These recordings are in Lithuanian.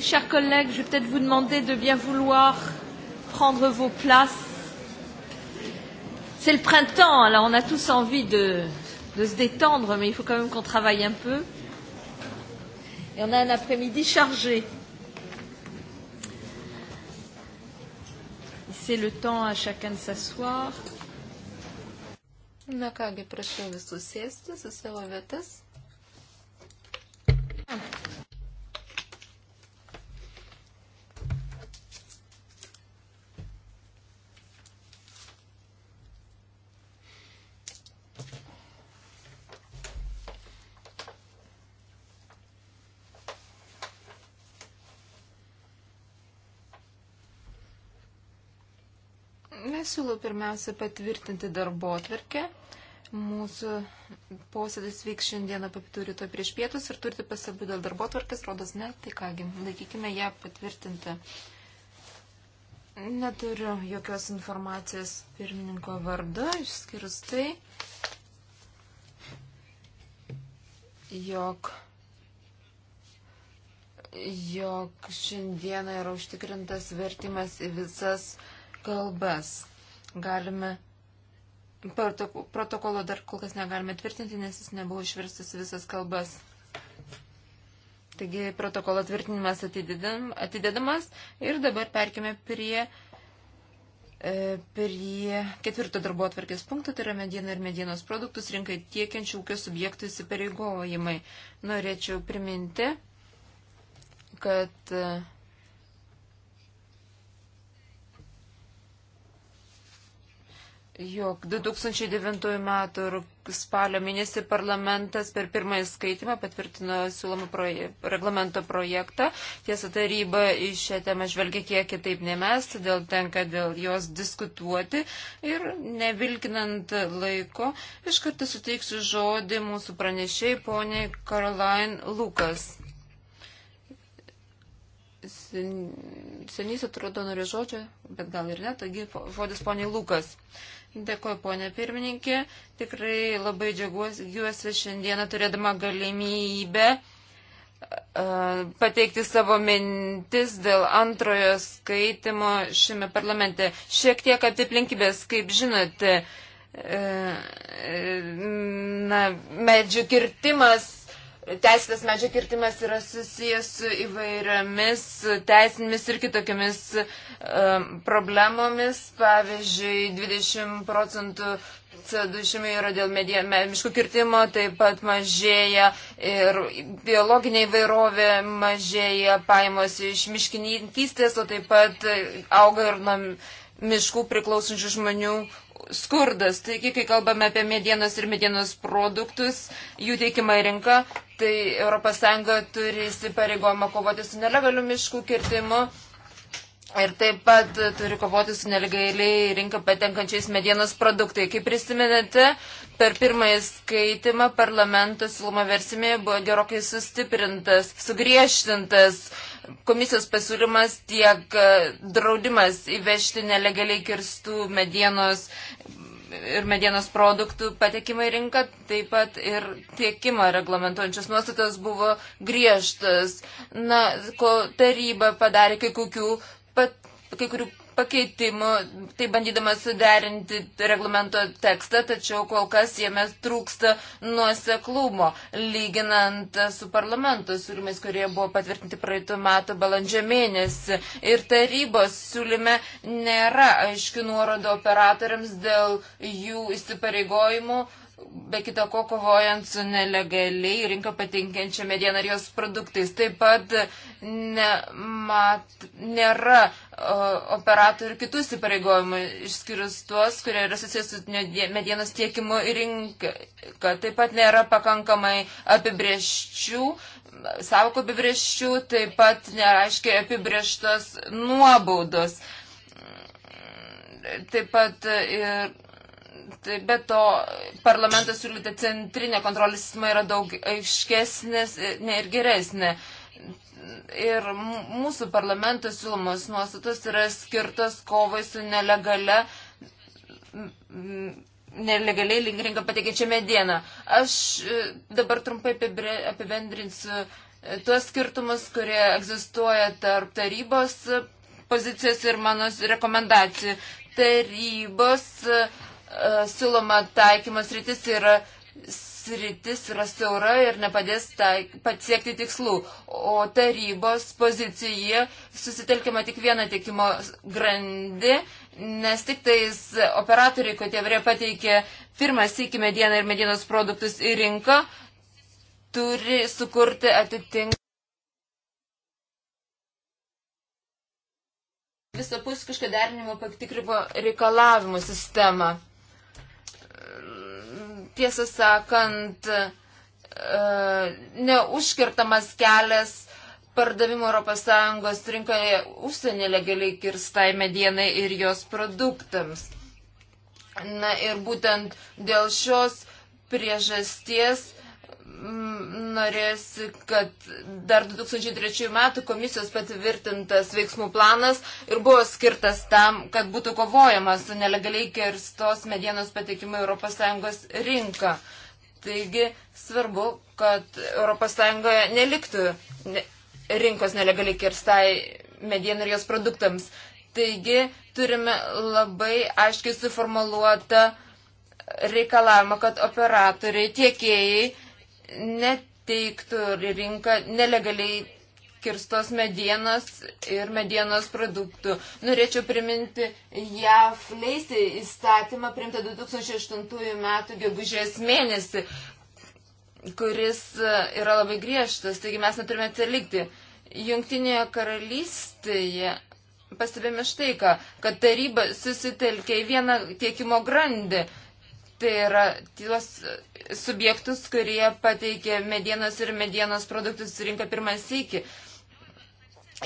Chers collègues, je vais peut-être vous demander de bien vouloir prendre vos places. C'est le printemps, alors on a tous envie de, de se détendre, mais il faut quand même qu'on travaille un peu. Et on a un après-midi chargé. C'est le temps à chacun de s'asseoir. Na kągi, prašau visus sėsti su savo vietas. siūlau pirmiausia patvirtinti darbo atverkę. Mūsų posėdis vyks šiandieną papitų rytoj prieš pietus ir turite pasabų dėl darbo atvarkės, rodos ne, tai kągi, laikykime ją patvirtinti. Neturiu jokios informacijos pirmininko vardu, išskyrus tai, jog jog šiandieną yra užtikrintas vertimas į visas kalbas galime protokolo dar kol kas negalime tvirtinti, nes jis nebuvo išverstas visas kalbas. Taigi protokolo tvirtinimas atidedamas ir dabar perkime prie, e, prie ketvirto darbo atvarkės punkto, tai yra mediena ir medienos produktus rinkai tiekiančių ūkio subjektų įsipareigojimai. Norėčiau priminti, kad uh, jog 2009 m. spalio mėnesį parlamentas per pirmąjį skaitimą patvirtino siūlomą proje, reglamento projektą. Tiesa, taryba į šią temą žvelgia kiek kitaip ne mes, todėl tenka dėl jos diskutuoti ir nevilkinant laiko, iš karto suteiksiu žodį mūsų pranešiai poniai Caroline Lukas. Sen, senys atrodo nori žodžio, bet gal ir ne, taigi žodis poniai Lukas. Uh, Dėkuoju, ponė pirmininkė. Tikrai labai džiaugiuosi šiandieną turėdama galimybę e, pateikti savo mintis dėl antrojo skaitimo šiame parlamente. Šiek tiek apie aplinkybės, kaip žinote, e, e, na, medžių kirtimas teisės medžio kirtimas yra susijęs su įvairiomis teisinėmis ir kitokiamis um, problemomis. Pavyzdžiui, 20 procentų CO2 šimai yra dėl medie, miškų kirtimo, taip pat mažėja ir biologinė įvairovė, mažėja paimos iš miškininkystės, o taip pat auga ir nuo miškų priklausančių žmonių skurdas. Taigi, kai kalbame apie medienos ir medienos produktus, jų teikimą į rinką, tai ES turi įsipareigojimą kovoti su nelegaliu miškų kirtimu. Ir taip pat turi kovoti su nelegaliai rinką patenkančiais medienos produktai. Kaip prisimenate, per pirmąjį skaitimą parlamentas Luma versimėje buvo gerokai sustiprintas, sugriežtintas komisijos pasiūlymas, tiek e, draudimas įvežti nelegaliai kirstų medienos ir medienos produktų patekimą į rinką, taip pat ir tiekimą reglamentuojančios nuostatos buvo griežtas. Na, ko taryba padarė kai, kokių, pat, kai kurių pakeitimų, tai bandydama suderinti reglamento tekstą, tačiau kol kas jame trūksta nuoseklumo, lyginant su parlamento siūlymais, kurie buvo patvirtinti praeitų metų balandžio mėnesį. Ir tarybos siūlyme nėra aiškių nuorodų operatoriams dėl jų įsipareigojimų be kita ko kovojant su nelegaliai rinką patinkiančia mediena ir jos produktais. Taip pat ne, mat, nėra o, operatorių kitų įsipareigojimų, išskyrus tuos, kurie yra susijęs su medienos tiekimu į rinką. Taip pat nėra pakankamai apibrieščių, savokų apibrieščių, taip pat neaiškiai apibrieštos nuobaudos. Taip pat ir Be to, parlamentas siūlyta centrinė kontrolės sistema yra daug aiškesnės e, ne, ir geresnė. Ir mūsų parlamento siūlomos nuostatos yra skirtos kovai su nelegale nelegaliai link rinką pateikiančią medieną. Aš e, dabar trumpai apibendrinsiu e, tuos skirtumus, kurie egzistuoja tarp tarybos pozicijos ir mano rekomendacijų. Tarybos uh, E, siūloma taikymas rytis yra sritis yra siaura ir nepadės taik, pasiekti tikslų, o tarybos pozicija susitelkima tik vieną tiekimo grandį, nes tik tais operatoriai, kurie vėliau pateikė pirmą sėkį medieną ir medienos produktus į rinką, turi sukurti atitinkamą. visapusišką derinimo patikrimo reikalavimų sistemą tiesą sakant, e, neužkirtamas kelias pardavimo ES rinkoje užsienį legaliai kirstai medienai ir jos produktams. Na ir būtent dėl šios priežasties norės, kad dar 2003 metų komisijos patvirtintas veiksmų planas ir buvo skirtas tam, kad būtų kovojama su nelegaliai kirstos medienos patekimu ES rinką. Taigi svarbu, kad ES neliktų rinkos nelegaliai kirstai medienų ir jos produktams. Taigi turime labai aiškiai suformuluotą reikalavimą, kad operatoriai, tiekėjai, neteiktų rinką nelegaliai kirstos medienos ir medienos produktų. Norėčiau priminti JAF leisį įstatymą primtą 2008 metų gegužės mėnesį, kuris e, yra labai griežtas, taigi mes neturime atsilikti. Jungtinėje karalystėje pastebėjome štai ką, kad taryba susitelkė į vieną tiekimo grandį Tai yra tuos subjektus, kurie pateikė medienos ir medienos produktus rinką pirmą sykį.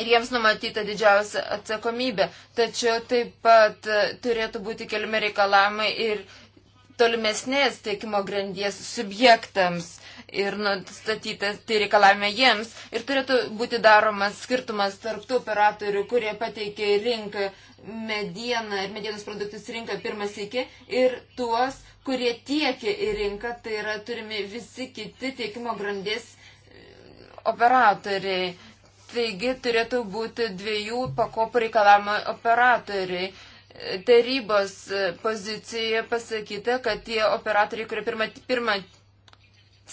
Ir jiems numatyta didžiausia atsakomybė. Tačiau taip pat turėtų būti keliami reikalavimai ir tolimesnės tiekimo grandies subjektams ir nustatytas tai reikalavime jiems. Ir turėtų būti daromas skirtumas tarp tų operatorių, kurie pateikia rinką medieną ir medienos produktus rinką pirmas iki ir tuos, kurie tiekia į rinką, tai yra turimi visi kiti tiekimo grandies e, operatoriai. Taigi turėtų būti dviejų pakopų reikalavimo operatoriai. E, tarybos e, pozicijoje pasakyta, kad tie operatoriai, kurie pirmą, pirmą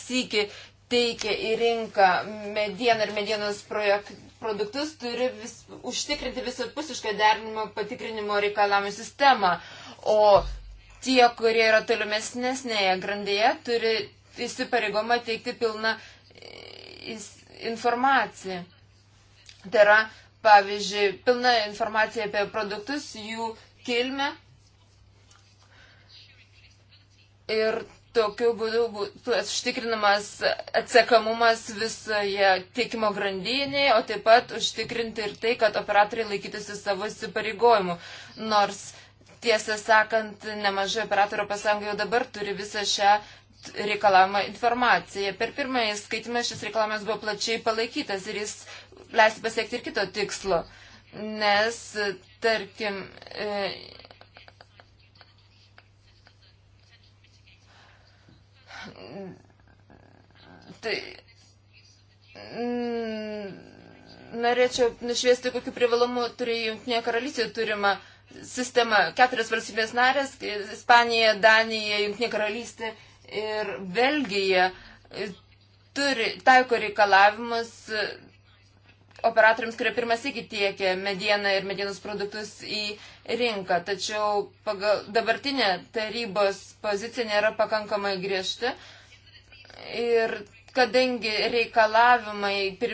sykį teikia į rinką medieną ir medienos projekt, produktus, turi vis, užtikrinti visapusišką derinimo patikrinimo reikalavimų sistemą. O tie, kurie yra tolimesnėje grandėje, turi įsipareigomą teikti pilną informaciją. Tai yra, pavyzdžiui, pilna informacija apie produktus, jų kilmę. Ir tokiu būdu būtų užtikrinamas atsekamumas visoje tiekimo grandinėje, o taip pat užtikrinti ir tai, kad operatoriai laikytųsi savo įsipareigojimų. Nors Tiesą sakant, nemažai operatorių pasaulyje jau dabar turi visą šią reikalavimą informaciją. Per pirmąjį skaitimą šis reikalavimas buvo plačiai palaikytas ir jis leis pasiekti ir kito tikslo. Nes, tarkim, e, Tai norėčiau nušviesti, kokiu privalumu turi Junktinė karalystė turima sistema. Keturios valstybės narės - Ispanija, Danija, Junktinė karalystė ir Belgija e, - turi, taiko reikalavimus e, operatoriams, kurie pirmas iki tiekia medieną ir medienos produktus į rinką. Tačiau pagal dabartinė tarybos pozicija nėra pakankamai griežta. Ir kadangi reikalavimai pir,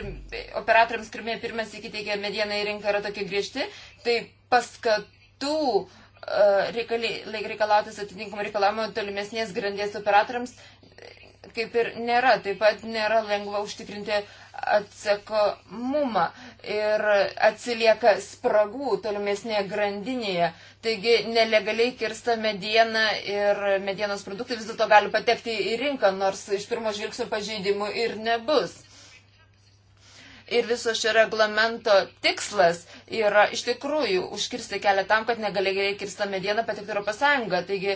operatoriams, kurie pirmas iki tiekia medieną į rinką yra tokie griežti, tai paskat kitų e, reikalautis atitinkamų reikalavimų tolimesnės grandies operatoriams kaip ir nėra. Taip pat nėra lengva užtikrinti atsakomumą ir atsilieka spragų tolimesnėje grandinėje. Taigi nelegaliai kirsta mediena ir medienos produktai vis dėlto gali patekti į rinką, nors iš pirmo žvilgsnio pažeidimų ir nebus ir viso šio reglamento tikslas yra iš tikrųjų užkirsti kelią tam, kad negalėjai kirsta medieną patekti Europos Sąjungą. Taigi,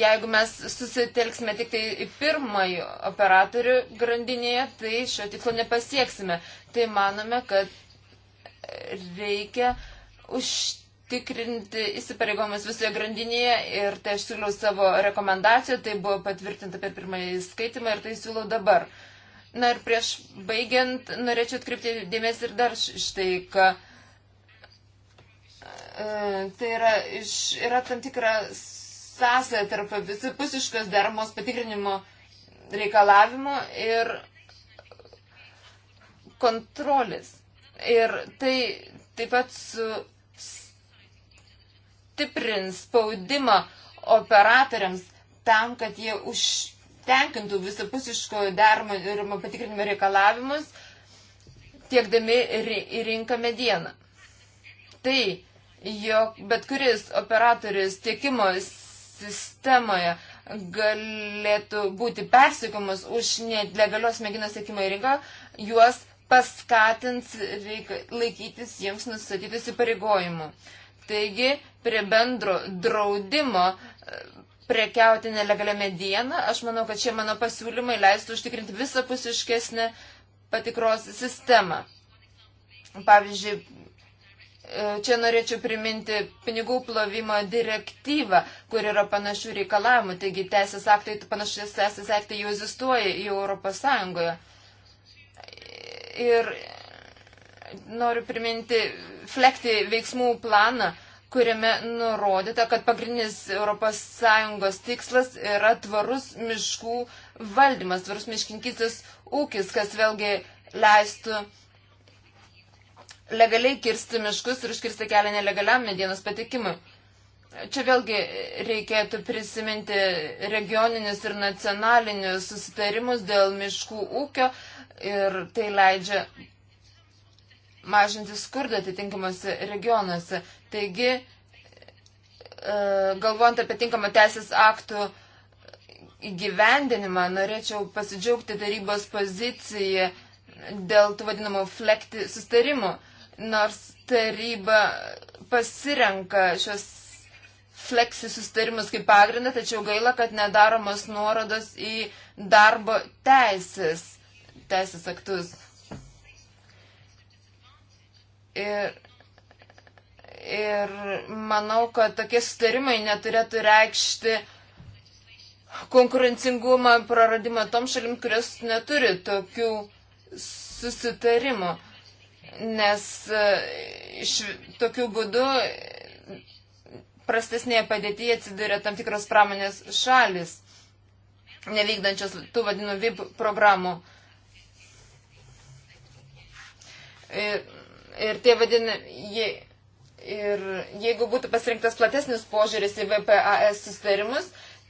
jeigu mes susitelksime tik tai į pirmąjį operatorių grandinėje, tai šio tikslo nepasieksime. Tai manome, kad reikia užtikrinti įsipareigomus visoje grandinėje ir tai aš siūliau savo rekomendaciją, tai buvo patvirtinta per pirmąjį skaitimą ir tai siūlau dabar. Uh, Na ir prieš baigiant, norėčiau atkreipti dėmesį ir dar štai, kad e, tai yra, iš, yra tam tikra sąsaja tarp visapusiškos dermos patikrinimo reikalavimo ir kontrolės. Ir tai taip pat sustiprins spaudimą operatoriams tam, kad jie už tenkintų visapusiško dermo ir patikrinimo reikalavimus, tiekdami į rinką medieną. Tai, jog bet kuris operatorius tiekimo sistemoje galėtų būti persikomas už nelegalios mėginos tiekimo į rinką, juos paskatins laikytis jiems nustatytus įpareigojimų. Taigi, prie bendro draudimo prekiauti nelegalią medieną, aš manau, kad šie mano pasiūlymai leistų užtikrinti visapusiškesnę patikros sistemą. Pavyzdžiui, e, čia norėčiau priminti pinigų plovimo direktyvą, kur yra panašių reikalavimų, taigi teisės aktai, panašus teisės aktai jau egzistuoja jau Europos Sąjungoje. Ir noriu priminti flekti veiksmų planą, kuriame nurodyta, kad pagrindinis ES tikslas yra tvarus miškų valdymas, tvarus miškinkistės ūkis, kas vėlgi leistų legaliai kirsti miškus ir užkirsti kelią nelegaliam medienos patekimui. Čia vėlgi reikėtų prisiminti regioninius ir nacionalinius susitarimus dėl miškų ūkio ir tai leidžia mažinti skurdą atitinkamuose regionuose. Taigi, e, galvojant apie tinkamą teisės aktų įgyvendinimą, norėčiau pasidžiaugti tarybos poziciją dėl tų vadinamų flekti sustarimų. Nors taryba pasirenka šios fleksi sustarimus kaip pagrindą, tačiau gaila, kad nedaromos nuorodos į darbo teisės, teisės aktus. Ir, ir manau, kad tokie sutarimai neturėtų reikšti konkurencingumą praradimą tom šalim, kurios neturi tokių susitarimų. Nes e, iš tokių būdų prastesnėje padėtyje atsiduria tam tikros pramonės šalis, nevykdančios tų vadinų VIP programų. Ir Ir tie vadinami. Ir jeigu būtų pasirinktas platesnis požiūris į VPAS susitarimus,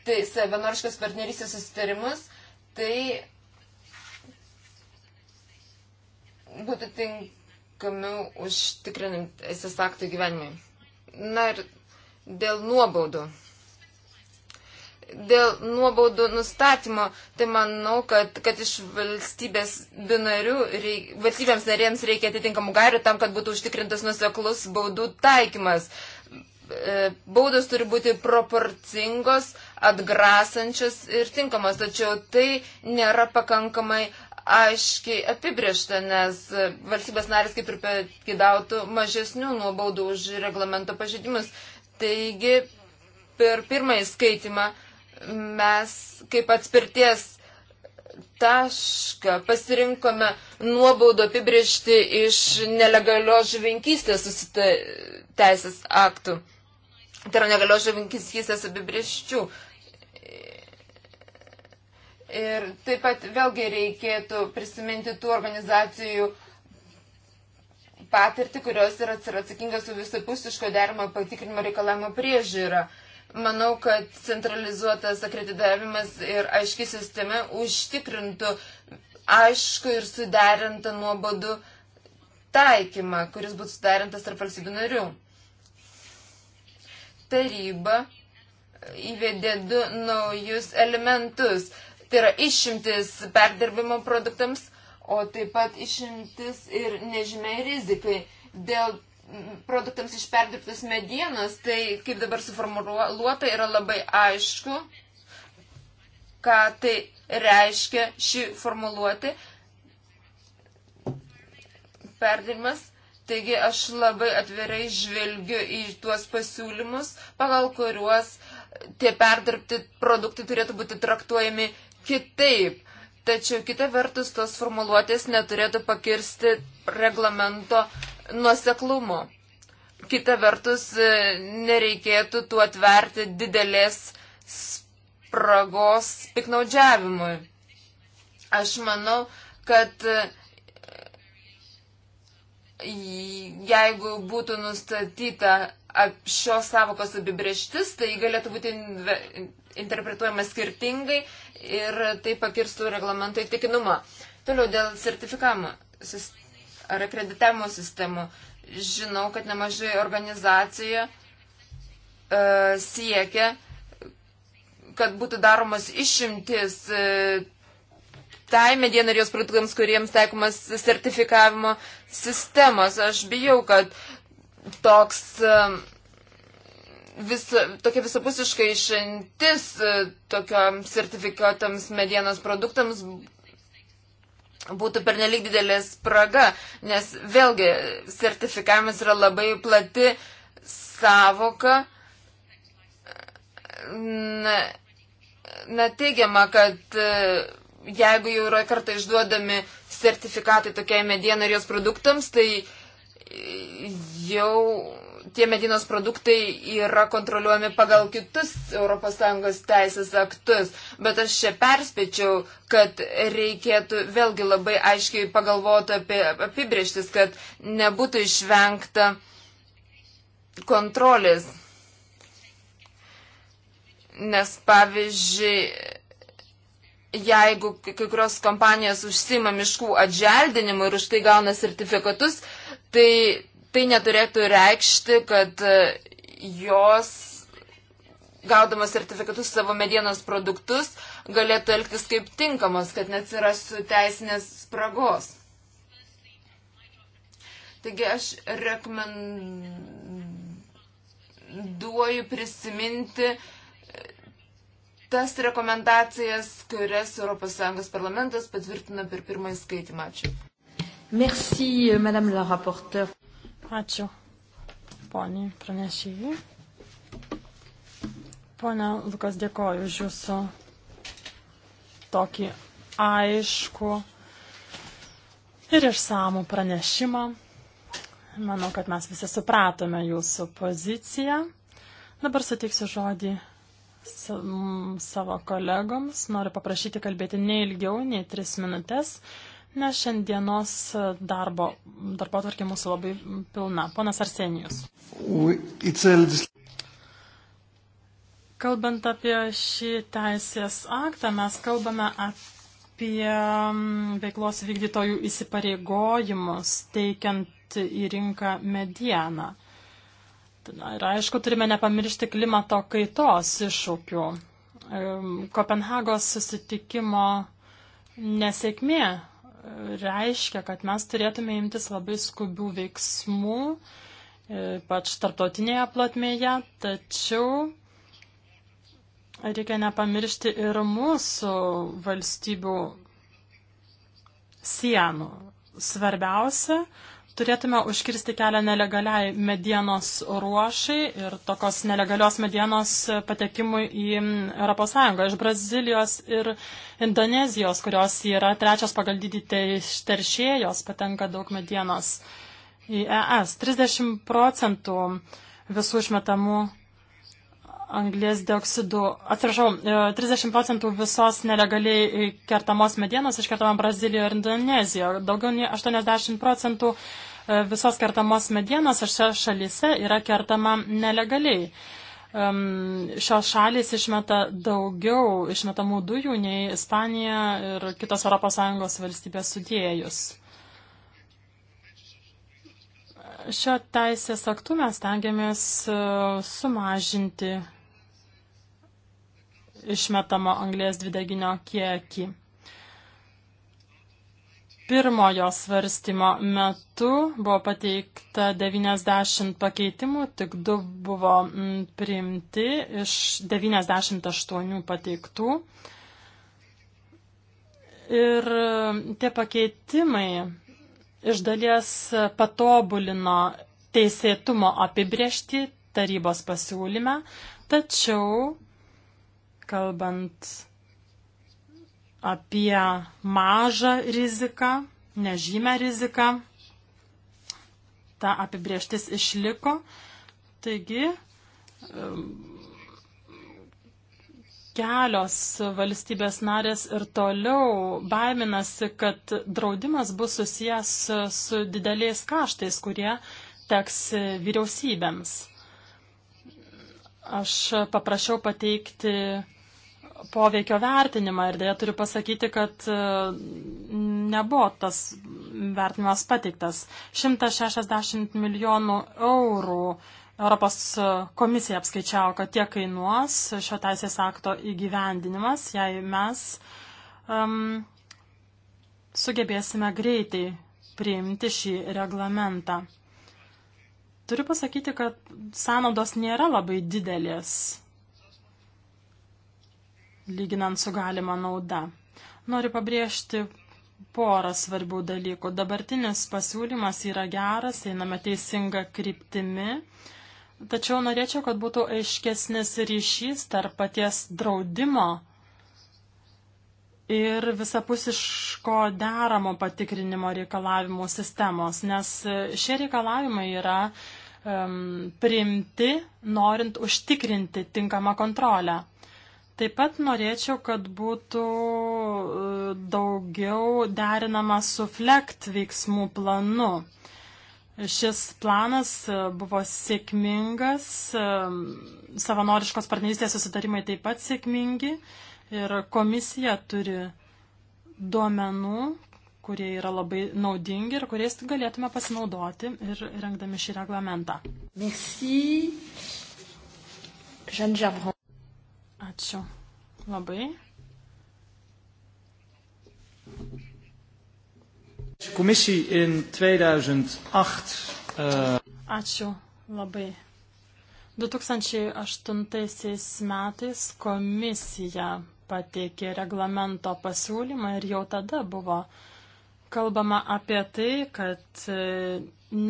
tai savanoriškas partnerystės susitarimus, tai būtų tinkamiau užtikrinant esės aktų gyvenimui. Na ir dėl nuobaudų dėl nuobaudų nustatymo, tai manau, kad, kad iš valstybės binarių, reik, valstybėms narėms reikia atitinkamų gairių tam, kad būtų užtikrintas nuseklus baudų taikymas. E, baudos turi būti proporcingos, atgrasančios ir tinkamos, tačiau tai nėra pakankamai aiškiai apibriešta, nes valstybės narės kaip ir pėdautų mažesnių nuobaudų už reglamento pažeidimus. Taigi, per pirmąjį skaitimą mes kaip atspirties tašką pasirinkome nuobaudų apibriežti iš nelegalios žuvinkystės teisės aktų. Tai yra negalios žuvinkystės apibriežčių. Ir taip pat vėlgi reikėtų prisiminti tų organizacijų patirtį, kurios yra atsakingas su visapusiško derimo patikrinimo reikalavimo priežiūra. Uh, Manau, kad centralizuotas akreditavimas ir aiški sistema užtikrintų aišku ir suderintą nuobodų taikymą, kuris būtų suderintas tarp valstybių narių. Taryba įvedė du naujus elementus. Tai yra išimtis perdirbimo produktams, o taip pat išimtis ir nežymiai rizikai. Dėl produktams iš perdirbtos medienos, tai kaip dabar suformuoluota yra labai aišku, ką tai reiškia ši formuluoti perdirbimas. Taigi aš labai atvirai žvelgiu į tuos pasiūlymus, pagal kuriuos tie perdirbti produktai turėtų būti traktuojami kitaip. Tačiau kita vertus, tos formuluotės neturėtų pakirsti reglamento nuoseklumo. Kita vertus, e, nereikėtų tuo atverti didelės spragos piknaudžiavimui. Aš manau, kad e, jeigu būtų nustatyta šios savokos apibrieštis, tai galėtų būti interpretuojama skirtingai ir tai pakirstų reglamentą įtikinumą. Toliau dėl sertifikavimo sistemos ar akreditavimo sistemų. Žinau, kad nemažai organizacijų e, siekia, kad būtų daromas išimtis e, tai medienai ir jos produktams, kuriems taikomas sertifikavimo sistemos. Aš bijau, kad toks, e, vis, tokia visapusiška išimtis e, tokiam sertifikatams medienos produktams būtų pernelik didelė spraga, nes vėlgi sertifikavimas yra labai plati savoka. Na, na teigiama, kad e, jeigu jau yra kartą išduodami sertifikatai tokiai medienai ir jos produktams, tai jau tie medienos produktai yra kontroliuojami pagal kitus ES teisės aktus. Bet aš čia perspėčiau, kad reikėtų vėlgi labai aiškiai pagalvoti apie apibrieštis, kad nebūtų išvengta kontrolės. Nes pavyzdžiui, jeigu kai kurios kompanijos užsima miškų atželdinimu ir už tai gauna sertifikatus, tai tai neturėtų reikšti, kad e, jos gaudamas sertifikatus savo medienos produktus galėtų elgtis kaip tinkamos, kad neatsirastų teisinės spragos. Taigi aš rekomenduoju prisiminti e, tas rekomendacijas, kurias ES parlamentas patvirtina per pirmąjį skaitimą. Ačiū. Merci, euh, madame la rapporteure. Ačiū, poniai pranešėjai. Pone Lukas, dėkoju už jūsų tokį aišku ir išsamų pranešimą. Manau, kad mes visi supratome jūsų poziciją. Dabar suteiksiu žodį savo kolegoms. Noriu paprašyti kalbėti neilgiau nei tris minutės. Na, šiandienos e, darbo, darbo atvarkė mūsų labai pilna. Ponas Arsenijus. Kalbant apie šį teisės aktą, mes kalbame apie veiklos vykdytojų įsipareigojimus teikiant į rinką medieną. Ir aišku, turime nepamiršti klimato kaitos iššūkių. Kopenhagos susitikimo nesėkmė reiškia, kad mes turėtume imtis labai skubių veiksmų, e, ypač tarptautinėje platmėje, tačiau reikia nepamiršti ir mūsų valstybių sienų. Svarbiausia, Turėtume užkirsti kelią nelegaliai medienos ruošai ir tokios nelegalios medienos patekimui į ES iš Brazilijos ir Indonezijos, kurios yra trečios pagal dydį teršėjos, patenka daug medienos į ES. 30 procentų visų išmetamų anglės dioksidų, atsiprašau, 30 e, procentų visos nelegaliai e, kertamos medienos iškertama Brazilijoje ir Indonezijoje. Daugiau nei 80 procentų visos kertamos medienos šiose šalyse yra kertama nelegaliai. Šios šalys išmeta daugiau išmetamų dujų nei Ispanija ir kitos ES valstybės sudėjus. Šio teisės aktų mes tengiamės e, sumažinti išmetamo anglės dvideginio kiekį. Pirmojo svarstymo metu buvo pateikta 90 pakeitimų, tik du buvo mm, priimti iš 98 pateiktų. Ir mm, tie pakeitimai iš dalies patobulino teisėtumo apibriešti tarybos pasiūlyme, tačiau, kalbant apie mažą riziką, nežymę riziką. Ta apibrieštis išliko. Taigi, kelios valstybės narės ir toliau baiminasi, kad draudimas bus susijęs su dideliais kaštais, kurie teks vyriausybėms. Aš paprašiau pateikti poveikio vertinimą ir dėja turiu pasakyti, kad e, nebuvo tas vertinimas pateiktas. 160 milijonų eurų Europos komisija apskaičiavo, kad tiek kainuos šio teisės akto įgyvendinimas, jei mes um, sugebėsime greitai priimti šį reglamentą. Turiu pasakyti, kad sąnaudos nėra labai didelės lyginant su galima nauda. Noriu pabrėžti porą svarbių dalykų. Dabartinis pasiūlymas yra geras, einame teisinga kryptimi, tačiau norėčiau, kad būtų aiškesnis ryšys tarp paties draudimo ir visapusiško deramo patikrinimo reikalavimų sistemos, nes šie reikalavimai yra um, priimti, norint užtikrinti tinkamą kontrolę. Taip pat norėčiau, kad būtų e, daugiau derinama su FLECT veiksmų planu. Šis planas e, buvo sėkmingas, e, savanoriškos partnerystės susitarimai taip pat sėkmingi ir komisija turi duomenų, kurie yra labai naudingi ir kuriais galėtume pasinaudoti ir rengdami šį reglamentą. Merci. Jean Javron. Ačiū labai. Komisija in 2008. Uh... Eh, Ačiū labai. 2008 metais komisija pateikė reglamento pasiūlymą ir jau tada buvo kalbama apie tai, kad eh,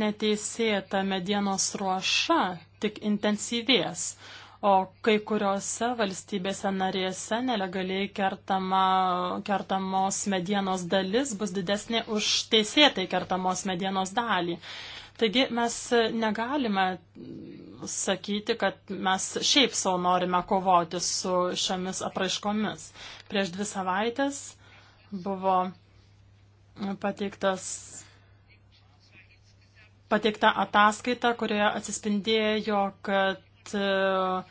neteisėta medienos ruoša tik intensyvės, o kai kuriuose valstybėse narėse nelegaliai kertama, kertamos medienos dalis bus didesnė už teisėtai kertamos medienos dalį. Taigi mes negalime sakyti, kad mes šiaip savo norime kovoti su šiomis apraiškomis. Prieš dvi savaitės buvo pateiktas pateikta ataskaita, kurioje atsispindėjo, kad E,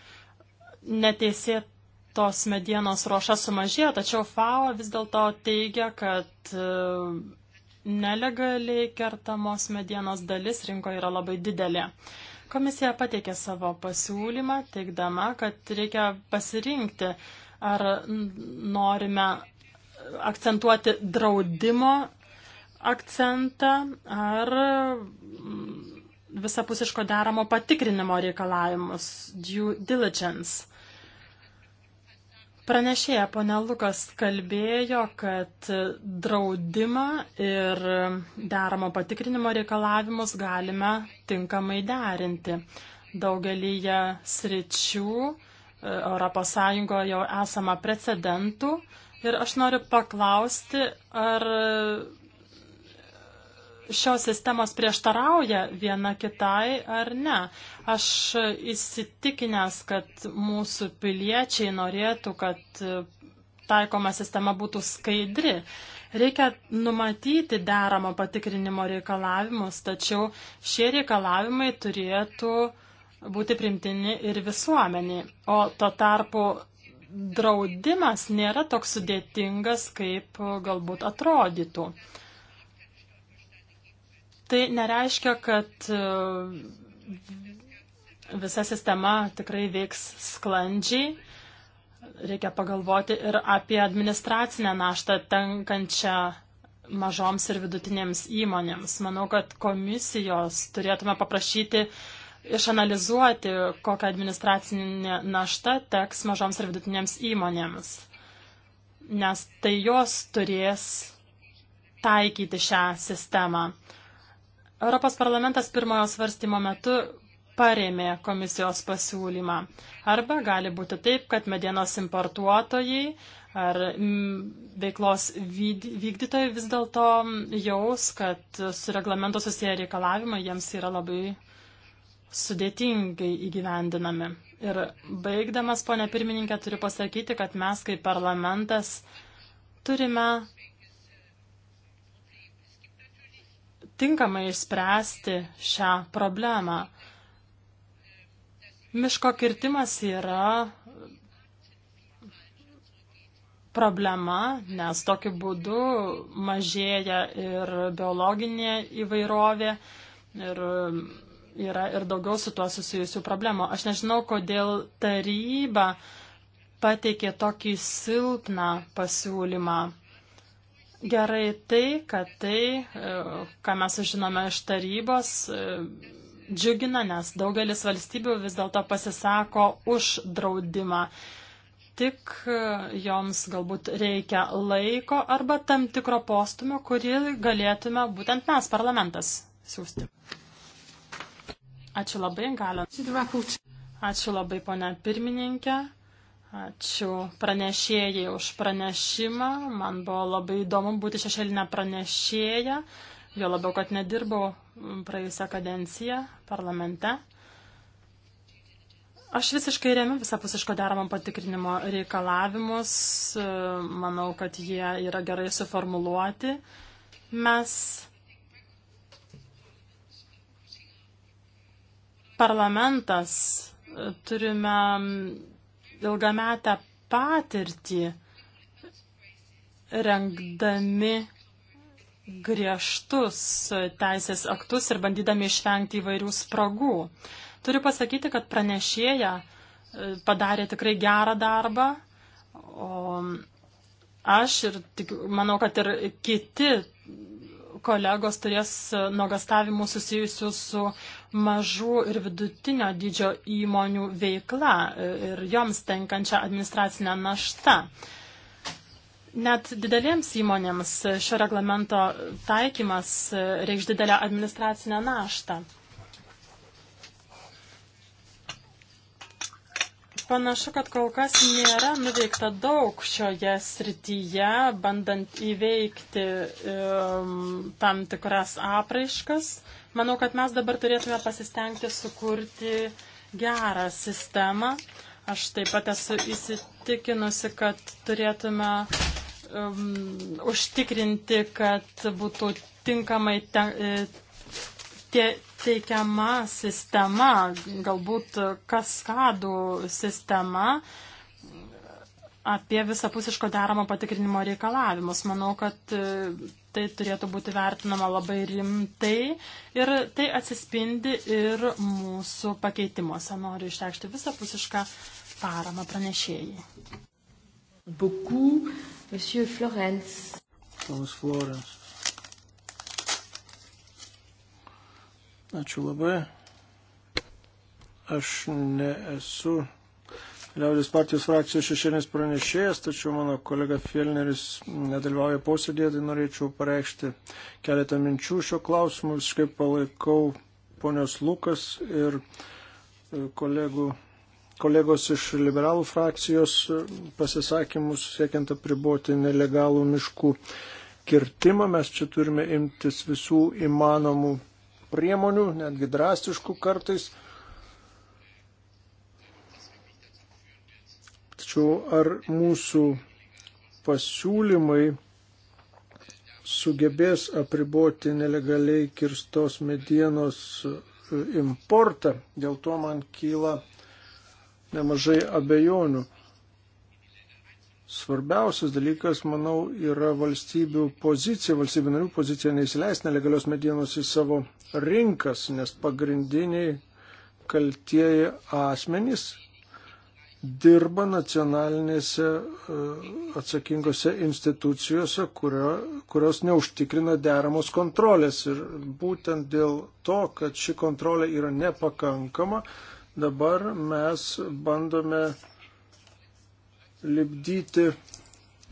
neteisėtos medienos ruoša sumažėjo, tačiau FAO vis dėlto teigia, kad e, nelegaliai kertamos medienos dalis rinkoje yra labai didelė. Komisija pateikė savo pasiūlymą, teikdama, kad reikia pasirinkti, ar norime akcentuoti draudimo akcentą, ar visapusiško deramo patikrinimo reikalavimus, due diligence. Pranešėja ponė Lukas kalbėjo, kad draudimą ir deramo patikrinimo reikalavimus galime tinkamai derinti. Daugelyje sričių ES jau esama precedentų ir aš noriu paklausti, ar šios sistemos prieštarauja viena kitai ar ne. Aš įsitikinęs, kad mūsų piliečiai norėtų, kad taikoma sistema būtų skaidri. Reikia numatyti deramą patikrinimo reikalavimus, tačiau šie reikalavimai turėtų būti primtini ir visuomeniai. O to tarpu draudimas nėra toks sudėtingas, kaip galbūt atrodytų tai nereiškia, kad e, visa sistema tikrai veiks sklandžiai. Reikia pagalvoti ir apie administracinę naštą tenkančią mažoms ir vidutinėms įmonėms. Manau, kad komisijos turėtume paprašyti išanalizuoti, kokią administracinę naštą teks mažoms ir vidutinėms įmonėms, nes tai jos turės taikyti šią sistemą. Europos parlamentas pirmojo svarstymo metu paremė komisijos pasiūlymą. Arba gali būti taip, kad medienos importuotojai ar veiklos vykdytojai vis dėlto jaus, kad su reglamento susiję reikalavimai jiems yra labai sudėtingai įgyvendinami. Ir baigdamas, ponė pirmininkė, turiu pasakyti, kad mes kaip parlamentas turime tinkamai išspręsti šią problemą. Miško kirtimas yra problema, nes tokiu būdu mažėja ir biologinė įvairovė ir yra ir daugiau su tuo susijusių problemų. Aš nežinau, kodėl taryba pateikė tokį silpną pasiūlymą. Gerai tai, kad tai, e, ką mes sužinome iš tarybos, e, džiugina, nes daugelis valstybių vis dėlto pasisako už draudimą. Tik e, joms galbūt reikia laiko arba tam tikro postumio, kurį galėtume būtent mes, parlamentas, siūsti. Ačiū labai, galint. Ačiū labai, ponia pirmininkė. Ačiū pranešėjai už pranešimą. Man buvo labai įdomu būti šešėlinę pranešėją, jo labiau, kad nedirbau praėjusią kadenciją parlamente. Aš visiškai remiu visapusiško deramo patikrinimo reikalavimus. Manau, kad jie yra gerai suformuluoti. Mes parlamentas turime ilgametę patirtį rengdami griežtus teisės aktus ir bandydami išvengti įvairių spragų. Turiu pasakyti, kad pranešėja e, padarė tikrai gerą darbą, o aš ir tik, manau, kad ir kiti kolegos turės nuogastavimų susijusių su mažų ir vidutinio dydžio įmonių veikla e, ir joms tenkančia administracinė našta. Net didelėms įmonėms šio reglamento taikymas e, reikš didelę administracinę naštą. Panašu, kad kol kas nėra nuveikta daug šioje srityje, bandant įveikti um, tam tikras apraiškas, Manau, kad mes dabar turėtume pasistengti sukurti gerą sistemą. Aš taip pat esu įsitikinusi, kad turėtume um, užtikrinti, kad būtų tinkamai te, te, teikiama sistema, galbūt kaskadų sistema apie visapusiško deramo patikrinimo reikalavimus. Manau, kad e, tai turėtų būti vertinama labai rimtai ir tai atsispindi ir mūsų pakeitimuose. Noriu išreikšti visapusišką paramą pranešėjai. Beaucoup, Monsieur Florence. Ponas Florence. Ačiū labai. Aš nesu Liaudės partijos frakcijos šešėnės pranešėjas, tačiau mano kolega Fielneris nedalyvauja posėdėje, tai norėčiau pareikšti keletą minčių šio klausimu. Visiškai palaikau ponios Lukas ir e, kolegų, kolegos iš liberalų frakcijos pasisakymus siekiant apriboti nelegalų miškų kirtimą. Mes čia turime imtis visų įmanomų priemonių, netgi drastiškų kartais tačiau ar mūsų pasiūlymai sugebės apriboti nelegaliai kirstos medienos e, importą. Dėl to man kyla nemažai abejonių. Svarbiausias dalykas, manau, yra valstybių pozicija, valstybių narių pozicija neįsileis nelegalios medienos į savo rinkas, nes pagrindiniai kaltieji asmenys dirba nacionalinėse e, atsakingose institucijose, kurio, kurios neužtikrina deramos kontrolės. Ir būtent dėl to, kad ši kontrolė yra nepakankama, dabar mes bandome libdyti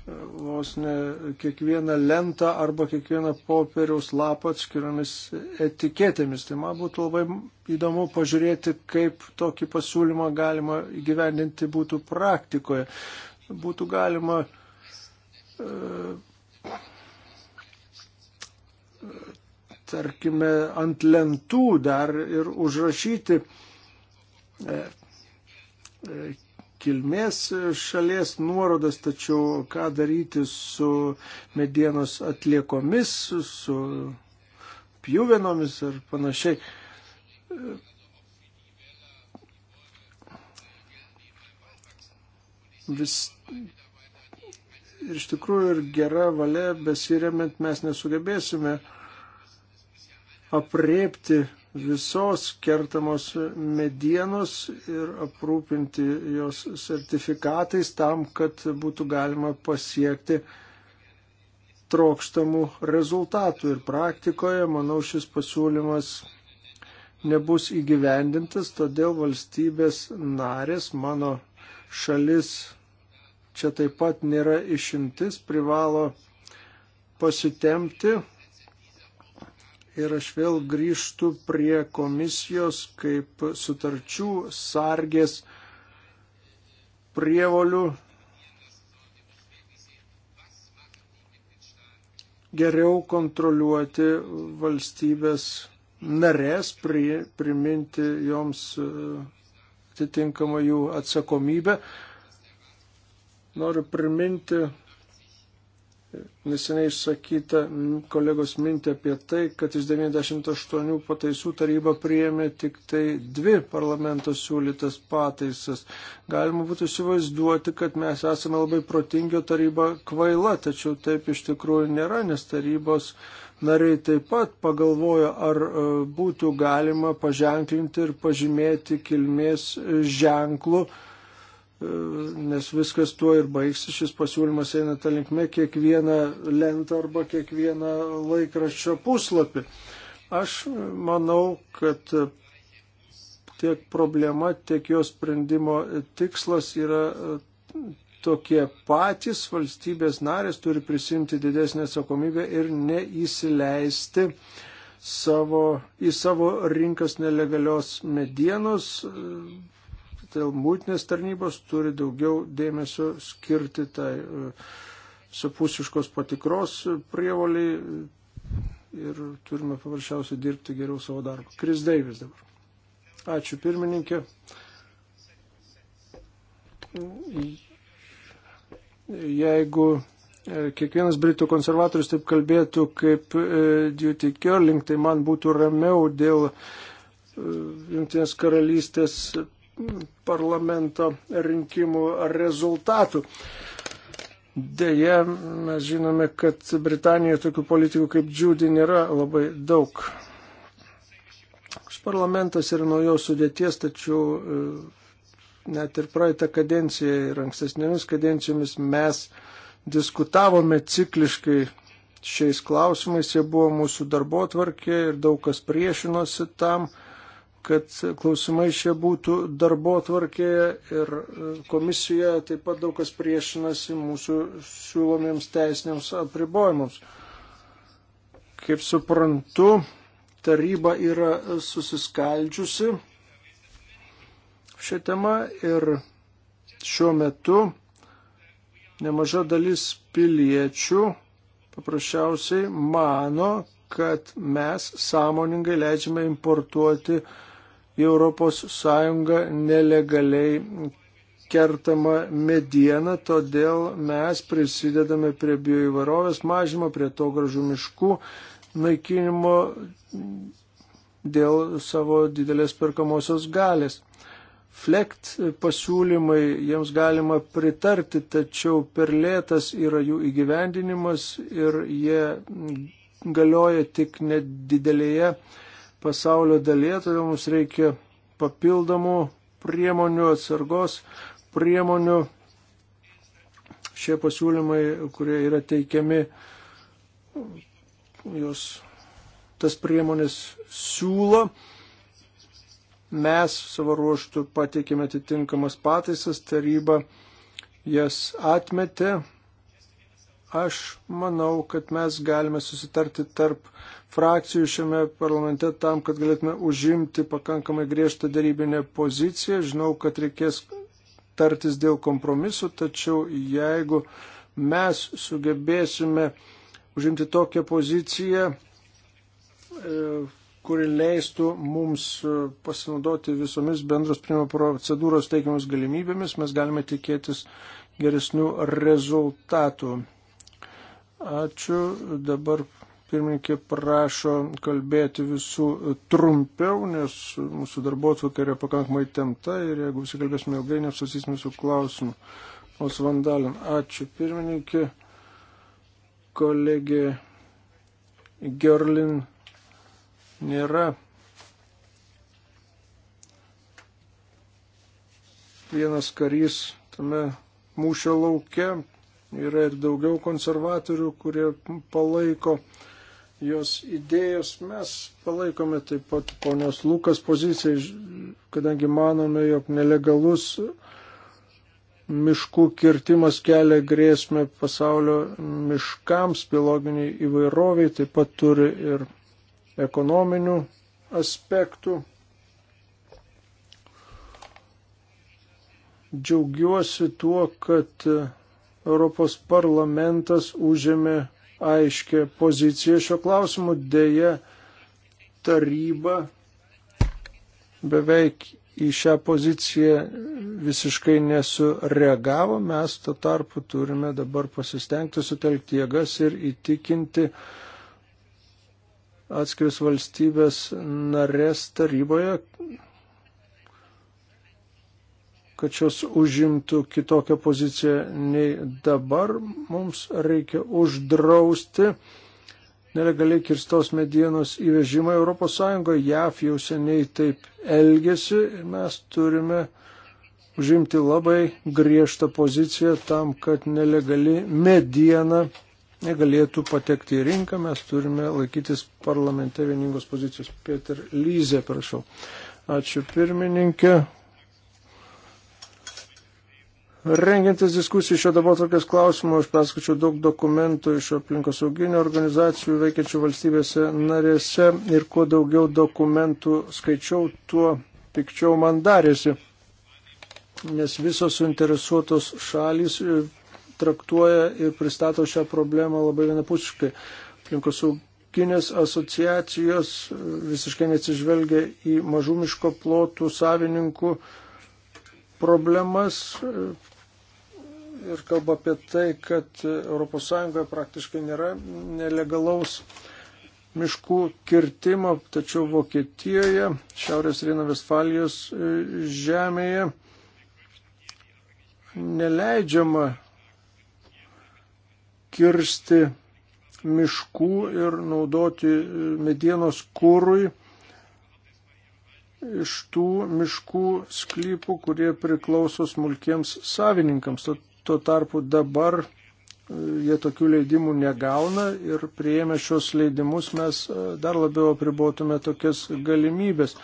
vos ne kiekvieną lentą arba kiekvieną popieriaus lapą atskiromis etiketėmis. Tai man būtų labai įdomu pažiūrėti, kaip tokį pasiūlymą galima įgyvendinti būtų praktikoje. Būtų galima e, tarkime, ant lentų dar ir užrašyti e, e, kilmės šalies nuorodas, tačiau ką daryti su medienos atliekomis, su pjuvenomis ar panašiai. Vis, iš tikrųjų ir gera valia besiremiant mes nesugebėsime apriepti visos kertamos medienos ir aprūpinti jos sertifikatais tam, kad būtų galima pasiekti trokštamų rezultatų. Ir praktikoje, manau, šis pasiūlymas nebus įgyvendintas, todėl valstybės narės, mano šalis čia taip pat nėra išimtis, privalo pasitemti ir aš vėl grįžtu prie komisijos kaip sutarčių sargės prievolių geriau kontroliuoti valstybės narės, pri, priminti joms e, atitinkamą jų atsakomybę. Noriu priminti neseniai išsakytą kolegos mintį apie tai, kad iš 98 pataisų taryba priėmė tik tai dvi parlamento siūlytas pataisas. Galima būtų įsivaizduoti, kad mes esame labai protingi, taryba kvaila, tačiau taip iš tikrųjų nėra, nes tarybos nariai taip pat pagalvojo, ar e, būtų galima paženklinti ir pažymėti kilmės ženklų E, nes viskas tuo ir baigsi, šis pasiūlymas eina tą linkme kiekvieną lentą arba kiekvieną laikraščio puslapį. Aš manau, kad tiek problema, tiek jos sprendimo tikslas yra e, tokie patys valstybės narės turi prisimti didesnį atsakomybę ir neįsileisti savo, į savo rinkas nelegalios medienos, dėl mūtinės tarnybos turi daugiau dėmesio skirti tai e, sapusiškos patikros prievaliai ir turime paprasčiausiai dirbti geriau savo darbą. Kris Deivis dabar. Ačiū pirmininkė. Jeigu e, kiekvienas britų konservatorius taip kalbėtų kaip e, Duty Curling, tai man būtų ramiau dėl Junktinės karalystės parlamento rinkimų rezultatų. Deja, mes žinome, kad Britanijoje tokių politikų kaip Džiūdi nėra labai daug. Šis parlamentas yra naujos sudėties, tačiau e, net ir praeitą kadenciją ir ankstesnėmis kadencijomis mes diskutavome cikliškai šiais klausimais, jie buvo mūsų darbo tvarkė ir daug kas priešinosi tam kad klausimai šie būtų darbo tvarkėje ir e, komisijoje taip pat daug kas priešinasi mūsų siūlomiems teisiniams apribojimams. Kaip suprantu, taryba yra susiskaldžiusi šią temą ir šiuo metu nemaža dalis piliečių paprasčiausiai mano, kad mes sąmoningai leidžiame importuoti uh, į ES nelegaliai kertama mediena, todėl mes prisidedame prie bioįvarovės mažymo, prie to gražų miškų naikinimo dėl savo didelės perkamosios galės. Flekt pasiūlymai jiems galima pritarti, tačiau per lėtas yra jų įgyvendinimas ir jie galioja tik nedidelėje pasaulio dalyje, todėl mums reikia papildomų priemonių, atsargos priemonių. Šie pasiūlymai, kurie yra teikiami, jos tas priemonės siūlo. Mes savo ruoštų pateikėme atitinkamas pataisas, taryba jas atmetė. Aš manau, kad mes galime susitarti tarp frakcijų šiame parlamente tam, kad galėtume užimti pakankamai griežtą darybinę poziciją. Žinau, kad reikės tartis dėl kompromisu, tačiau jeigu mes sugebėsime užimti tokią poziciją, e, kuri leistų mums e, pasinaudoti visomis bendros primo procedūros teikiamus galimybėmis, mes galime tikėtis geresnių rezultatų. Ačiū. Dabar pirmininkė prašo kalbėti visų trumpiau, nes mūsų darbo atvarkė yra pakankamai temta ir jeigu visi kalbėsime ilgai, neapsasysime su klausimu. Os Vandalin, ačiū pirmininkė, kolegė Gerlin nėra. Vienas karys tame mūšio lauke, yra ir daugiau konservatorių, kurie palaiko jos idėjos. Mes palaikome taip pat ponios Lukas poziciją, kadangi manome, jog nelegalus miškų kirtimas kelia grėsmę pasaulio miškams, biologiniai įvairoviai, taip pat turi ir ekonominių aspektų. Džiaugiuosi tuo, kad Europos parlamentas užėmė aiškę poziciją šio klausimu. Deja, taryba beveik į šią poziciją visiškai nesureagavo. Mes to tarpu turime dabar pasistengti sutelkti jėgas ir įtikinti atskiris valstybės narės taryboje, kad šios užimtų kitokią poziciją nei dabar. Mums reikia uždrausti nelegaliai kirstos medienos įvežimą ES. JAF jau seniai taip elgesi ir mes turime užimti labai griežtą poziciją tam, kad nelegali mediena negalėtų patekti į rinką. Mes turime laikytis parlamente vieningos pozicijos. Peter Lyze, prašau. Ačiū pirmininkė. Rengiantis diskusijų šio dabar tokias klausimų, aš perskačiau daug dokumentų iš aplinkosauginio organizacijų veikiančių valstybėse narėse ir kuo daugiau dokumentų skaičiau, tuo pikčiau man darėsi, nes visos suinteresuotos šalys e, traktuoja ir pristato šią problemą labai vienapusiškai. Aplinkosauginės asociacijos e, visiškai neatsižvelgia į mažų miško plotų savininkų problemas, e, ir kalba apie tai, kad ES praktiškai nėra nelegalaus miškų kirtimo, tačiau Vokietijoje, Šiaurės Rino Vestfalijos e, žemėje neleidžiama kirsti miškų ir naudoti e, medienos kūrui iš tų miškų sklypų, kurie priklauso smulkiems savininkams. Tad Tuo tarpu dabar e, jie tokių leidimų negauna ir prieėmę šios leidimus mes e, dar labiau apribotume tokias galimybės.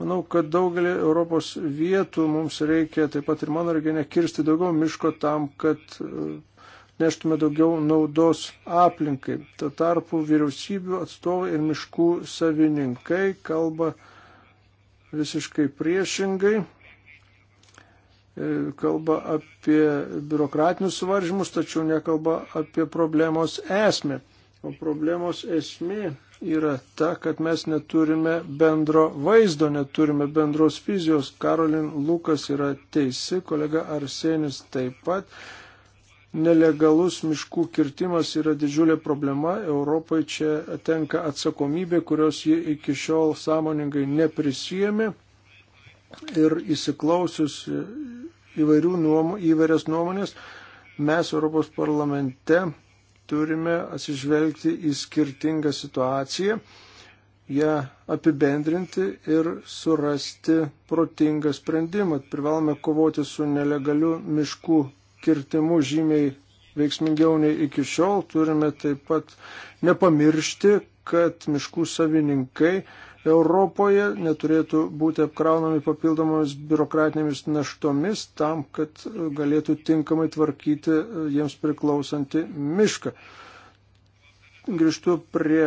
Manau, kad daugelį Europos vietų mums reikia, taip pat ir mano regione, kirsti daugiau miško tam, kad e, neštume daugiau naudos aplinkai. Tuo tarpu vyriausybių atstovai ir miškų savininkai kalba visiškai priešingai E, kalba apie biurokratinius suvaržymus, tačiau nekalba apie problemos esmę. O problemos esmė yra ta, kad mes neturime bendro vaizdo, neturime bendros vizijos. Karolin Lukas yra teisi, kolega Arsenis taip pat. Nelegalus miškų kirtimas yra didžiulė problema. Europai čia tenka atsakomybė, kurios ji iki šiol sąmoningai neprisijėmė ir įsiklausius įvairių nuomo, įvairias nuomonės, mes Europos parlamente turime atsižvelgti į skirtingą situaciją, ją apibendrinti ir surasti protingą sprendimą. Privalome kovoti su nelegaliu miškų kirtimu žymiai veiksmingiau nei iki šiol. Turime taip pat nepamiršti, kad miškų savininkai Europoje neturėtų būti apkraunami papildomomis biurokratinėmis naštomis tam, kad e, galėtų tinkamai tvarkyti e, jiems priklausantį mišką. Grįžtu prie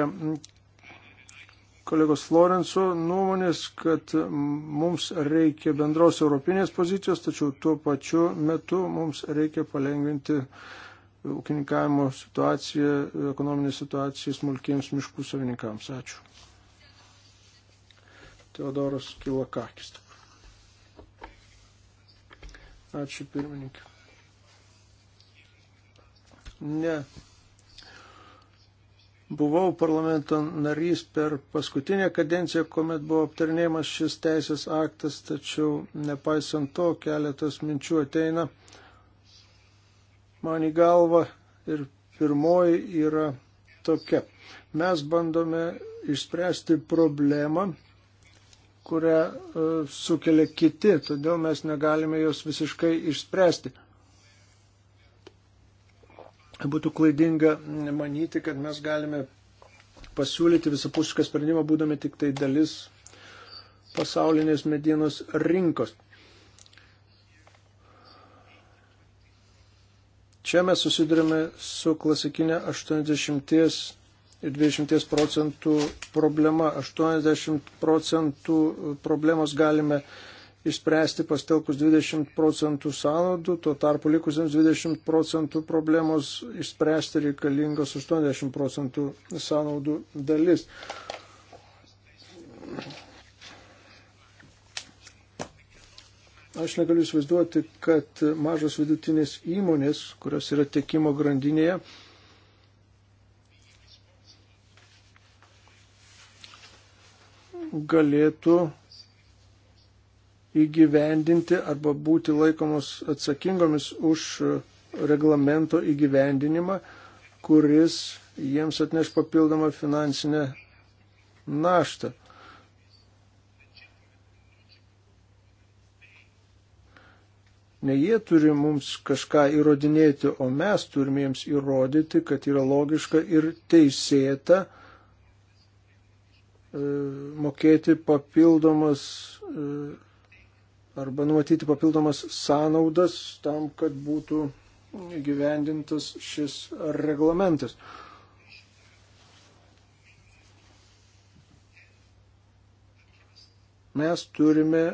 kolegos Florenco nuomonės, kad e, mums reikia bendros europinės pozicijos, tačiau tuo pačiu metu mums reikia palengvinti ūkininkavimo situaciją, ekonominę situaciją smulkiems miškų savininkams. Ačiū. Teodoras Kilakakis. Ačiū pirmininkai. Ne. Buvau parlamento narys per paskutinę kadenciją, kuomet buvo aptarnėjimas šis teisės aktas, tačiau nepaisant to keletas minčių ateina man į galvą ir pirmoji yra tokia. Mes bandome išspręsti problemą, kurią e, sukelia kiti, todėl mes negalime jos visiškai išspręsti. Būtų klaidinga manyti, kad mes galime pasiūlyti visapusišką sprendimą, būdami tik tai dalis pasaulinės medienos rinkos. Čia mes susidurime su klasikinė 80 20 procentų problema. 80 procentų problemos galime išspręsti pastelkus 20 procentų sąnaudų, tuo tarpu likusiems 20 procentų problemos išspręsti reikalingos 80 procentų sąnaudų dalis. Aš negaliu įsivaizduoti, kad mažos vidutinės įmonės, kurios yra tiekimo grandinėje, galėtų įgyvendinti arba būti laikomos atsakingomis už reglamento įgyvendinimą, kuris jiems atneš papildomą finansinę naštą. Ne jie turi mums kažką įrodinėti, o mes turime jiems įrodyti, kad yra logiška ir teisėta, E, mokėti papildomas e, arba numatyti papildomas sąnaudas tam, kad būtų įgyvendintas šis reglamentas. Mes turime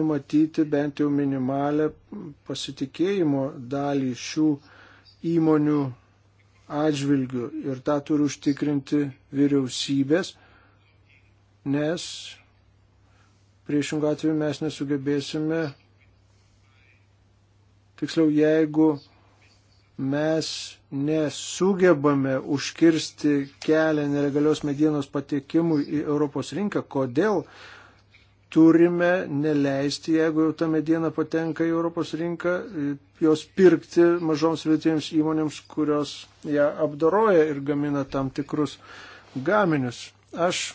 numatyti bent jau minimalę pasitikėjimo dalį šių įmonių atžvilgių ir tą turi užtikrinti vyriausybės nes priešingų atveju mes nesugebėsime, tiksliau, jeigu mes nesugebame užkirsti kelią nelegalios medienos patekimui į Europos rinką, kodėl turime neleisti, jeigu jau ta mediena patenka į Europos rinką, jos pirkti mažoms vietiniams įmonėms, kurios ją apdoroja ir gamina tam tikrus gaminius. Aš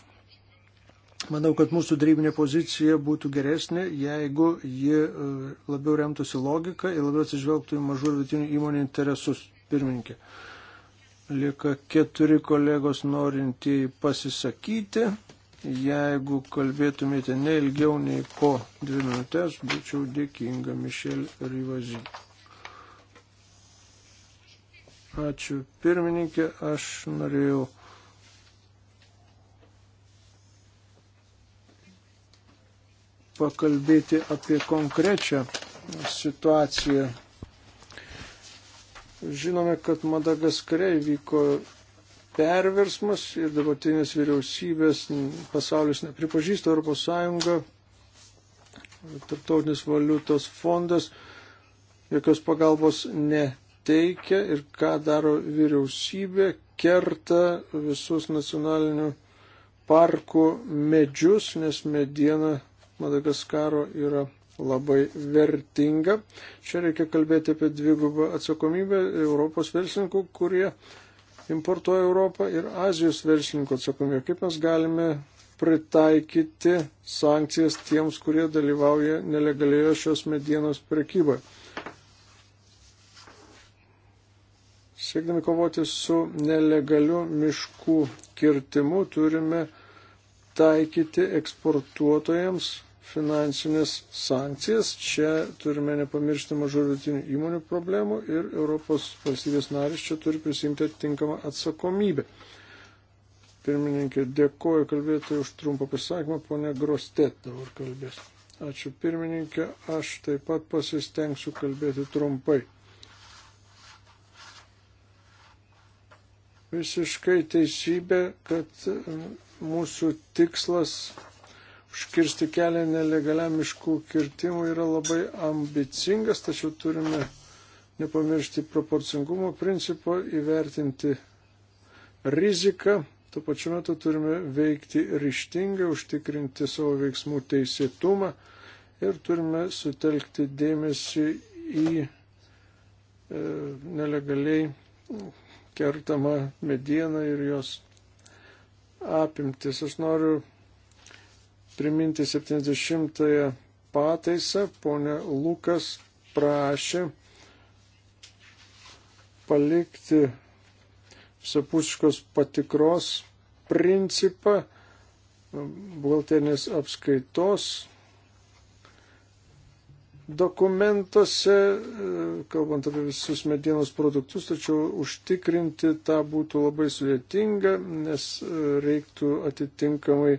Manau, kad mūsų darybinė pozicija būtų geresnė, jeigu ji e, labiau remtųsi logiką ir labiau atsižvelgtų į mažų ir vidutinių įmonių interesus pirmininkė. Lieka keturi kolegos norintieji pasisakyti. Jeigu kalbėtumėte ne ilgiau nei po dvi minutės, būčiau dėkinga Mišel Rivazy. Ačiū pirmininkė, aš norėjau pakalbėti apie konkrečią situaciją. Žinome, kad Madagaskare vyko perversmas ir dabartinės vyriausybės pasaulis nepripažįsta Europos Sąjungą, Tartautinis valiutos fondas jokios pagalbos neteikia ir ką daro vyriausybė, kerta visus nacionalinių parkų medžius, nes mediena Madagaskaro yra labai vertinga. Čia reikia kalbėti apie dvigubą atsakomybę Europos verslininkų, kurie importuoja Europą ir Azijos verslininkų atsakomybę. Kaip mes galime pritaikyti sankcijas tiems, kurie dalyvauja nelegalioje šios medienos prekyboje. Siekdami kovoti su nelegaliu miškų kirtimu turime taikyti eksportuotojams finansinės sankcijas. Čia turime nepamiršti mažų vidutinių įmonių problemų ir Europos valstybės narys čia turi prisimti atitinkamą atsakomybę. Pirmininkė, dėkoju kalbėtojai už trumpą pasakymą, ponė Grostet dabar kalbės. Ačiū pirmininkė, aš taip pat pasistengsiu kalbėti trumpai. Visiškai teisybė, kad mūsų tikslas užkirsti kelią nelegaliam miškų kirtimui yra labai ambicingas, tačiau turime nepamiršti proporcingumo principo, įvertinti riziką, tuo pačiu metu turime veikti ryštingai, užtikrinti savo veiksmų teisėtumą ir turime sutelkti dėmesį į e, nelegaliai kertamą medieną ir jos apimtis. Aš noriu priminti 70-ąją pataisą. Pone Lukas prašė palikti visapusiškos patikros principą buhalterinės apskaitos dokumentuose, e, kalbant apie visus medienos produktus, tačiau užtikrinti tą būtų labai sudėtinga, nes e, reiktų atitinkamai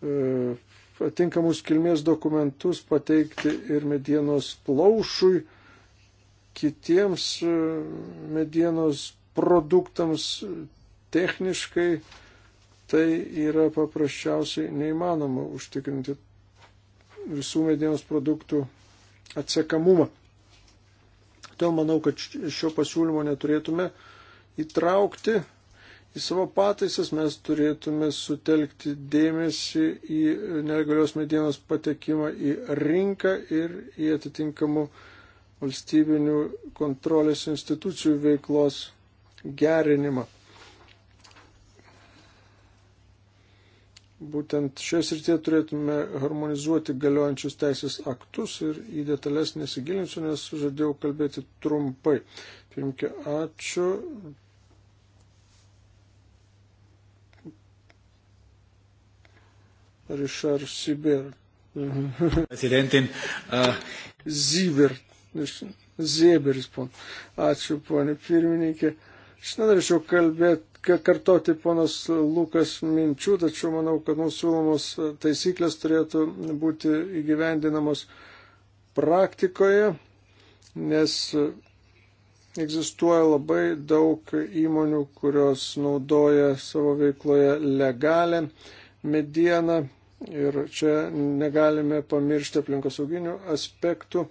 e, atitinkamus kilmės dokumentus pateikti ir medienos plaušui, kitiems medienos produktams techniškai tai yra paprasčiausiai neįmanoma užtikrinti visų medienos produktų atsekamumą. Todėl manau, kad šio pasiūlymo neturėtume įtraukti į savo pataisas, mes turėtume sutelkti dėmesį į nelegalios medienos patekimą į rinką ir į atitinkamų valstybinių kontrolės institucijų veiklos gerinimą. Būtent šioje srityje turėtume harmonizuoti galiojančius teisės aktus ir į detalės nesigilinsiu, nes žadėjau kalbėti trumpai. Pirmkė, ačiū. Rišar Siber. Prezidentin. Uh... Ziber. Zieberis, pon. Ačiū, ponė pirmininkė. Uh, Aš nenorėčiau kalbėti, kartoti ponas Lukas minčių, tačiau manau, kad mūsų siūlomos taisyklės turėtų būti įgyvendinamos praktikoje, nes egzistuoja labai daug įmonių, kurios naudoja savo veikloje legalę medieną ir čia negalime pamiršti aplinkosauginių aspektų.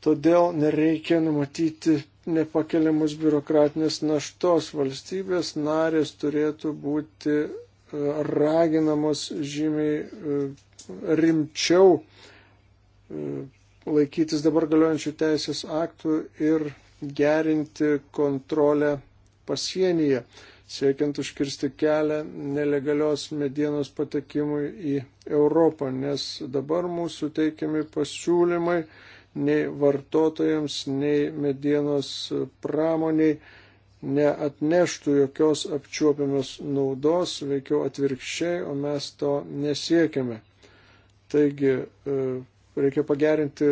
Todėl nereikia numatyti nepakeliamus biurokratinės naštos. Valstybės narės turėtų būti e, raginamos žymiai e, rimčiau e, laikytis dabar galiojančių teisės aktų ir gerinti kontrolę pasienyje, siekiant užkirsti kelią nelegalios medienos patekimui į Europą, nes dabar mūsų teikiami pasiūlymai nei vartotojams, nei medienos pramoniai neatneštų jokios apčiuopiamos naudos, veikiau atvirkščiai, o mes to nesiekiame. Taigi e, reikia pagerinti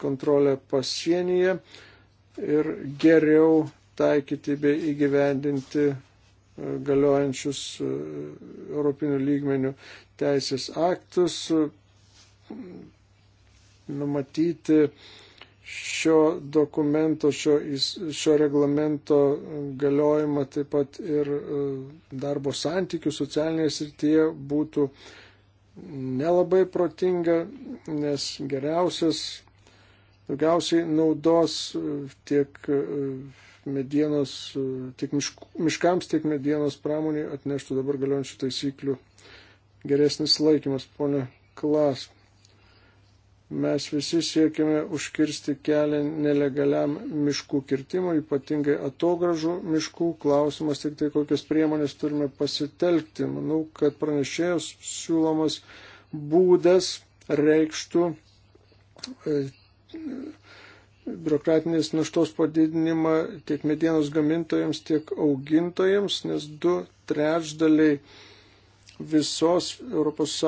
kontrolę pasienyje ir geriau taikyti bei įgyvendinti e, galiojančius e, Europinių lygmenių teisės aktus, numatyti šio dokumento, šio, šio reglamento galiojimą taip pat ir e, darbo santykių socialinėje srityje būtų nelabai protinga, nes geriausias, daugiausiai naudos e, tiek e, medienos, tiek miškams, tiek medienos pramoniai atneštų dabar galiojančių taisyklių geresnis laikymas, ponė Klas. Mes visi siekime užkirsti kelią nelegaliam miškų kirtimui, ypatingai atogražų miškų. Klausimas tik tai, kokias priemonės turime pasitelkti. Manau, kad pranešėjos siūlomas būdas reikštų e, biurokratinės naštos padidinimą tiek medienos gamintojams, tiek augintojams, nes du trečdaliai visos ES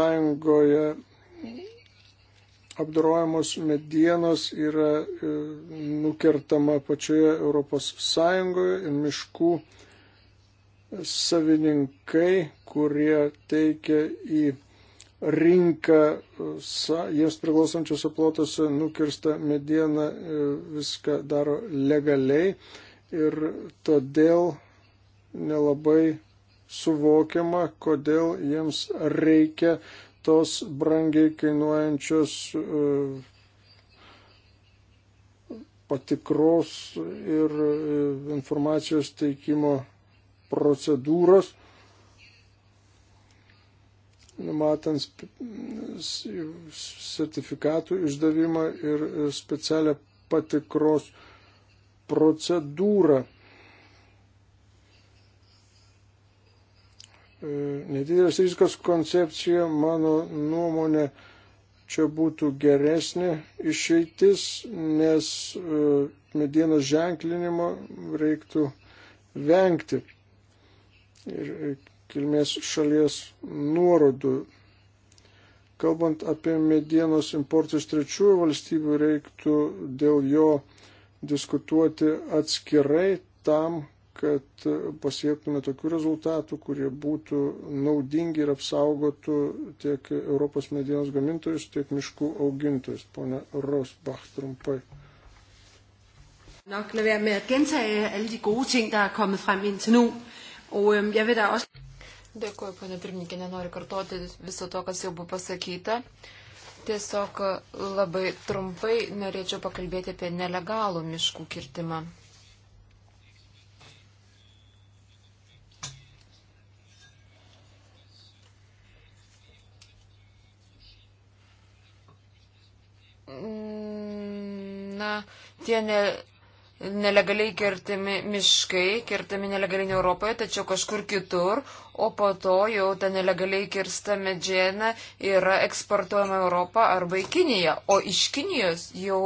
apdorojamos medienos yra e, nukertama pačioje Europos Sąjungoje ir miškų savininkai, kurie teikia į rinką e, jiems priklausančiose plotose nukirsta mediena e, viską daro legaliai ir todėl nelabai suvokiama, kodėl jiems reikia tos brangiai kainuojančios e, patikros ir e, informacijos teikimo procedūros, numatant sertifikatų išdavimą ir e, specialią patikros procedūrą. E, nedidelės rizikos koncepcija, mano nuomonė, čia būtų geresnė išeitis, nes e, medienos ženklinimo reiktų vengti ir e, kilmės šalies nuorodų. Kalbant apie medienos importą iš trečiųjų valstybių, reiktų dėl jo diskutuoti atskirai tam, kad pasiektume tokių rezultatų, kurie būtų naudingi ir apsaugotų tiek Europos medienos gamintojus, tiek miškų augintojus. Pone Rosbach, trumpai. Nok lade være med at gentage alle de gode ting, der er kommet frem indtil nu. Og øhm, jeg vil da også... Dėkuoju, ponė pirmininkė, nenoriu kartoti viso to, kas jau buvo pasakyta. Tiesiog labai trumpai norėčiau pakalbėti apie nelegalų miškų kirtimą. Mm, na, tie ne, nelegaliai kertami miškai, kertami nelegaliai ne Europoje, tačiau kažkur kitur, o po to jau ta nelegaliai kirsta medžiena yra eksportuojama Europą arba į Kiniją, o iš Kinijos jau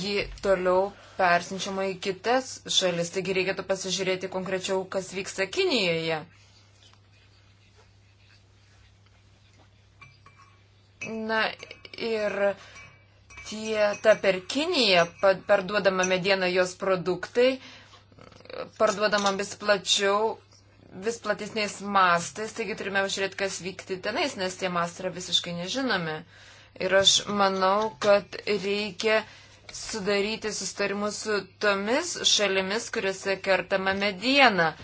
ji toliau persinčiama į kitas šalis, taigi reikėtų pasižiūrėti konkrečiau, kas vyksta Kinijoje. Na ir tie, ta per Kiniją parduodama mediena jos produktai, parduodama vis plačiau, vis platesniais mastais, taigi turime žiūrėti, kas vykti tenais, nes tie mastai yra visiškai nežinomi. Ir aš manau, kad reikia sudaryti sustarimus su tomis šalimis, kuriuose kertama mediena.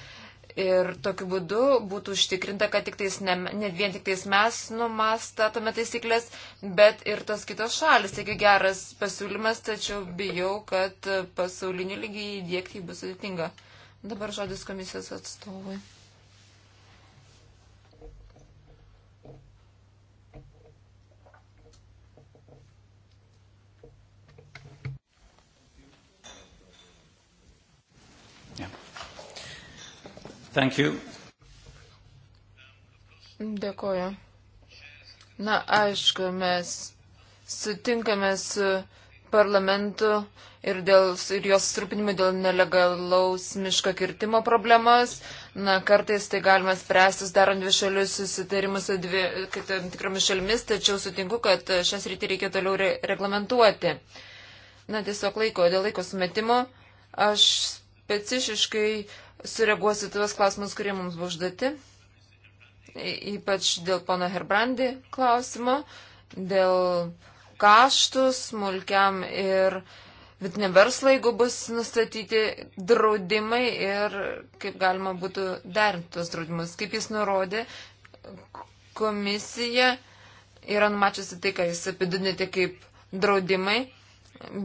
Ir tokiu būdu būtų užtikrinta, kad tik tais ne, ne vien tik tais mes numastatome taisyklės, bet ir tos kitos šalis. Taigi geras pasiūlymas, tačiau bijau, kad pasauliniu lygiai įdėkti bus sudėtinga. Dabar žodis komisijos atstovui. Thank you. Dėkoju. Na, aišku, mes sutinkame su parlamentu ir, dėl, ir jos strupinimų dėl nelegalaus miško kirtimo problemas. Na, kartais tai galima spręsti, darant dvišalius susitarimus su dvi, tam tikromis šalimis, tačiau sutinku, kad šias rytį reikia toliau re reglamentuoti. Na, tiesiog laiko, dėl laiko sumetimo aš specifiškai uh, sureaguosiu tuos klausimus, kurie mums buvo užduoti, ypač dėl pono Herbrandi klausimo, dėl kaštų smulkiam ir vidiniam verslui, jeigu bus nustatyti draudimai ir kaip galima būtų derinti tuos draudimus. Kaip jis nurodė, komisija yra numačiusi tai, ką jis apidudinėte kaip draudimai,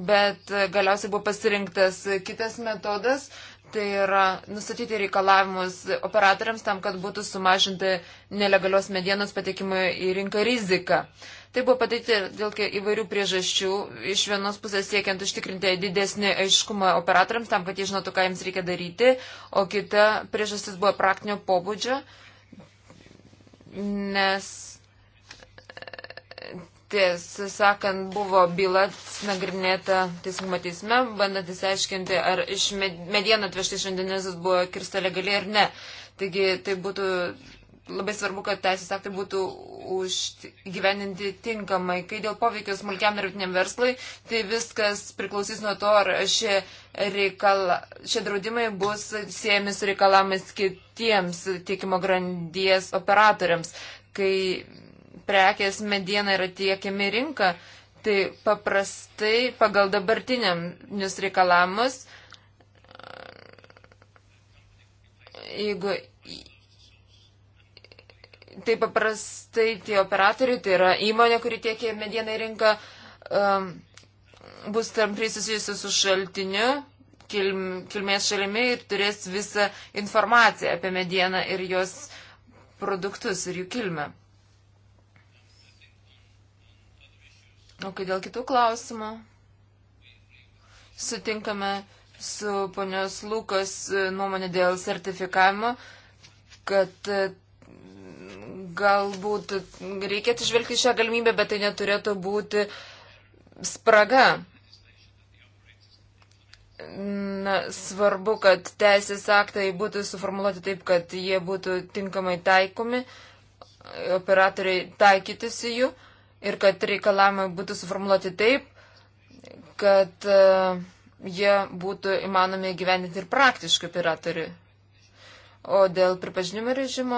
bet galiausiai buvo pasirinktas kitas metodas, Tai yra nustatyti reikalavimus operatoriams tam, kad būtų sumažinti nelegalios medienos patekimo į rinką riziką. Tai buvo padaryti dėl įvairių priežasčių. Iš vienos pusės siekiant užtikrinti didesnį aiškumą operatoriams tam, kad jie žinotų, ką jiems reikia daryti, o kita priežastis buvo praktinio pobūdžio, nes Tiesą sakant, buvo byla nagrinėta teisingumo teisme, bandant įsiaiškinti, ar iš medieną atvežti iš Indonezijos buvo kirsta legaliai ar ne. Taigi tai būtų labai svarbu, kad teisės aktai būtų gyveninti tinkamai. Kai dėl poveikio smulkiam ir vidiniam verslui, tai viskas priklausys nuo to, ar šie, reikala, šie draudimai bus siejami su reikalamais kitiems tiekimo grandies operatoriams. Kai prekės mediena yra tiekiami rinka, tai paprastai pagal dabartiniams reikalavimus, jeigu tai paprastai tie operatoriai, tai yra įmonė, kuri tiekia medieną į rinką, um, bus tampriai susijusi su šaltiniu, kilm, kilmės šalimi ir turės visą informaciją apie medieną ir jos produktus ir jų kilmę. O kai dėl kitų klausimų sutinkame su ponios Lukas e, nuomonė dėl sertifikavimo, kad e, galbūt reikia atsižvelgti šią galimybę, bet tai neturėtų būti spraga. Na, svarbu, kad teisės aktai būtų suformuoluoti taip, kad jie būtų tinkamai taikomi, operatoriai taikytųsi jų ir kad reikalavimai būtų suformuoluoti taip, kad uh, jie būtų įmanomi gyveninti ir praktiškai operatoriui. O dėl pripažinimo režimo,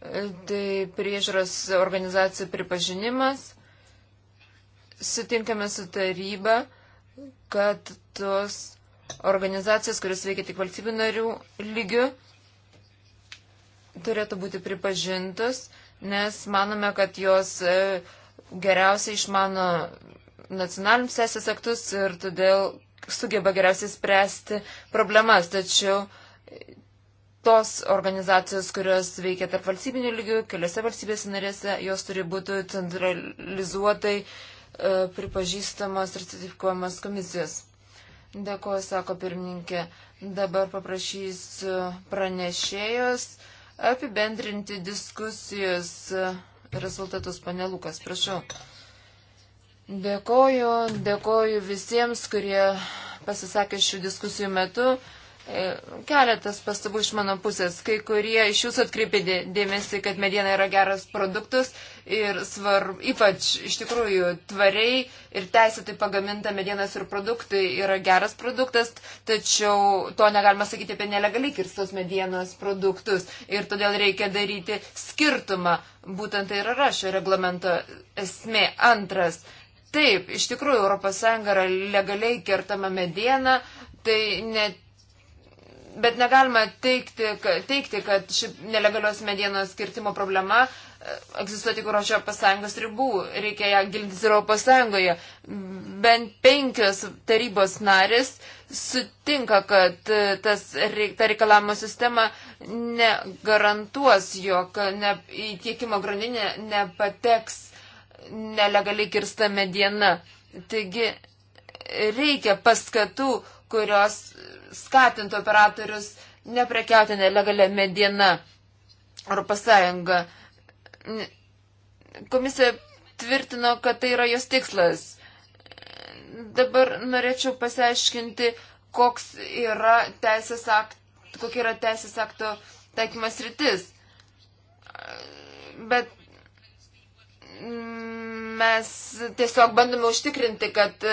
e, tai priežiūros organizacijų pripažinimas, sutinkame su taryba, kad tos organizacijos, kuris veikia tik valstybių narių lygių, turėtų būti pripažintos nes manome, kad jos e, geriausiai išmano nacionalinius teisės aktus ir todėl sugeba geriausiai spręsti problemas. Tačiau tos organizacijos, kurios veikia tarp valstybinių lygių, keliose valstybėse narėse, jos turi būti centralizuotai e, pripažįstamos ir certifikuojamos komisijos. Dėkuoju, sako pirmininkė. Dabar paprašysiu pranešėjos apibendrinti diskusijos rezultatus. Pane Lukas, prašau. Dėkoju, dėkoju visiems, kurie pasisakė šių diskusijų metu. E, keletas pastabų iš mano pusės. Kai kurie iš jūsų atkreipė dėmesį, kad mediena yra geras produktus ir svarb, ypač iš tikrųjų tvariai ir teisėtai pagaminta medienas ir produktai yra geras produktas, tačiau to negalima sakyti apie nelegaliai kirstos medienos produktus ir todėl reikia daryti skirtumą. Būtent tai yra šio reglamento esmė. Antras. Taip, iš tikrųjų, ES yra legaliai kertama mediena, tai net Bet negalima teikti, teikti kad ši nelegalios medienos kirtimo problema e, egzistuoja tik už Europos Sąjungos ribų, reikia ją gilintis Europos Sąjungoje. Bent penkios tarybos narės sutinka, kad e, tas, ta reikalavimo sistema negarantuos, jog ne, į tiekimo grandinę nepateks nelegaliai kirsta mediena. Taigi reikia paskatų kurios skatintų operatorius neprekiauti nelegalią medieną Europos Sąjungą. Komisija tvirtino, kad tai yra jos tikslas. Dabar norėčiau pasiaiškinti, koks yra teisės akt, kokia yra teisės akto taikymas rytis. Bet mes tiesiog bandome užtikrinti, kad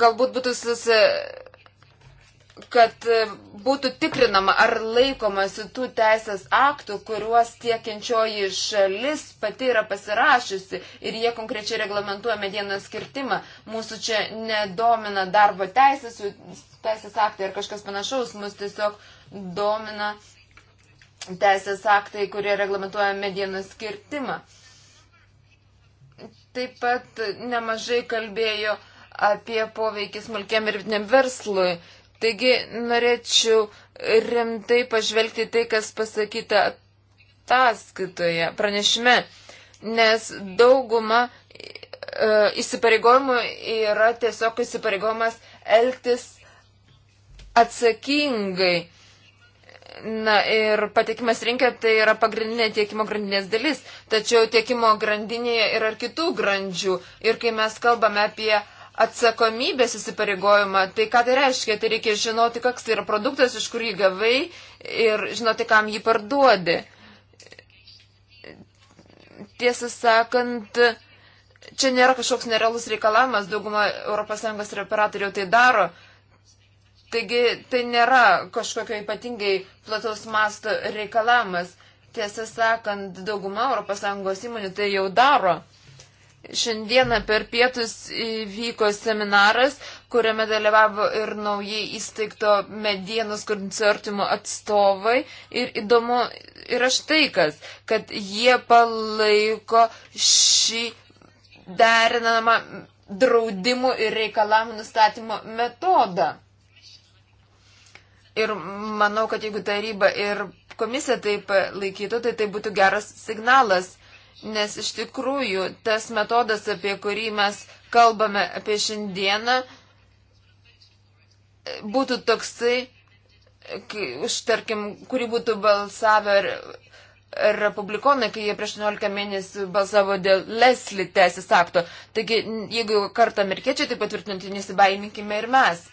galbūt būtų susi kad būtų tikrinama, ar laikomasi tų teisės aktų, kuriuos tiekiančioji šalis pati yra pasirašiusi ir jie konkrečiai reglamentuoja medienos skirtimą. Mūsų čia nedomina darbo teisės, teisės aktai ar kažkas panašaus, mus tiesiog domina teisės aktai, kurie reglamentuoja medienos skirtimą. Taip pat nemažai kalbėjo apie poveikį smulkiam ir vidiniam verslui. Taigi norėčiau rimtai pažvelgti tai, kas pasakyta ataskaitoje, pranešime, nes dauguma e, įsipareigojimų yra tiesiog įsipareigojimas elgtis atsakingai. Na ir patikimas rinka tai yra pagrindinė tiekimo grandinės dalis, tačiau tiekimo grandinėje yra ir kitų grandžių. Ir kai mes kalbame apie atsakomybės įsipareigojimą, tai ką tai reiškia, tai reikia žinoti, koks tai yra produktas, iš kur jį gavai ir žinoti, kam jį parduodi. Tiesą sakant, čia nėra kažkoks nerealus reikalavimas, dauguma ES reparatorių tai daro. Taigi tai nėra kažkokio ypatingai plataus masto reikalavimas. Tiesą sakant, dauguma ES įmonių tai jau daro. Šiandieną per pietus vyko seminaras, kuriame dalyvavo ir naujai įsteigto medienos koncertimo atstovai. Ir įdomu yra štai kas, kad jie palaiko šį derinamą draudimų ir reikalavimų nustatymo metodą. Ir manau, kad jeigu taryba ir komisija taip laikytų, tai tai būtų geras signalas nes iš tikrųjų tas metodas, apie kurį mes kalbame apie šiandieną, būtų toksai, už tarkim, kurį būtų balsavę republikonai, kai jie prieš 11 mėnesių balsavo dėl Leslie teisės akto. Taigi, jeigu kartą amerikiečiai tai patvirtinti, nesibaiminkime ir mes.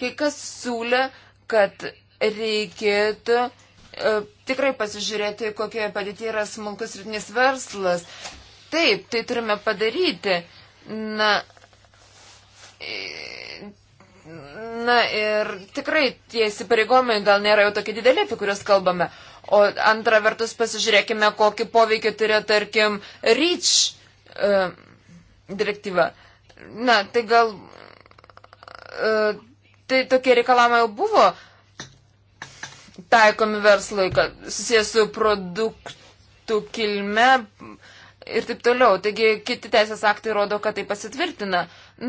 Kai kas siūlė, kad reikėtų e, tikrai pasižiūrėti, kokioje padėtyje yra smulkus rytinis verslas. Taip, tai turime padaryti. Na, na ir tikrai tie įsipareigomai gal nėra jau tokie dideli, apie kuriuos kalbame. O antra vertus pasižiūrėkime, kokį poveikį turėjo, tarkim, REACH uh, direktyva. Na, tai gal. Uh, tai tokie reikalavimai jau buvo taikomi verslui, kad susijęs su produktų kilme ir taip toliau. Taigi kiti teisės aktai rodo, kad tai pasitvirtina.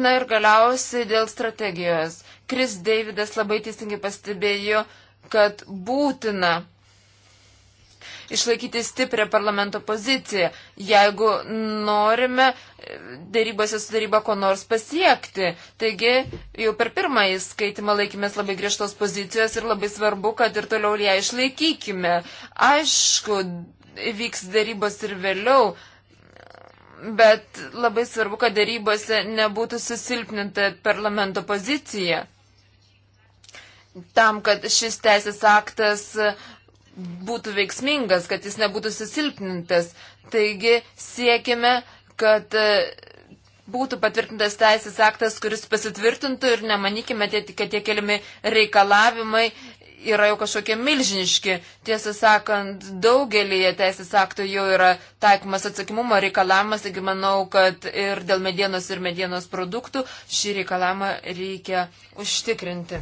Na ir galiausiai dėl strategijos. Kris Davidas labai teisingai pastebėjo, kad būtina išlaikyti stiprią parlamento poziciją, jeigu norime dėrybose su taryba ko nors pasiekti. Taigi, jau per pirmąjį skaitimą laikymės labai griežtos pozicijos ir labai svarbu, kad ir toliau ją išlaikykime. Aišku, vyks dėrybos ir vėliau, bet labai svarbu, kad dėrybose nebūtų susilpninta parlamento pozicija. Tam, kad šis teisės aktas būtų veiksmingas, kad jis nebūtų susilpnintas. Taigi siekime, kad e, būtų patvirtintas teisės aktas, kuris pasitvirtintų ir nemanykime, kad tie keliami reikalavimai yra jau kažkokie milžiniški. Tiesą sakant, daugelį teisės aktų jau yra taikomas atsakymumo reikalavimas, taigi manau, kad ir dėl medienos ir medienos produktų šį reikalavimą reikia užtikrinti.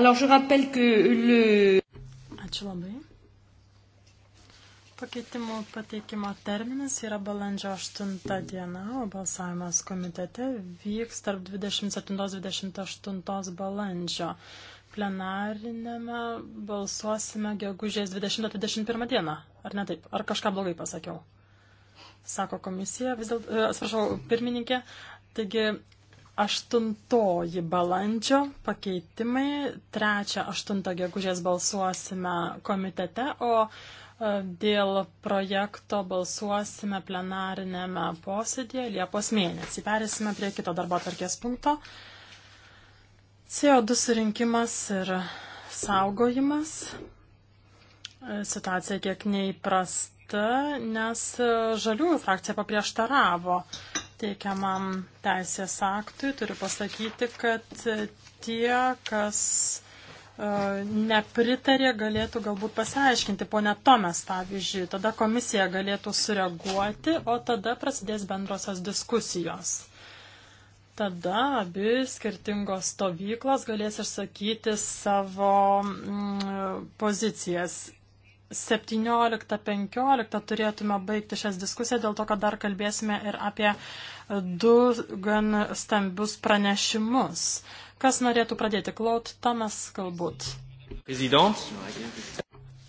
Alors, rappelle, le... Ačiū labai. Pakeitimų pateikimo terminas yra balandžio 8 diena, o balsavimas komitete vyks tarp 27-28 balandžio. Plenarinėme balsuosime gegužės 20-21 dieną, ar ne taip? Ar kažką blogai pasakiau? Sako komisija, vis dėlto, e, atsiprašau, pirmininkė. Taigi Aštuntoji balandžio pakeitimai, trečią, aštuntą gegužės balsuosime komitete, o e, dėl projekto balsuosime plenarinėme posėdėje Liepos mėnesį. Perėsime prie kito darbo atvarkės punkto. CO2 surinkimas ir saugojimas. E, situacija kiek neįprasta, nes e, žaliųjų frakcija paprieštaravo teikiamam teisės aktui, turiu pasakyti, kad tie, kas e, nepritarė, galėtų galbūt pasiaiškinti, ponė Tomes, pavyzdžiui, tada komisija galėtų sureaguoti, o tada prasidės bendrosios diskusijos. Tada abi skirtingos stovyklos galės išsakyti savo mm, pozicijas. 17.15 turėtume baigti šias diskusijas, dėl to, kad dar kalbėsime ir apie uh, du gan stambius pranešimus. Kas norėtų pradėti? Klaut Tamas, galbūt. Prezident.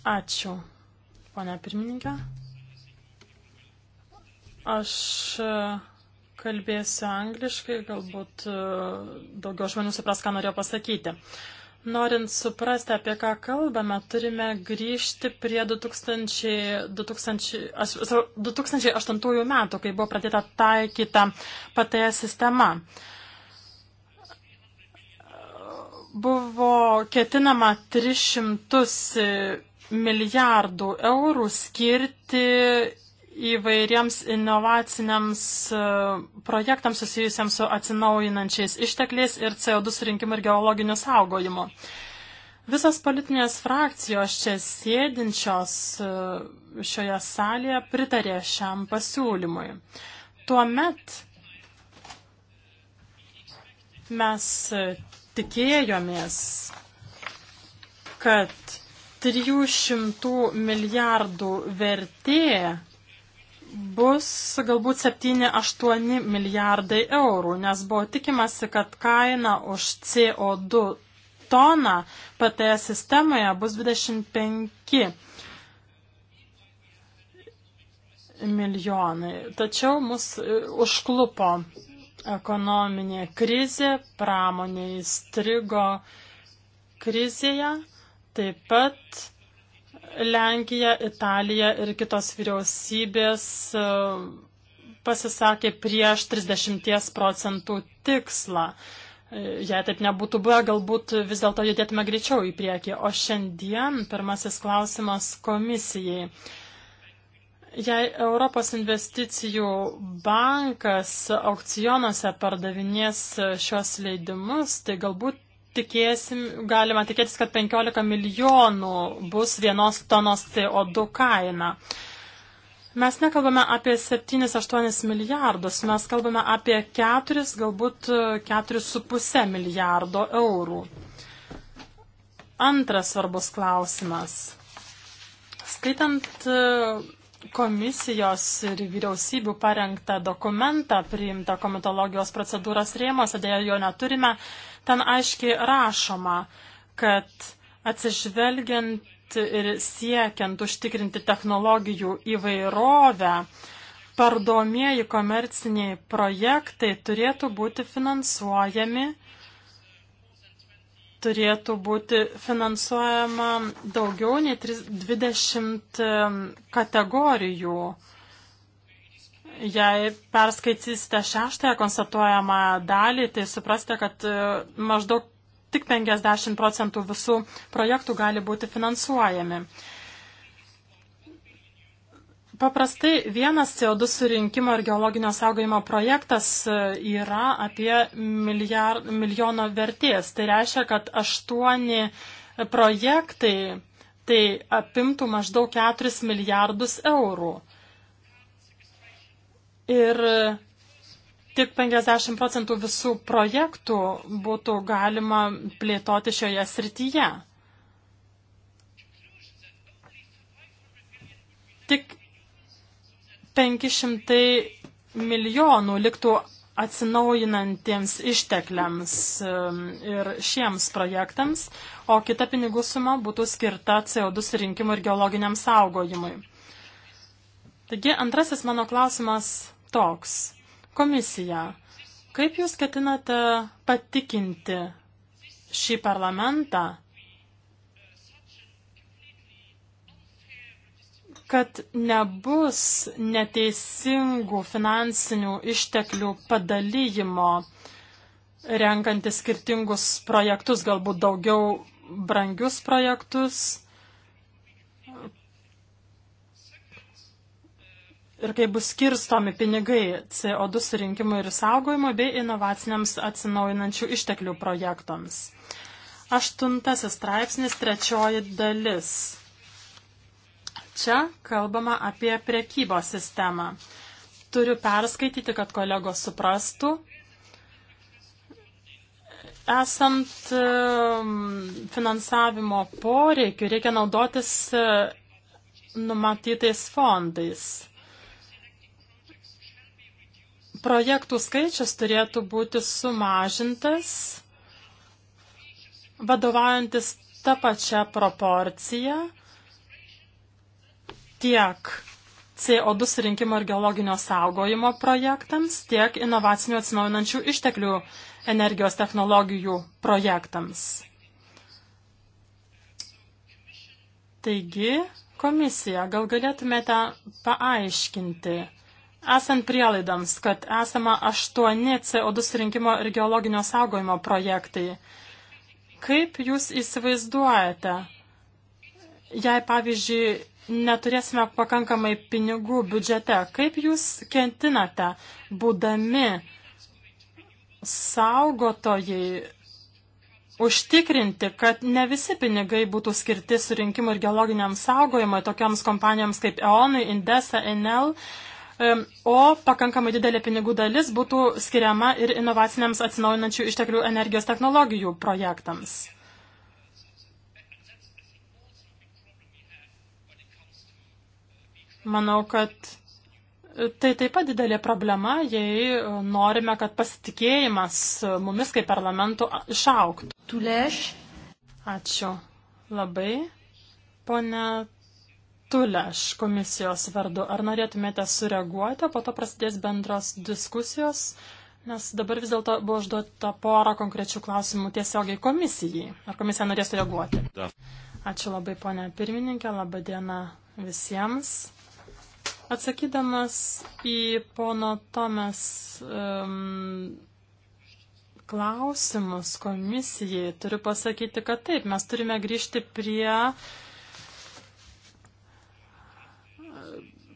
Ačiū, ponia pirmininkė. Aš e, kalbėsiu angliškai, galbūt e, daugiau žmonių supras, ką norėjau pasakyti. Uh, Norint suprasti, apie ką kalbame, turime grįžti prie 2000, 2000, 2008 metų, kai buvo pradėta taikyta patėja sistema. Buvo ketinama 300 milijardų eurų skirti įvairiems inovaciniams e, projektams susijusiems su atsinaujinančiais ištekliais ir CO2 surinkimu ir geologiniu saugojimu. Visos politinės frakcijos čia sėdinčios e, šioje salėje pritarė šiam pasiūlymui. Tuomet mes tikėjomės, kad 300 milijardų vertė bus galbūt 7-8 milijardai eurų, nes buvo tikimasi, kad kaina už CO2 toną PTS sistemoje bus 25 milijonai. Tačiau mus e, užklupo ekonominė krizė, pramonė įstrigo krizėje, taip pat Lenkija, Italija ir kitos vyriausybės e, pasisakė prieš 30 procentų tikslą. E, jei taip nebūtų buvę, galbūt vis dėlto judėtume greičiau į priekį. O šiandien pirmasis klausimas komisijai. Jei Europos investicijų bankas aukcionuose pardavinės šios leidimus, tai galbūt tikėsim, galima tikėtis, kad 15 milijonų bus vienos tonos CO2 kaina. Mes nekalbame apie 7-8 milijardus, mes kalbame apie 4, galbūt 4,5 milijardo eurų. Antras svarbus klausimas. Skaitant komisijos ir vyriausybių parengtą dokumentą priimtą komitologijos procedūros rėmose, dėja jo neturime, Ten aiškiai rašoma, kad atsižvelgiant ir siekiant užtikrinti technologijų įvairovę, pardomieji komerciniai projektai turėtų būti finansuojami, turėtų būti finansuojama daugiau nei 20 kategorijų Jei perskaitysite šeštąją konstatuojamą dalį, tai suprasite, kad e, maždaug tik 50 procentų visų projektų gali būti finansuojami. Paprastai vienas CO2 surinkimo ir geologinio saugojimo projektas e, yra apie milijar, milijono vertės. Tai reiškia, kad aštuoni projektai tai apimtų maždaug 4 milijardus eurų. Ir tik 50 procentų visų projektų būtų galima plėtoti šioje srityje. Tik 500 milijonų liktų atsinaujinantiems ištekliams um, ir šiems projektams, o kita pinigų suma būtų skirta CO2 surinkimui ir geologiniam saugojimui. Taigi antrasis mano klausimas toks. Komisija, kaip Jūs ketinate patikinti šį parlamentą, kad nebus neteisingų finansinių išteklių padalyjimo, renkantis skirtingus projektus, galbūt daugiau brangius projektus ir kai bus skirstomi pinigai CO2 surinkimui ir saugojimui bei inovaciniams atsinaujinančių išteklių projektams. Aštuntasis straipsnis, trečioji dalis. Čia kalbama apie priekybos sistemą. Turiu perskaityti, kad kolegos suprastų, esant um, finansavimo poreikiu, reikia naudotis uh, numatytais fondais projektų skaičius turėtų būti sumažintas, vadovaujantis tą pačią proporciją tiek CO2 surinkimo ir geologinio saugojimo projektams, tiek inovacinių atsinaujinančių išteklių energijos technologijų projektams. Taigi, komisija, gal galėtumėte paaiškinti, Esant prielaidams, kad esama aštuoni CO2 surinkimo ir geologinio saugojimo projektai, kaip jūs įsivaizduojate, jei, pavyzdžiui, neturėsime pakankamai pinigų biudžete, kaip jūs kentinate, būdami saugotojai, užtikrinti, kad ne visi pinigai būtų skirti surinkimui ir geologiniam saugojimui tokioms kompanijoms kaip EONui, Indesa, Enel, o pakankamai didelė pinigų dalis būtų skiriama ir inovaciniams atsinaujinančių išteklių energijos technologijų projektams. Manau, kad tai taip pat didelė problema, jei norime, kad pasitikėjimas mumis kaip parlamentu išauktų. Tuleš. Ačiū labai, ponia Tuleš komisijos vardu. Ar norėtumėte sureaguoti, po to prasidės bendros diskusijos, nes dabar vis dėlto buvo užduota pora konkrečių klausimų tiesiogiai komisijai. Ar komisija norės reaguoti? Da. Ačiū labai, ponia pirmininkė, laba diena visiems. Atsakydamas į pono Tomės um, klausimus komisijai, turiu pasakyti, kad taip, mes turime grįžti prie uh,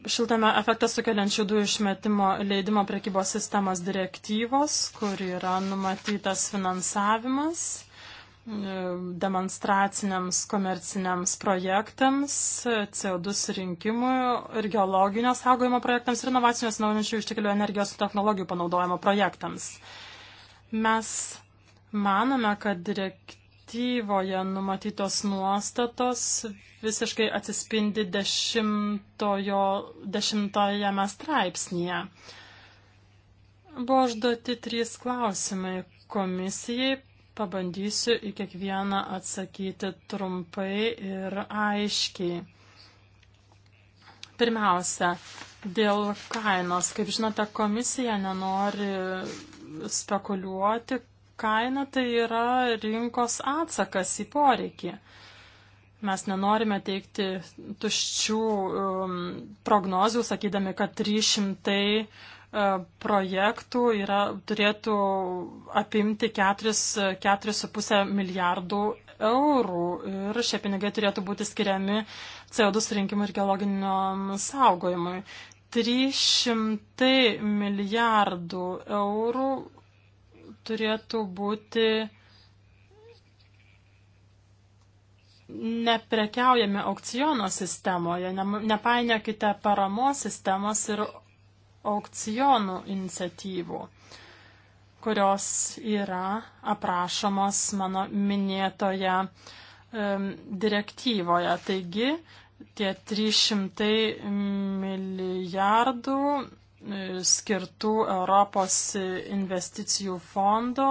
šiltame efektą sukeliančių dujų išmetimo leidimo prekybos sistemos direktyvos, kur yra numatytas finansavimas e, demonstraciniams komerciniams projektams, CO2 surinkimui ir geologinio saugojimo projektams ir inovacinio atsinaujinančių išteklių energijos ir technologijų panaudojimo projektams. Mes manome, kad direktyva direktyvoje numatytos nuostatos visiškai atsispindi dešimtojo, dešimtojame straipsnėje. Buvo užduoti trys klausimai komisijai. Pabandysiu į kiekvieną atsakyti trumpai ir aiškiai. Pirmiausia, dėl kainos. Kaip žinote, komisija nenori spekuliuoti, kaina tai yra rinkos atsakas į poreikį. Mes nenorime teikti tuščių um, prognozių, sakydami, kad 300 uh, projektų yra, turėtų apimti 4,5 milijardų eurų ir šie pinigai turėtų būti skiriami CO2 surinkimui ir geologiniam saugojimui. 300 milijardų eurų turėtų būti neprekiaujami aukciono sistemoje, nepainiokite paramos sistemos ir aukcionų iniciatyvų, kurios yra aprašomos mano minėtoje um, direktyvoje. Taigi, tie 300 milijardų skirtų Europos investicijų fondo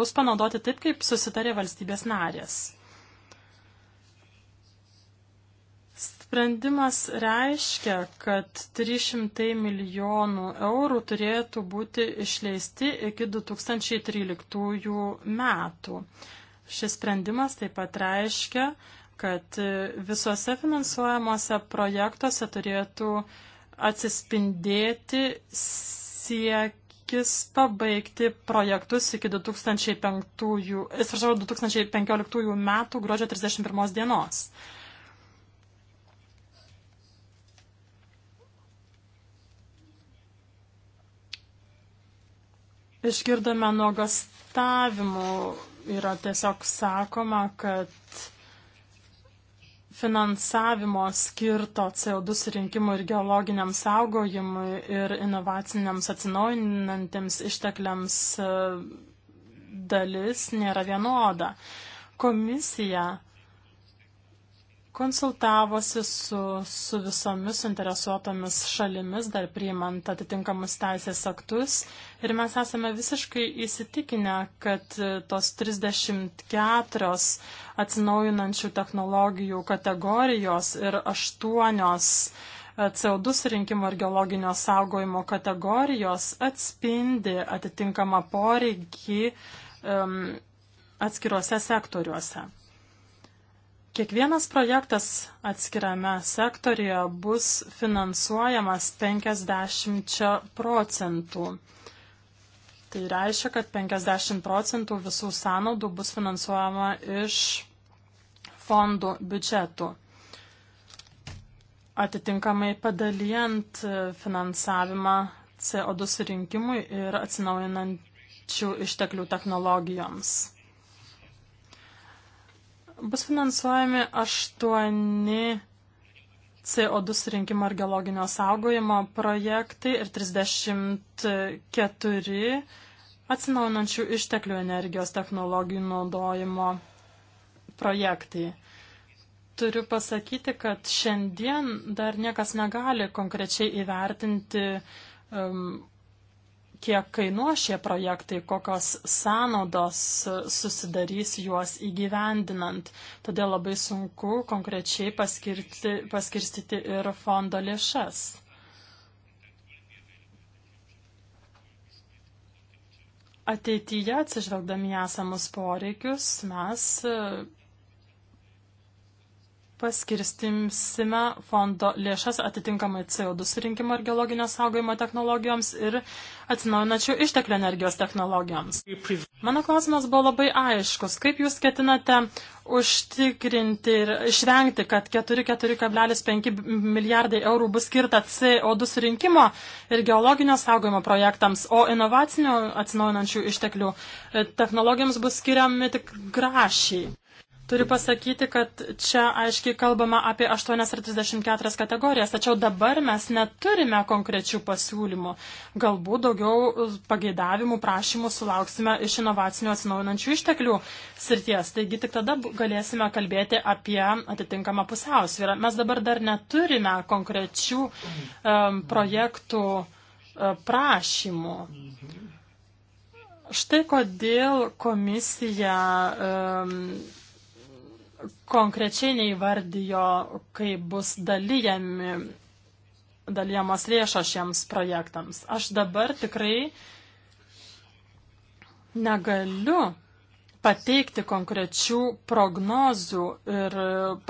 bus panaudoti taip, kaip susitarė valstybės narės. Sprendimas reiškia, kad 300 milijonų eurų turėtų būti išleisti iki 2013 metų. Šis sprendimas taip pat reiškia, kad visose finansuojamuose projektuose turėtų uh, atsispindėti siekis pabaigti projektus iki 2005, atsiprašau, 2015 metų gruodžio 31 dienos. Išgirdome nuogastavimų, yra tiesiog sakoma, kad finansavimo skirto CO2 surinkimui ir geologiniam saugojimui ir inovaciniams atsinaujinantiems ištekliams e, dalis nėra vienoda. Komisija konsultavosi su, su visomis interesuotomis šalimis, dar priimant atitinkamus teisės aktus. Ir mes esame visiškai įsitikinę, kad tos 34 atsinaujinančių technologijų kategorijos ir 8 e, CO2 surinkimo ir geologinio saugojimo kategorijos atspindi atitinkamą poreikį um, atskiruose sektoriuose. Kiekvienas projektas atskirame sektorijoje bus finansuojamas 50 procentų. Tai reiškia, kad 50 procentų visų sąnaudų bus finansuojama iš fondų biudžetų. Atitinkamai padalijant finansavimą CO2 surinkimui ir atsinaujinančių išteklių technologijoms. Bus finansuojami aštuoni CO2 surinkimo ir geologinio saugojimo projektai ir 34 atsinaujinančių išteklių energijos technologijų naudojimo projektai. Turiu pasakyti, kad šiandien dar niekas negali konkrečiai įvertinti um, kiek kainuos šie projektai, kokios sąnaudos susidarys juos įgyvendinant. Todėl labai sunku konkrečiai paskirti, paskirstyti ir fondo lėšas. Ateityje, atsižvelgdami esamus poreikius, mes paskirstimsime fondo lėšas atitinkamai CO2 surinkimo ir geologinio saugojimo technologijoms ir atsinaujinačių išteklių energijos technologijoms. Mano klausimas buvo labai aiškus. Kaip jūs ketinate užtikrinti ir išvengti, kad 4,5 milijardai eurų bus skirta CO2 surinkimo ir geologinio saugojimo projektams, o inovacinių atsinaujinančių išteklių technologijoms bus skiriami tik grašiai? Turiu pasakyti, kad čia aiškiai kalbama apie 834 kategorijas, tačiau dabar mes neturime konkrečių pasiūlymų. Galbūt daugiau pageidavimų, prašymų sulauksime iš inovacinių atsinaujinančių išteklių srities. Taigi tik tada galėsime kalbėti apie atitinkamą pusiausvyrą. Mes dabar dar neturime konkrečių um, projektų uh, prašymų. Štai kodėl komisija um, konkrečiai neįvardijo, kaip bus dalyjami, dalyjamos lėšos šiems projektams. Aš dabar tikrai negaliu pateikti konkrečių prognozių ir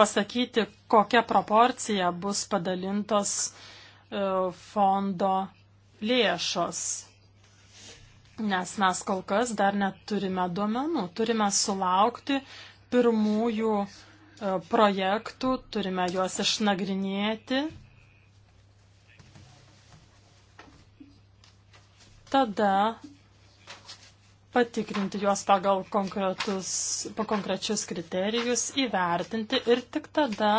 pasakyti, kokia proporcija bus padalintos e, fondo lėšos. Nes mes kol kas dar neturime duomenų, turime sulaukti pirmųjų e, projektų, turime juos išnagrinėti. Tada patikrinti juos pagal pa konkrečius kriterijus, įvertinti ir tik tada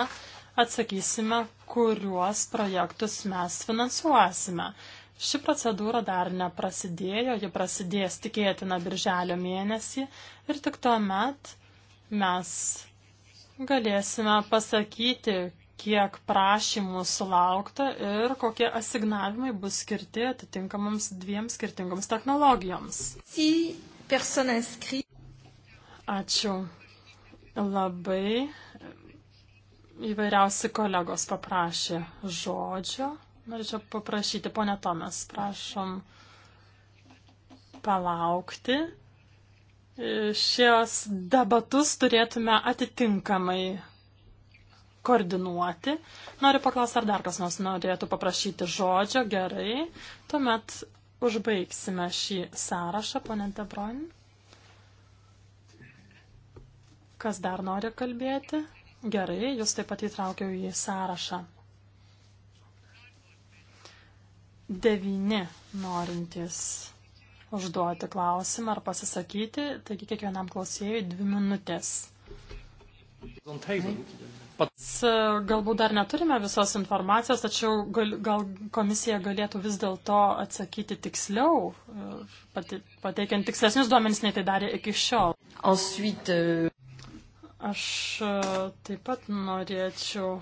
atsakysime, kuriuos projektus mes finansuosime. Ši procedūra dar neprasidėjo, ji prasidės tikėtina birželio mėnesį ir tik tuo met mes galėsime pasakyti, kiek prašymų sulaukta ir kokie asignavimai bus skirti atitinkamams dviem skirtingoms technologijoms. Ačiū labai. Įvairiausi kolegos paprašė žodžio. Norėčiau paprašyti, ponė Tomas, prašom palaukti šios debatus turėtume atitinkamai koordinuoti. Noriu paklausti, ar dar kas nors norėtų paprašyti žodžio. Gerai. Tuomet užbaigsime šį sąrašą, ponė Debron. Kas dar nori kalbėti? Gerai, jūs taip pat įtraukiau į sąrašą. Devini norintys užduoti klausimą ar pasisakyti, taigi kiekvienam klausėjui dvi minutės. Pats e, galbūt dar neturime visos informacijos, tačiau gal, gal komisija galėtų vis dėlto atsakyti tiksliau, e, pati, pateikiant tikslesnius duomenys, nei tai darė iki šiol. Ensuite, e, Aš taip pat norėčiau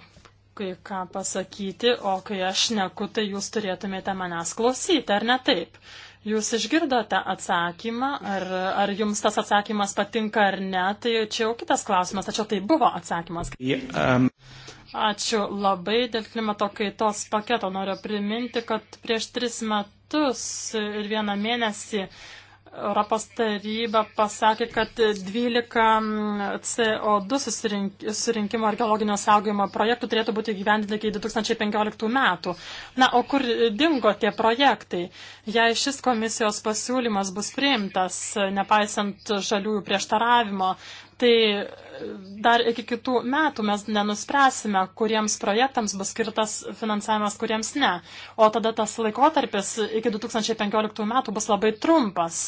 kai ką pasakyti, o kai aš neku, tai jūs turėtumėte manęs klausyti, ar ne taip? Uh, Jūs išgirdote atsakymą, ar, ar jums tas atsakymas patinka ar ne, tai čia jau kitas klausimas, tačiau tai buvo atsakymas. Um, Ačiū labai dėl klimato kaitos paketo. Noriu priminti, kad prieš tris metus ir vieną mėnesį Europos taryba pasakė, kad 12 CO2 susirinkimo archeologinio saugojimo projektų turėtų būti gyvendinti iki 2015 metų. Na, o kur dingo tie projektai? Jei šis komisijos pasiūlymas bus priimtas, nepaisant žaliųjų prieštaravimo, tai dar iki kitų metų mes nenuspręsime, kuriems projektams bus skirtas finansavimas, kuriems ne. O tada tas laikotarpis iki 2015 metų bus labai trumpas,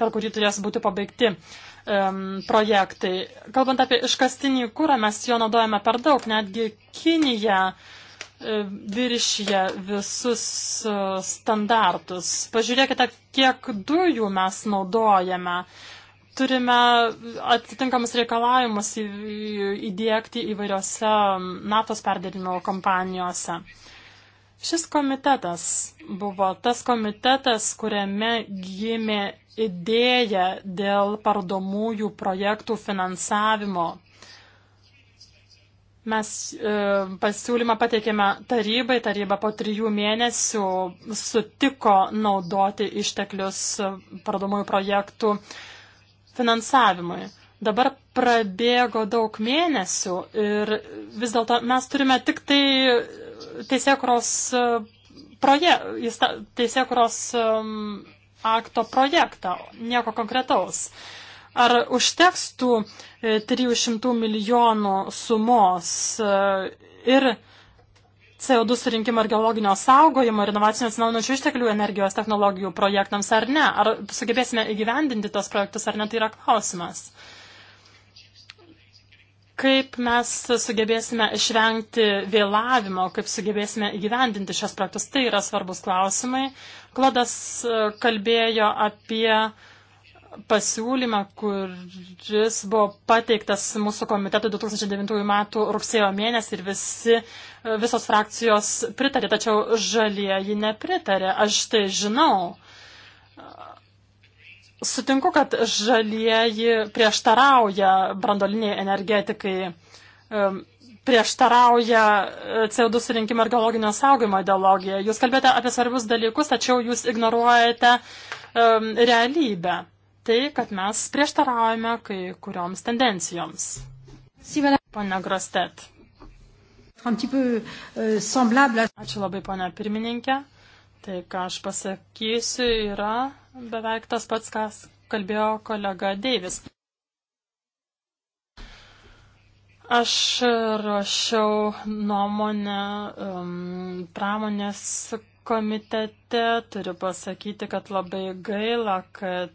per kurį turės būti pabaigti um, projektai. Kalbant apie iškastinį kūrą, mes jo naudojame per daug, netgi Kinija e, viršyje visus e, standartus. Pažiūrėkite, kiek dujų mes naudojame. Uh, turime atitinkamus reikalavimus įdėkti įvairiose naftos perdėrimo kompanijose. Šis komitetas buvo tas komitetas, kuriame gimė idėja dėl pardomųjų projektų finansavimo. Mes e, pasiūlymą pateikėme tarybai, taryba po trijų mėnesių sutiko naudoti išteklius e, pardomųjų projektų e, finansavimui. Dabar prabėgo daug mėnesių ir vis dėlto mes turime tik tai teisėkuros e, proje, teisėkuros e, akto projektą, nieko konkretaus. Ar užteks tų 300 e, milijonų sumos ir CO2 surinkimo ir geologinio saugojimo ir inovacijų atsinaujinančių išteklių energijos technologijų projektams ar ne? Ar sugebėsime įgyvendinti tos projektus ar ne, tai yra klausimas. Kaip mes sugebėsime išvengti vėlavimo, kaip sugebėsime įgyvendinti šios projektus, tai yra svarbus klausimai. Klodas e, kalbėjo apie uh, pasiūlymą, kuris buvo pateiktas mūsų komitetui 2009 metų rugsėjo mėnesį ir visi, visos frakcijos pritarė, tačiau žalieji nepritarė. Aš tai žinau. Sutinku, kad žalieji prieštarauja brandoliniai energetikai, prieštarauja CO2 surinkimo ir geologinio saugimo ideologiją. Jūs kalbėte apie svarbius dalykus, tačiau jūs ignoruojate um, realybę tai, kad mes prieštaraujame kai kurioms tendencijoms. Pone Grostet. Euh, Ačiū labai, ponia pirmininkė. Tai, ką aš pasakysiu, yra beveik tas pats, ką kalbėjo kolega Deivis. Aš rašiau nuomonę um, pramonės komitete. Turiu pasakyti, kad labai gaila, kad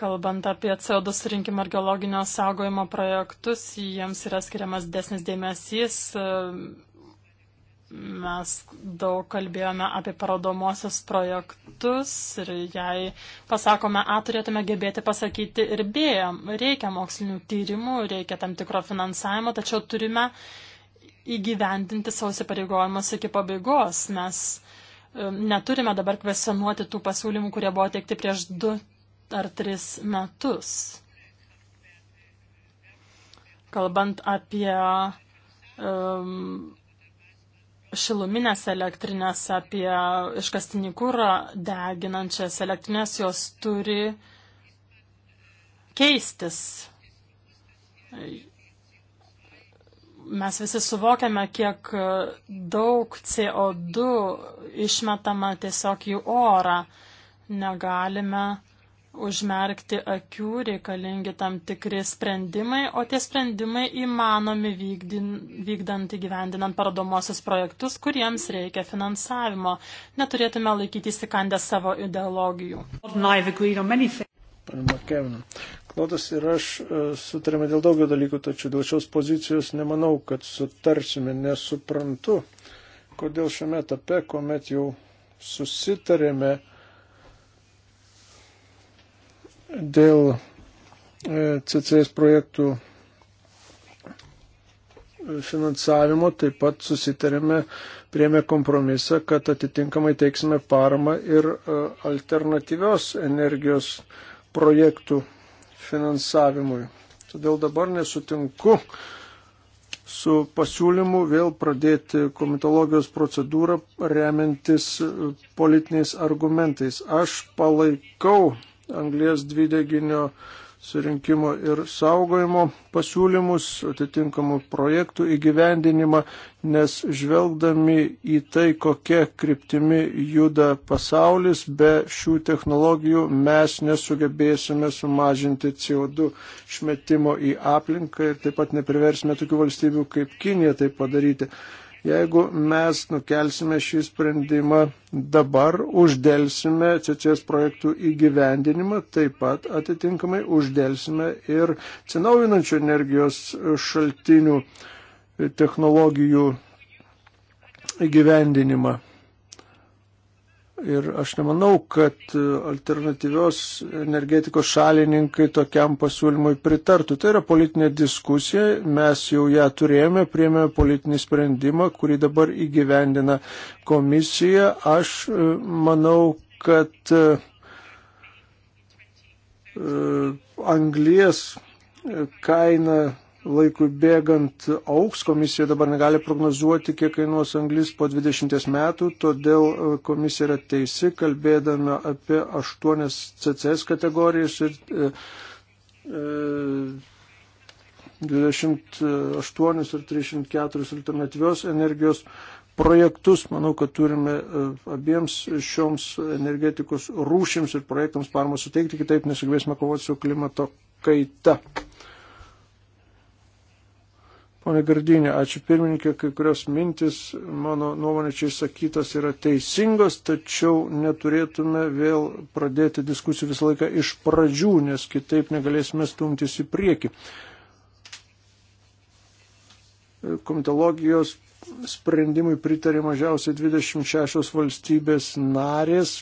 Kalbant apie CO2 surinkimą ir geologinio saugojimo projektus, jiems yra skiriamas desnis dėmesys. Mes daug kalbėjome apie parodomosius projektus ir jei pasakome A, turėtume gebėti pasakyti ir B. Reikia mokslinių tyrimų, reikia tam tikro finansavimo, tačiau turime įgyvendinti savo įsipareigojimus iki pabaigos. Mes e, neturime dabar kvesionuoti tų pasiūlymų, kurie buvo teikti prieš du ar tris metus. Kalbant apie um, šiluminės elektrinės, apie iškastinį kūrą deginančias elektrinės, jos turi keistis mes visi suvokiame, kiek daug CO2 išmetama tiesiog į orą. Negalime užmerkti akių, reikalingi tam tikri sprendimai, o tie sprendimai įmanomi vykdin, vykdant įgyvendinant parodomosius projektus, kuriems reikia finansavimo. Neturėtume laikytis įkandę savo ideologijų. Klodas ir aš e, sutarėme dėl daugelio dalykų, tačiau dėl šios pozicijos nemanau, kad sutarsime, nesuprantu, kodėl šiame etape, kuomet jau susitarėme, dėl e, CCS projektų finansavimo taip pat susitarėme, priemė kompromisą, kad atitinkamai teiksime paramą ir e, alternatyvios energijos projektų finansavimui. Todėl dabar nesutinku su pasiūlymu vėl pradėti komitologijos procedūrą remiantis politiniais argumentais. Aš palaikau anglės dvideginio surinkimo ir saugojimo pasiūlymus, atitinkamų projektų įgyvendinimą, nes žvelgdami į tai, kokia kryptimi juda pasaulis, be šių technologijų mes nesugebėsime sumažinti CO2 išmetimo į aplinką ir taip pat nepriversime tokių valstybių kaip Kinija tai padaryti. Jeigu mes nukelsime šį sprendimą dabar, uždėlsime CCS projektų įgyvendinimą, taip pat atitinkamai uždėlsime ir atsinaujinančių energijos šaltinių technologijų įgyvendinimą. Ir aš nemanau, kad alternatyvios energetikos šalininkai tokiam pasiūlymui pritartų. Tai yra politinė diskusija, mes jau ją turėjome, priemėme politinį sprendimą, kurį dabar įgyvendina komisija. Aš e, manau, kad e, e, anglies kaina laikui bėgant auks, komisija dabar negali prognozuoti, kiek kainuos anglis po 20 metų, todėl e, komisija yra teisi, kalbėdama apie 8 CCS kategorijas ir e, e, 28 ir 304 alternatyvios energijos projektus. Manau, kad turime e, abiems šioms energetikos rūšims ir projektams paramą suteikti, kitaip nesugebėsime kovoti su klimato kaita. Pone Gardinė, ačiū pirmininkė, kai kurios mintis, mano nuomonė čia išsakytas, yra teisingos, tačiau neturėtume vėl pradėti diskusijų visą laiką iš pradžių, nes kitaip negalėsime stumtis į priekį. Komitologijos sprendimui pritarė mažiausiai 26 valstybės narės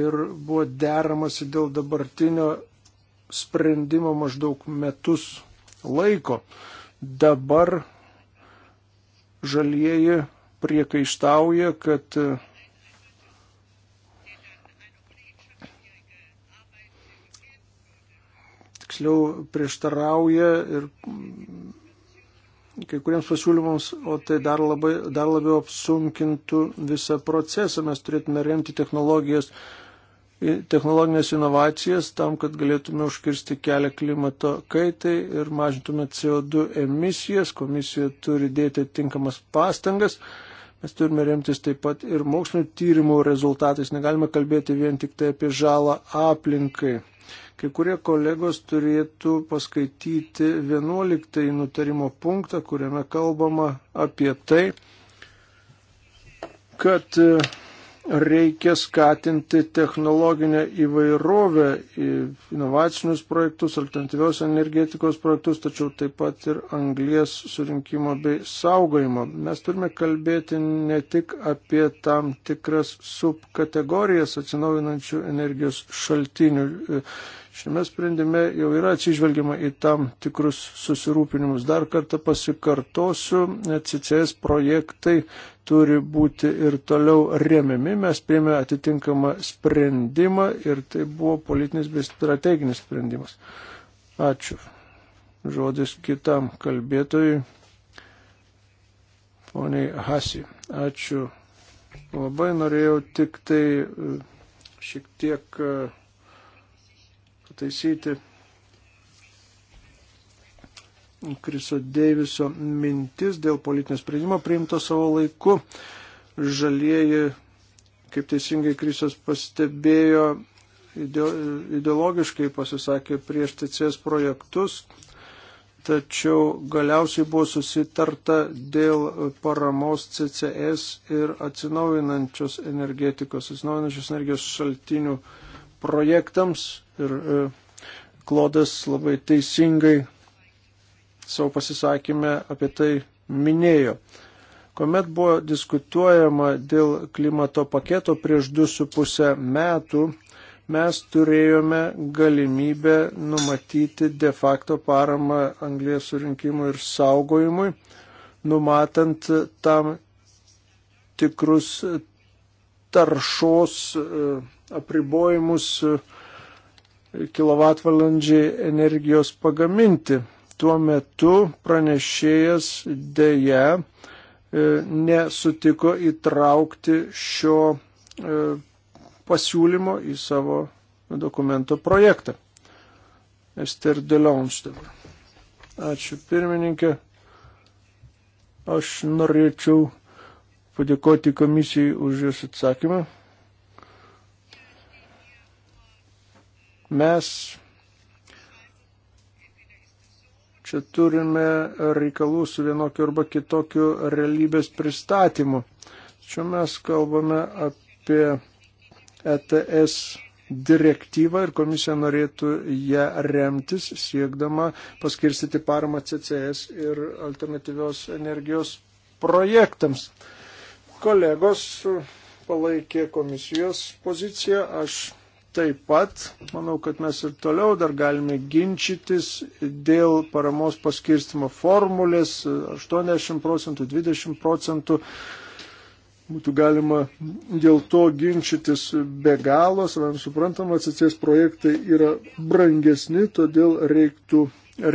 ir buvo deramasi dėl dabartinio sprendimo maždaug metus laiko. Dabar žalieji priekaištauja, kad tiksliau prieštarauja ir kai kuriems pasiūlymams, o tai dar, labai, dar labiau apsunkintų visą procesą. Mes turėtume remti technologijas technologinės inovacijas tam, kad galėtume užkirsti kelią klimato kaitai ir mažintume CO2 emisijas. Komisija turi dėti tinkamas pastangas. Mes turime remtis taip pat ir mokslinio tyrimų rezultatais. Negalime kalbėti vien tik tai apie žalą aplinkai. Kai kurie kolegos turėtų paskaityti 11 nutarimo punktą, kuriame kalbama apie tai, kad reikia skatinti technologinę įvairovę, inovacinius projektus, alternatyvios energetikos projektus, tačiau taip pat ir anglies surinkimo bei saugojimo. Mes turime kalbėti ne tik apie tam tikras subkategorijas atsinaujinančių energijos šaltinių. Šiame sprendime jau yra atsižvelgiama į tam tikrus susirūpinimus. Dar kartą pasikartosiu, CCS projektai turi būti ir toliau remiami. Mes priėmėme atitinkamą sprendimą ir tai buvo politinis bei strateginis sprendimas. Ačiū. Žodis kitam kalbėtojui. Poniai Hasi, ačiū. Labai norėjau tik tai e, šiek tiek e, pataisyti Kriso Deiviso mintis dėl politinio sprendimo priimto savo laiku. Žalieji, kaip teisingai Krisas pastebėjo, ideologiškai pasisakė prieš TCS projektus, tačiau galiausiai buvo susitarta dėl paramos CCS ir atsinaujinančios energetikos, atsinaujinančios energijos šaltinių projektams. Ir e, Klodas labai teisingai savo pasisakymę apie tai minėjo. Komet buvo diskutuojama dėl klimato paketo prieš du su pusę metų, mes turėjome galimybę numatyti de facto paramą anglės surinkimui ir saugojimui, numatant tam tikrus taršos e, apribojimus e, kilovatvalandžiai energijos pagaminti tuo metu pranešėjas dėja e, nesutiko įtraukti šio e, pasiūlymo į savo dokumento projektą. Ester Delions dabar. Ačiū pirmininkė. Aš norėčiau padėkoti komisijai už jos atsakymą. Mes Čia turime reikalų su vienokiu arba kitokiu realybės pristatymu. Čia mes kalbame apie ETS direktyvą ir komisija norėtų ją remtis, siekdama paskirstyti paramą CCS ir alternatyvios energijos projektams. Kolegos palaikė komisijos poziciją, aš Taip pat manau, kad mes ir toliau dar galime ginčytis dėl paramos paskirstimo formulės 80 procentų, 20 procentų. Būtų galima dėl to ginčytis be galo, savam suprantama, atsities projektai yra brangesni, todėl reiktų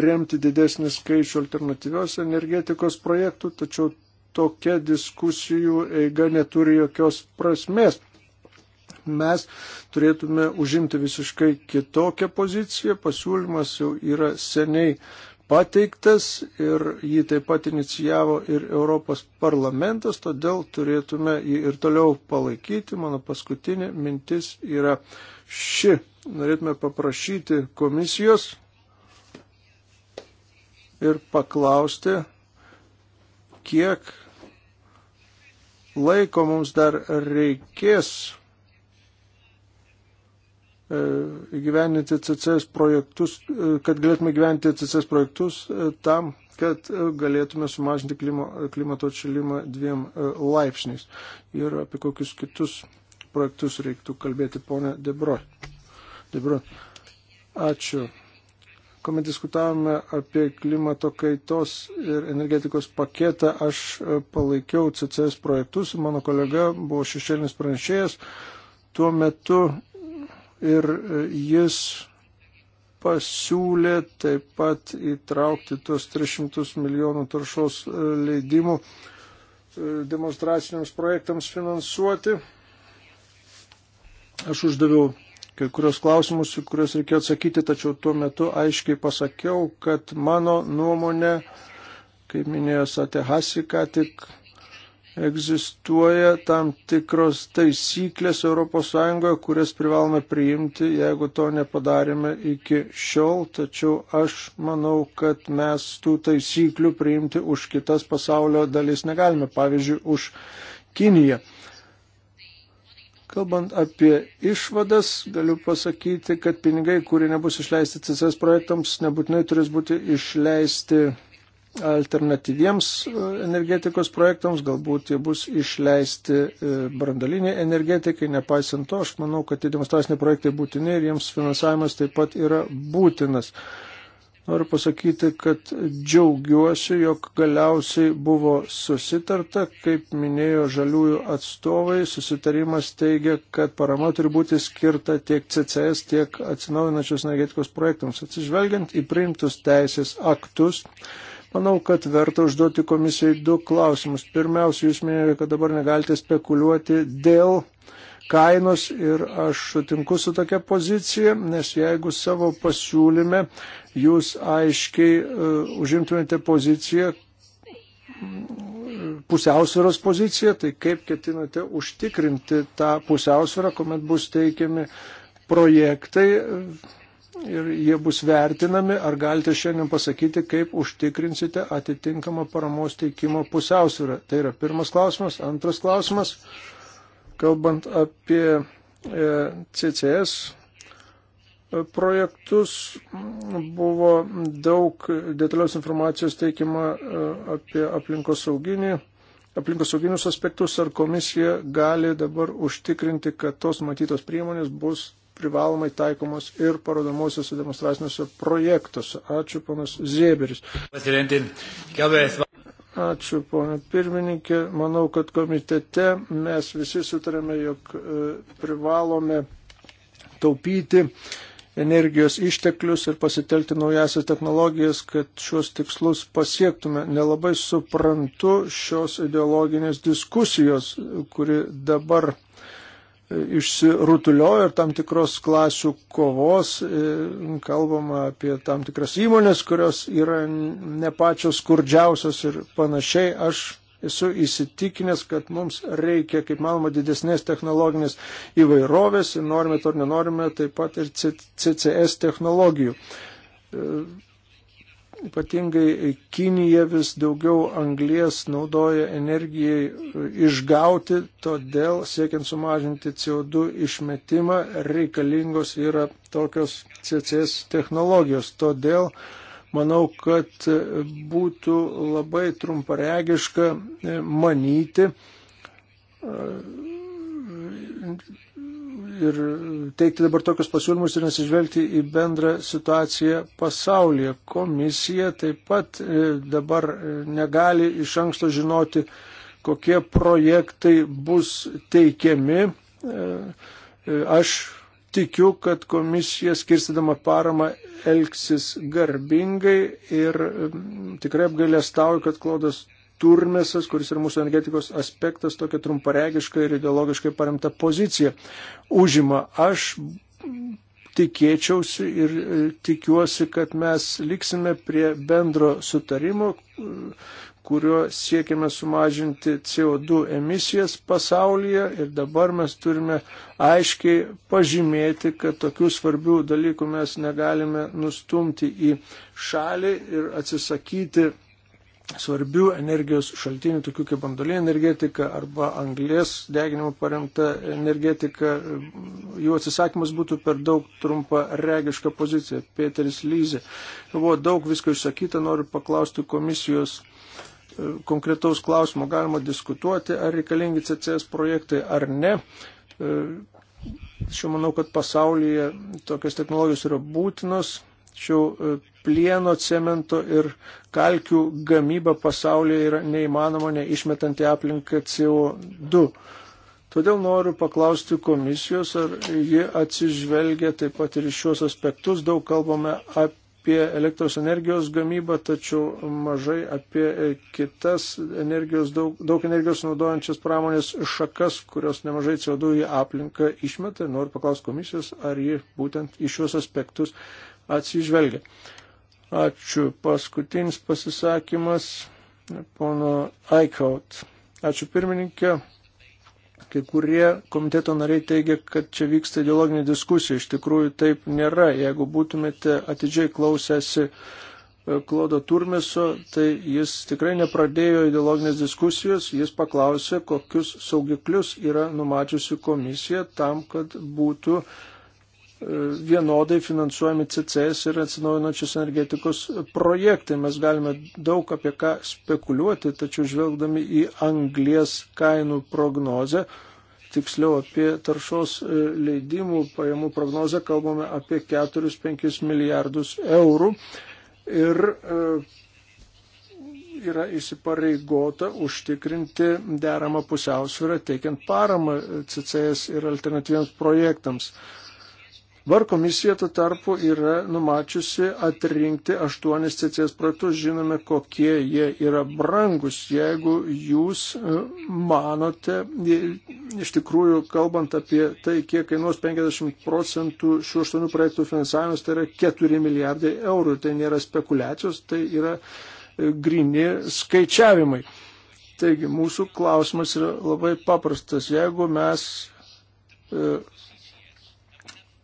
remti didesnį skaičių alternatyvios energetikos projektų, tačiau tokia diskusijų eiga neturi jokios prasmės mes turėtume užimti visiškai kitokią poziciją. Pasiūlymas jau yra seniai pateiktas ir jį taip pat inicijavo ir Europos parlamentas, todėl turėtume jį ir toliau palaikyti. Mano paskutinė mintis yra ši. Norėtume paprašyti komisijos ir paklausti, kiek laiko mums dar reikės E, gyveninti CCS projektus, e, kad galėtume gyventi CCS projektus e, tam, kad galėtume sumažinti klimo, klimato atšilimą dviem laipsniais. Ir apie kokius kitus projektus reiktų kalbėti, ponė Debro. Debro. Ačiū. Kuomet diskutavome apie klimato kaitos ir energetikos paketą, aš palaikiau CCS projektus, mano kolega buvo šešėlinis pranešėjas. Tuo metu ir e, jis pasiūlė taip pat įtraukti tuos 300 milijonų taršos e, leidimų e, demonstraciniams projektams finansuoti. Aš uždaviau kai kurios klausimus, į kuriuos reikėjo atsakyti, tačiau tuo metu aiškiai pasakiau, kad mano nuomonė, kaip minėjo Satė Hasi, ką tik egzistuoja tam tikros taisyklės ES, kurias privalome priimti, jeigu to nepadarėme iki šiol, tačiau aš manau, kad mes tų taisyklių priimti už kitas pasaulio dalis negalime, pavyzdžiui, už Kiniją. Kalbant apie išvadas, galiu pasakyti, kad pinigai, kurie nebus išleisti CCS projektams, nebūtinai turės būti išleisti alternatyviems e, energetikos projektams, galbūt jie bus išleisti e, brandaliniai energetikai, nepaisant to, aš manau, kad tie demonstraciniai projektai būtini ir jiems finansavimas taip pat yra būtinas. Noriu pasakyti, kad džiaugiuosi, jog galiausiai buvo susitarta, kaip minėjo žaliųjų atstovai, susitarimas teigia, kad parama turi būti skirta tiek CCS, tiek atsinaujinačios energetikos projektams. Atsižvelgiant į priimtus teisės aktus, Manau, kad verta užduoti komisijai du klausimus. Pirmiausia, jūs minėjote, kad dabar negalite spekuliuoti dėl kainos ir aš sutinku su tokia pozicija, nes jeigu savo pasiūlyme jūs aiškiai uh, užimtumėte poziciją, pusiausvėros poziciją, tai kaip ketinate užtikrinti tą pusiausvėrą, kuomet bus teikiami projektai ir jie bus vertinami. Ar galite šiandien pasakyti, kaip užtikrinsite atitinkamą paramos teikimo pusiausvyrą? Tai yra pirmas klausimas. Antras klausimas, kalbant apie e, CCS e, projektus, buvo daug detalios informacijos teikiama e, apie aplinkosauginį aplinkosauginius aspektus, ar komisija gali dabar užtikrinti, kad tos matytos priemonės bus privalomai taikomos ir parodomosiuose demonstraciniuose projektuose. Ačiū, panas Zieberis. Ačiū, ponė pirmininkė. Manau, kad komitete mes visi sutarėme, jog e, privalome taupyti energijos išteklius ir pasitelkti naujasias technologijas, kad šios tikslus pasiektume. Nelabai suprantu šios ideologinės diskusijos, kuri dabar išsirutuliojo ir tam tikros klasių kovos, e, kalbama apie tam tikras įmonės, kurios yra ne pačios skurdžiausios ir panašiai. Aš esu įsitikinęs, kad mums reikia, kaip manoma, didesnės technologinės įvairovės ir norime to ar nenorime taip pat ir CCS technologijų. E, Ypatingai Kinija vis daugiau anglies naudoja energijai e, išgauti, todėl siekiant sumažinti CO2 išmetimą reikalingos yra tokios CCS technologijos. Todėl manau, kad e, būtų labai trumparegiška e, manyti ir teikti dabar tokius pasiūlymus ir nesižvelgti į bendrą situaciją pasaulyje. Komisija taip pat e, dabar e, negali iš anksto žinoti, kokie projektai bus teikiami. E, aš tikiu, kad komisija skirstydama paramą elgsis garbingai ir tikrai apgailėstauju, kad Klodas Turmesas, kuris yra mūsų energetikos aspektas, tokia trumparegiška ir ideologiškai paremta pozicija užima. Aš tikėčiausi ir e, tikiuosi, kad mes liksime prie bendro sutarimo, kuriuo siekiame sumažinti CO2 emisijas pasaulyje ir dabar mes turime aiškiai pažymėti, kad tokių svarbių dalykų mes negalime nustumti į šalį ir atsisakyti svarbių energijos šaltinių, tokių kaip bandolė energetika arba anglės deginimo paremta energetika, jų atsisakymas būtų per daug trumpa regiška pozicija. Peteris Lyze. Buvo daug visko išsakyta, noriu paklausti komisijos e, konkretaus klausimo. Galima diskutuoti, ar reikalingi CCS projektai ar ne. E, Aš manau, kad pasaulyje tokios technologijos yra būtinos Tačiau e, plieno, cemento ir kalkių gamyba pasaulyje yra neįmanoma neišmetant į aplinką CO2. Todėl noriu paklausti komisijos, ar ji atsižvelgia taip pat ir šios aspektus. Daug kalbame apie elektros energijos gamybą, tačiau mažai apie kitas energijos, daug, daug energijos naudojančias pramonės šakas, kurios nemažai CO2 į aplinką išmeta. Noriu paklausti komisijos, ar ji būtent į šios aspektus atsižvelgia atsižvelgia. Ačiū. Paskutinis pasisakymas pono Aikaut. Ačiū pirmininkė. Kai kurie komiteto nariai teigia, kad čia vyksta ideologinė diskusija. Iš tikrųjų taip nėra. Jeigu būtumėte atidžiai klausęsi e, Klodo Turmeso, tai jis tikrai nepradėjo ideologinės diskusijos. Jis paklausė, kokius saugiklius yra numačiusi komisija tam, kad būtų uh, vienodai finansuojami CCS ir atsinaujinančios energetikos projektai. Mes galime daug apie ką spekuliuoti, tačiau žvelgdami į anglies kainų prognozę, tiksliau apie taršos e, leidimų pajamų prognozę, kalbame apie 4-5 milijardus eurų. Ir e, yra įsipareigota užtikrinti deramą pusiausvyrą, teikiant paramą CCS ir alternatyviems projektams. Var komisija tuo tarpu yra numačiusi atrinkti aštuonis CCS projektus, žinome, kokie jie yra brangus. Jeigu jūs e, manote, e, iš tikrųjų, kalbant apie tai, kiek kainuos 50 procentų šių aštuonių projektų finansavimas, tai yra 4 milijardai eurų. Tai nėra spekulacijos, tai yra e, grini skaičiavimai. Taigi, mūsų klausimas yra labai paprastas. Jeigu mes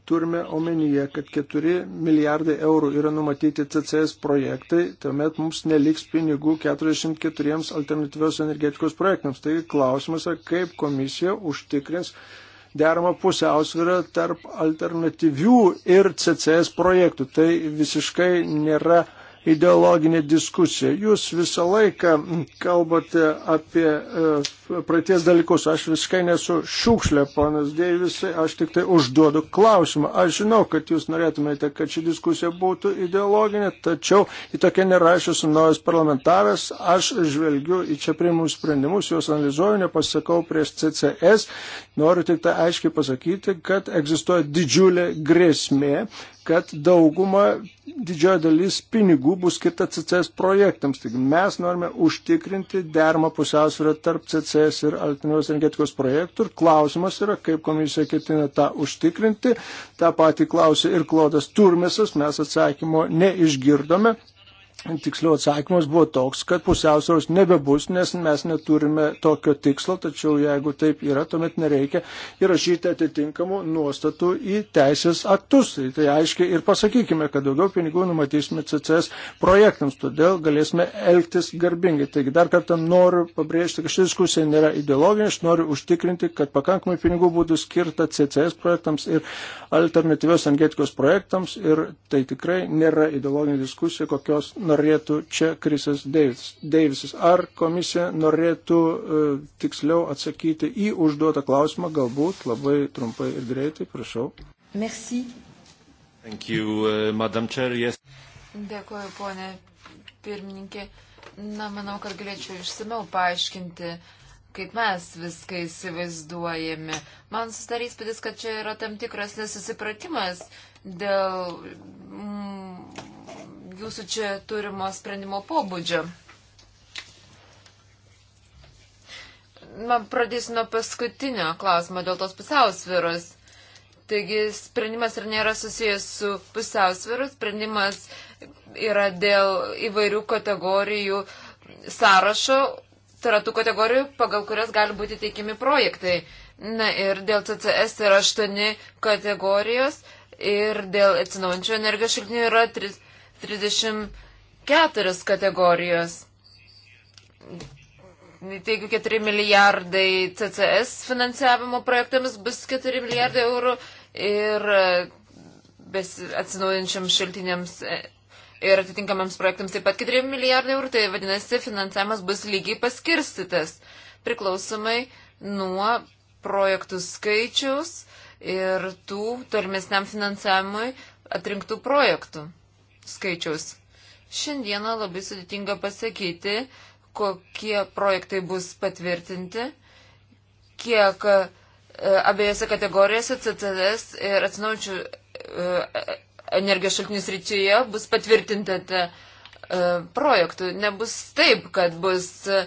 turime omenyje, kad 4 milijardai eurų yra numatyti CCS projektai, tuomet mums neliks pinigų 44 alternatyvios energetikos projektams. Tai klausimas, kaip komisija užtikrins deramą pusiausvyrą tarp alternatyvių ir CCS projektų. Tai visiškai nėra ideologinė diskusija. Jūs visą laiką kalbate apie e, praeities dalykus. Aš viskai nesu šiukšlė, ponas Deivisai, aš tik tai užduodu klausimą. Aš žinau, kad jūs norėtumėte, kad ši diskusija būtų ideologinė, tačiau į tokią nerašius naujas parlamentaras, aš žvelgiu į čia priimus sprendimus, juos analizuoju, nepasakau prieš CCS. Noriu tik tai aiškiai pasakyti, kad egzistuoja didžiulė grėsmė kad dauguma, didžioji dalis pinigų bus skirta CCS projektams. Taigi mes norime užtikrinti dermą pusiausvyrą tarp CCS ir alternatyvios energetikos projektų. Ir klausimas yra, kaip komisija ketina tą užtikrinti. Ta pati klausė ir Klodas Turmesas, mes atsakymo neišgirdome. Tiksliau atsakymas buvo toks, kad pusiausvėros nebebus, nes mes neturime tokio tikslo, tačiau jeigu taip yra, tuomet nereikia įrašyti atitinkamų nuostatų į teisės aktus. Tai, tai aiškiai ir pasakykime, kad daugiau pinigų numatysime CCS projektams, todėl galėsime elgtis garbingai. Taigi dar kartą noriu pabrėžti, kad ši diskusija nėra ideologinė, aš noriu užtikrinti, kad pakankamai pinigų būtų skirta CCS projektams ir alternatyvios energetikos projektams ir tai tikrai nėra ideologinė diskusija, kokios norėtų čia Krisas Deivisas. Ar komisija norėtų e, tiksliau atsakyti į užduotą klausimą, galbūt labai trumpai ir greitai, prašau. Merci. Thank you, uh, Madam Chair, yes. Dėkuoju, ponė pirmininkė. Na, manau, kad galėčiau išsameu paaiškinti, kaip mes viską įsivaizduojame. Man sustarys padės, kad čia yra tam tikras nesusipratimas dėl mm, jūsų čia turimo sprendimo pobūdžio. Man pradėsiu nuo paskutinio klausimo dėl tos pusiausviros. Taigi sprendimas ir nėra susijęs su pusiausviru, sprendimas yra dėl įvairių kategorijų sąrašo, tai yra tų kategorijų, pagal kurias gali būti teikiami projektai. Na ir dėl CCS yra aštuoni kategorijos ir dėl atsinaujančių energijos šaltinių yra tris 34 kategorijos. Taigi 4 milijardai CCS finansavimo projektams bus 4 milijardai eurų ir e, atsinaujančiam šaltiniams e, ir atitinkamams projektams taip pat 4 milijardai eurų, tai vadinasi, finansavimas bus lygiai paskirstytas priklausomai nuo projektų skaičiaus ir tų tolimesniam finansavimui atrinktų projektų skaičiaus. Šiandieną labai sudėtinga pasakyti, kokie projektai bus patvirtinti, kiek e, abiejose kategorijose CCS ir atsinaujančių e, energijos šaltinių srityje bus patvirtinta e, projektų. Nebus taip, kad bus e,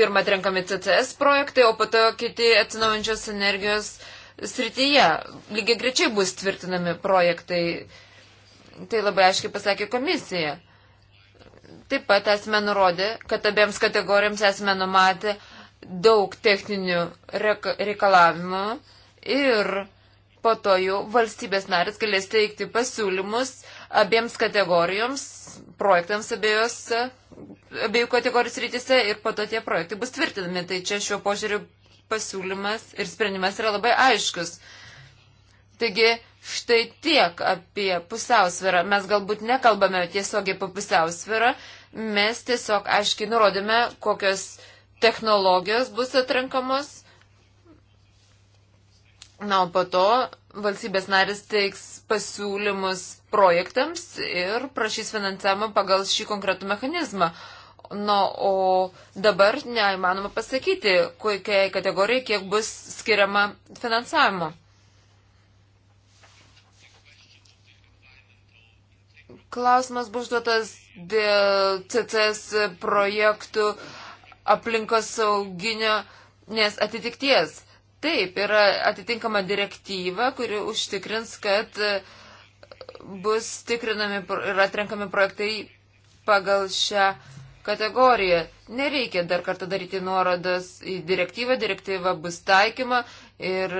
pirmą atrenkami CCS projektai, o po to kiti atsinaujančios energijos srityje. Lygiai grečiai bus tvirtinami projektai. E, Tai labai aiškiai pasakė komisija. Taip pat esame nurodę, kad abiems kategorijoms esame numatę daug techninių reikalavimų ir po to jau valstybės narės galės teikti pasiūlymus abiems kategorijoms, projektams abiejos, abiejų kategorijos rytise ir po to tie projektai bus tvirtinami. Tai čia šiuo požiūriu pasiūlymas ir sprendimas yra labai aiškus. Taigi, štai tiek apie pusiausvyrą. Mes galbūt nekalbame tiesiogiai apie pusiausvyrą, mes tiesiog aiškiai nurodėme, kokios technologijos bus atrenkamos. Na, o po to valstybės narės teiks pasiūlymus projektams ir prašys finansavimą pagal šį konkretų mechanizmą. Na, o dabar neįmanoma pasakyti, kokiai kategorijai kiek bus skiriama finansavimo. Klausimas buvo užduotas dėl CCS projektų aplinkos sauginio nes atitikties. Taip, yra atitinkama direktyva, kuri užtikrins, kad e, bus tikrinami ir atrenkami projektai pagal šią kategoriją. Nereikia dar kartą daryti nuorodas į direktyvą, direktyva bus taikyma ir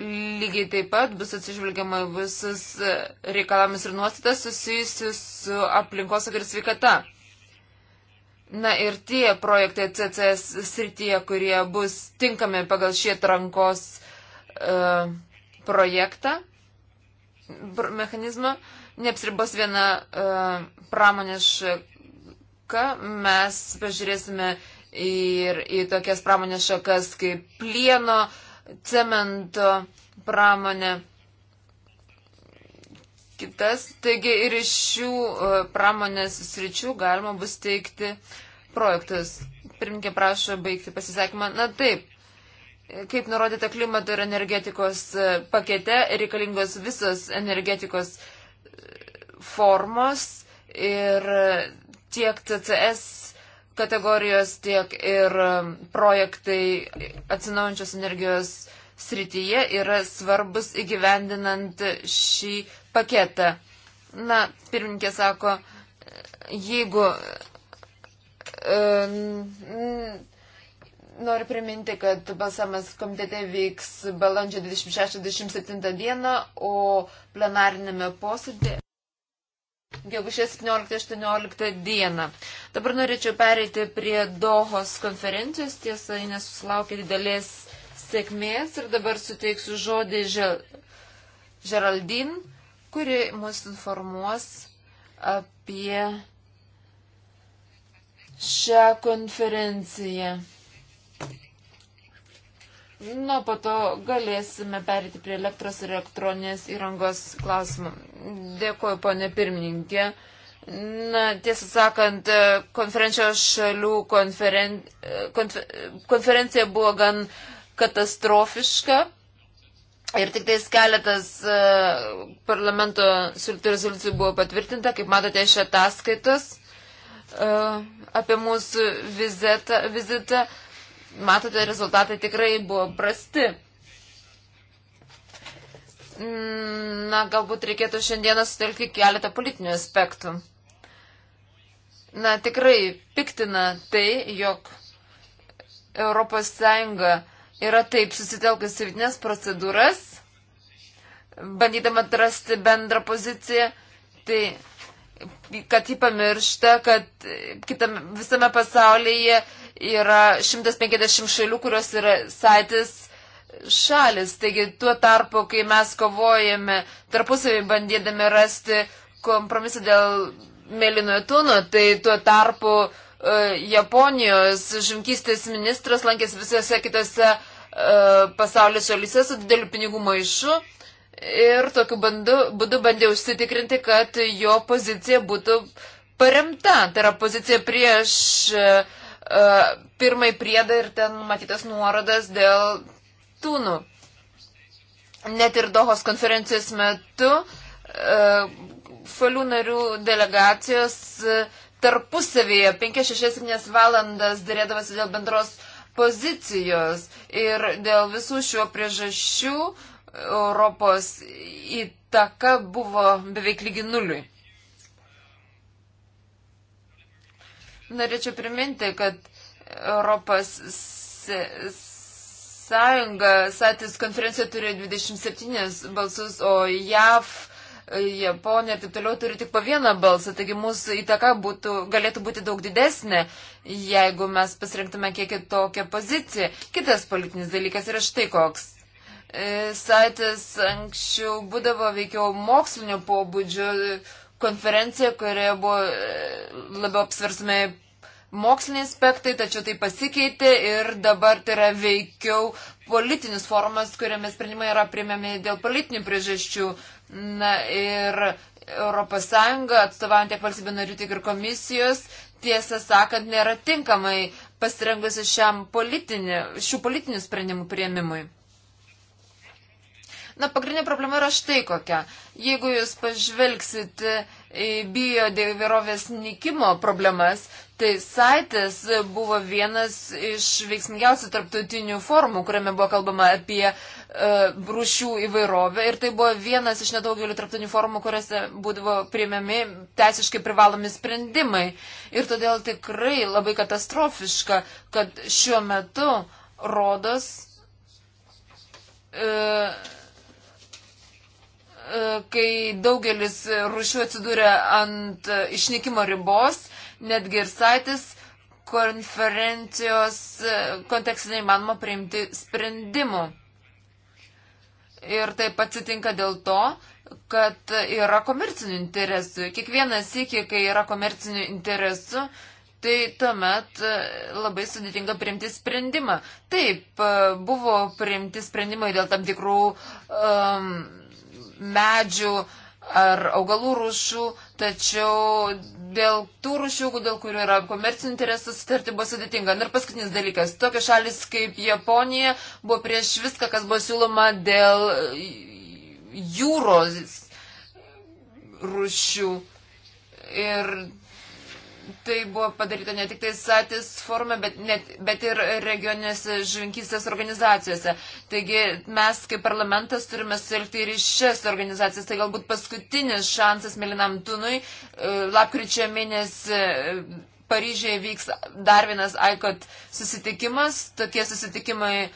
Lygiai taip pat bus atsižvelgiama į visus e, reikalavimus ir nuostatas susijusius su aplinkos ir sveikata. Na ir tie projektai CCS srityje, kurie bus tinkami pagal šį atrankos uh, e, projektą, mechanizmą, neapsiribos viena uh, pramonės šaka, mes pažiūrėsime ir į tokias pramonės šakas kaip plieno, uh, cemento pramonę kitas. Taigi ir iš šių e, pramonės sričių galima bus teikti projektus. Pirmininkė prašo baigti pasisakymą. Na taip, kaip nurodyta klimato ir energetikos e, pakete, reikalingos visos energetikos e, formos ir tiek CCS kategorijos, tiek ir um, projektai atsinaujančios energijos srityje yra svarbus įgyvendinant šį paketą. Na, pirmininkė sako, jeigu e, noriu priminti, kad balsamas komitete vyks balandžio 26-27 dieną, o plenarinėme posėdė, gegužės 17-18 dieną. Dabar norėčiau pereiti prie Dohos konferencijos, tiesa, ji nesusilaukė didelės sėkmės ir dabar suteiksiu žodį Geraldin, kuri mus informuos apie šią konferenciją. Nu, po to galėsime perėti prie elektros ir elektroninės įrangos klausimų. Dėkuoju, ponė pirmininkė. Na, tiesą sakant, konferencijos šalių konferen... konfer... konferencija buvo gan katastrofiška. Ir tik tais keletas e, parlamento siūlytų rezoliucijų buvo patvirtinta, kaip matote iš ataskaitos e, apie mūsų vizitą. vizitą matote, rezultatai tikrai buvo prasti. Na, galbūt reikėtų šiandieną sutelkti keletą politinių aspektų. Na, tikrai piktina tai, jog ES yra taip susitelkusi vidinės procedūras, bandydama atrasti bendrą poziciją, tai kad jį pamiršta, kad kitame, visame pasaulyje yra 150 šalių, kurios yra saitis šalis. Taigi tuo tarpu, kai mes kovojame tarpusavį bandydami rasti kompromisą dėl mėlynojo tūno, tai tuo tarpu uh, Japonijos žimkystės ministras lankėsi visose kitose uh, pasaulio šalyse su dideliu pinigų maišu ir tokiu bandu, būdu bandė užsitikrinti, kad jo pozicija būtų paremta. Tai yra pozicija prieš uh, E, pirmąjį priedą ir ten matytas nuorodas dėl tūnų. Net ir Dohos konferencijos metu e, šalių narių delegacijos e, tarpusavėje 5-6 valandas dėrėdavasi dėl bendros pozicijos ir dėl visų šio priežasčių Europos įtaka buvo beveik lygi nuliui. Norėčiau priminti, kad Europos sąjunga Satis konferencija turi 27 balsus, o JAV, Japonija ir taip toliau turi tik po vieną balsą. Taigi mūsų įtaka būtų, galėtų būti daug didesnė, jeigu mes pasirinktume kiek kitokią poziciją. Kitas politinis dalykas yra štai koks. E, Saitis anksčiau būdavo veikiau mokslinio pobūdžio konferencija, kurioje buvo e, labiau apsvarstami moksliniai aspektai, tačiau tai pasikeitė ir dabar tai yra veikiau politinis formas, kuriame sprendimai yra priimami dėl politinių priežasčių. Na ir ES, atstovaujant tiek valstybių narių, tiek ir komisijos, tiesą sakant, nėra tinkamai pasirengusi šiam politinį, šių politinių sprendimų prieimimui. Na, pagrindinė problema yra štai kokia. Jeigu jūs pažvelgsit į biodėvirovės nikimo problemas, Tai saitas buvo vienas iš veiksmingiausių tarptautinių formų, kuriame buvo kalbama apie uh, rūšių įvairovę ir tai buvo vienas iš nedaugelio tarptautinių formų, kuriuose būdavo priimami teisiškai privalomi sprendimai. Ir todėl tikrai labai katastrofiška, kad šiuo metu rodos. Uh, kai daugelis rūšių atsidūrė ant išnykimo ribos, uh, netgi ir saitis konferencijos e, kontekste neįmanoma priimti sprendimų. Ir taip atsitinka dėl to, kad yra komercinių interesų. Kiekvienas iki, kai yra komercinių interesų, tai tuomet e, labai sudėtinga priimti sprendimą. Taip, e, buvo priimti sprendimai dėl tam tikrų um, medžių uh, ar augalų rūšių, tačiau dėl tų rūšių, dėl kurių yra komercinių interesų sutarti, buvo sudėtinga. Ir paskutinis dalykas, tokios šalis kaip Japonija buvo prieš viską, kas buvo siūloma dėl jūros rūšių. Ir Tai buvo padaryta ne tik tai satis forume, bet, net, bet ir regioninėse žvinkystės organizacijose. Taigi mes kaip parlamentas turime sutelkti ir šias organizacijas. Tai galbūt paskutinis šansas Melinam Tunui. E, lapkričio mėnesį e, Paryžiuje vyks dar vienas ICOT susitikimas. Tokie susitikimai e,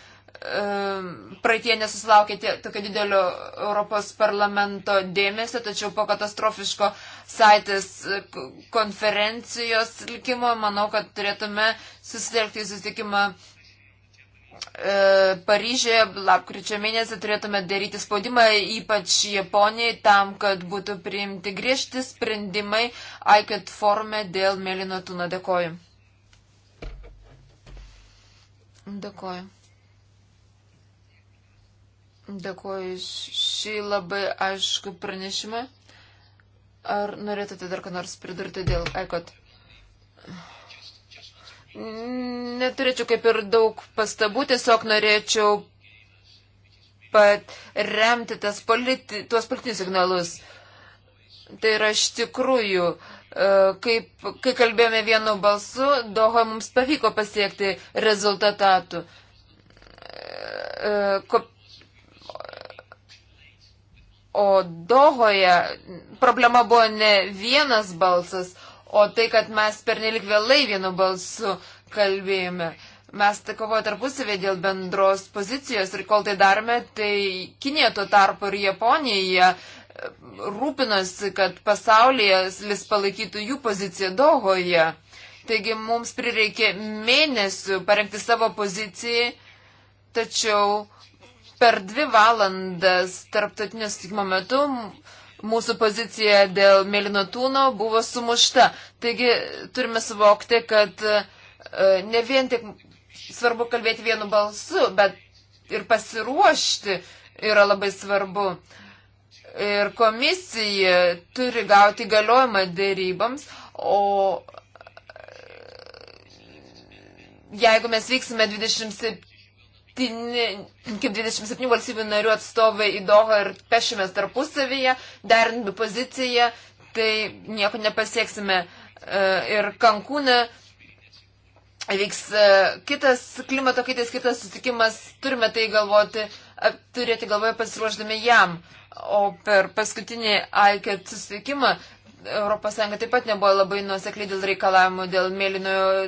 praeitie nesusilaukė tokio didelio Europos parlamento dėmesio, tačiau po katastrofiško saitis e, konferencijos likimo. Manau, kad turėtume susitelkti į susitikimą e, Paryžėje lapkričio mėnesį turėtume daryti spaudimą, ypač Japonijai, tam, kad būtų priimti griežti sprendimai AIKET forume dėl mėlyno tūno. Dėkoju. Dėkoju. Dėkoju šį labai aišku pranešimą. Ar norėtumėte dar ką nors pridurti dėl ekot? Neturėčiau kaip ir daug pastabų, tiesiog norėčiau pat remti tas politi, tuos politinius signalus. Tai yra iš tikrųjų, e, kaip, kai kalbėjome vienu balsu, Doho mums pavyko pasiekti rezultatų. E, e, Kop O Dohoje problema buvo ne vienas balsas, o tai, kad mes pernelik vėlai vienu balsu kalbėjome. Mes tai kovoja tarpusavė dėl bendros pozicijos ir kol tai darome, tai Kinė tuo tarpu ir Japonija e, rūpinosi, kad pasaulyje vis palaikytų jų poziciją Dohoje. Taigi mums prireikė mėnesių parengti savo poziciją, tačiau per dvi valandas tarptautinio sutikimo metu mūsų pozicija dėl mėlynotūno buvo sumušta. Taigi turime suvokti, kad e, ne vien tik svarbu kalbėti vienu balsu, bet ir pasiruošti yra labai svarbu. Ir komisija turi gauti galiojimą dėrybams, o e, jeigu mes vyksime 27 kaip 27 valstybių narių atstovai į Dohą ir pešimės tarpusavyje, derindami poziciją, tai nieko nepasieksime. E, ir Kankūne vyks e, kitas klimato kaitais skirtas susitikimas, turime tai galvoti, turėti galvoje pasiruošdami jam. O per paskutinį AIKET susitikimą ES taip pat nebuvo labai nuosekliai dėl reikalavimų, dėl mėlynojo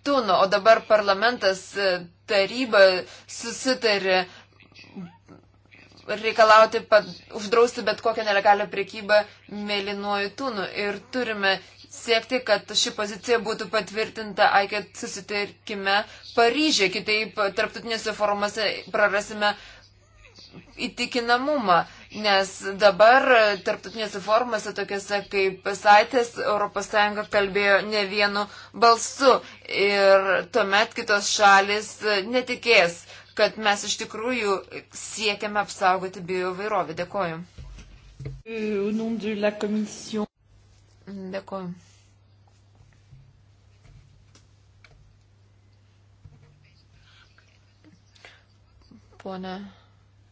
Neptūno, nu, o dabar parlamentas e, taryba susitarė reikalauti pat, uždrausti bet kokią nelegalią priekybą mėlynuoju tūnu. Ir turime siekti, kad ši pozicija būtų patvirtinta aikėt susitarkime Paryžiai, kitaip tarptautinėse forumuose prarasime įtikinamumą. Uh, Nes dabar tarptautinėse formose, tokiuose kaip Saitės, ES kalbėjo ne vienu balsu ir tuomet kitos šalis netikės, kad mes iš tikrųjų siekiame apsaugoti biovairovę. Dėkoju. Dėkoju. Pone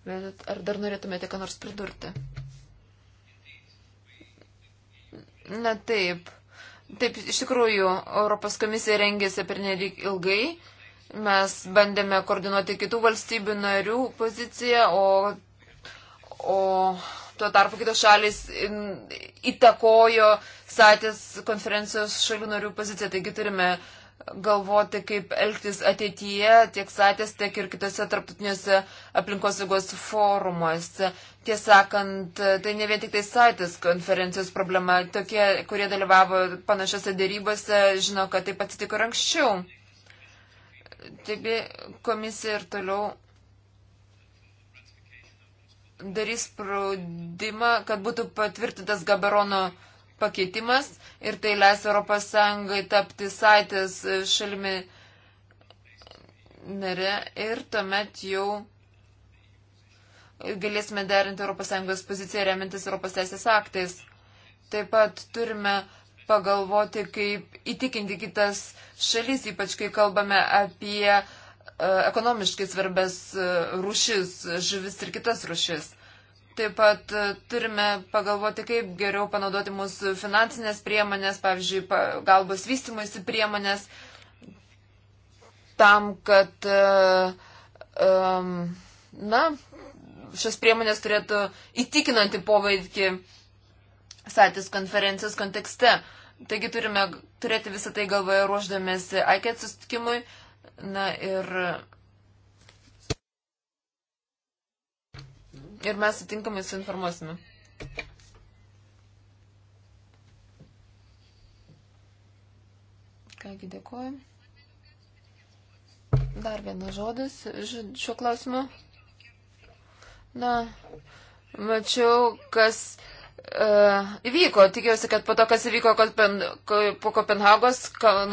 Bet ar dar norėtumėte ką nors pridurti? Na taip. Taip, iš tikrųjų, Europos komisija rengėsi per nelik ilgai. Mes bandėme koordinuoti kitų valstybių narių poziciją, o, o tuo tarpu kitos šalis įtakojo satės konferencijos šalių narių poziciją. Taigi turime uh, galvoti, kaip elgtis ateityje tiek satės, tiek ir kitose tarptautiniuose aplinkosaugos forumuose. Tiesąkant, tai ne vien tik tai satės konferencijos problema. Tokie, kurie dalyvavo panašiose dėrybose, žino, kad taip atsitiko ir anksčiau. Taigi komisija ir toliau darys spaudimą, kad būtų patvirtintas Gabarono pakeitimas ir tai leis ES tapti saitės šalimi nare ir tuomet jau galėsime derinti ES poziciją remintis ES teisės aktais. Taip pat turime pagalvoti, kaip įtikinti kitas šalis, ypač kai kalbame apie e, ekonomiškai svarbės e, rūšis, žuvis ir kitas rūšis. Taip pat e, turime pagalvoti, kaip geriau panaudoti mūsų finansinės priemonės, pavyzdžiui, galbos vystimuisi priemonės, tam, kad, e, na, šios priemonės turėtų įtikinantį poveikį Satis konferencijos kontekste. Taigi turime turėti visą tai galvoje ruoždamėsi AIKET sustikimui. Na ir ir mes sutinkamai suinformuosime. Kągi dėkuoju. Dar vienas žodis šiuo klausimu. Na, mačiau, kas uh, įvyko. Tikiuosi, kad po to, kas įvyko Kopen, po Kopenhagos,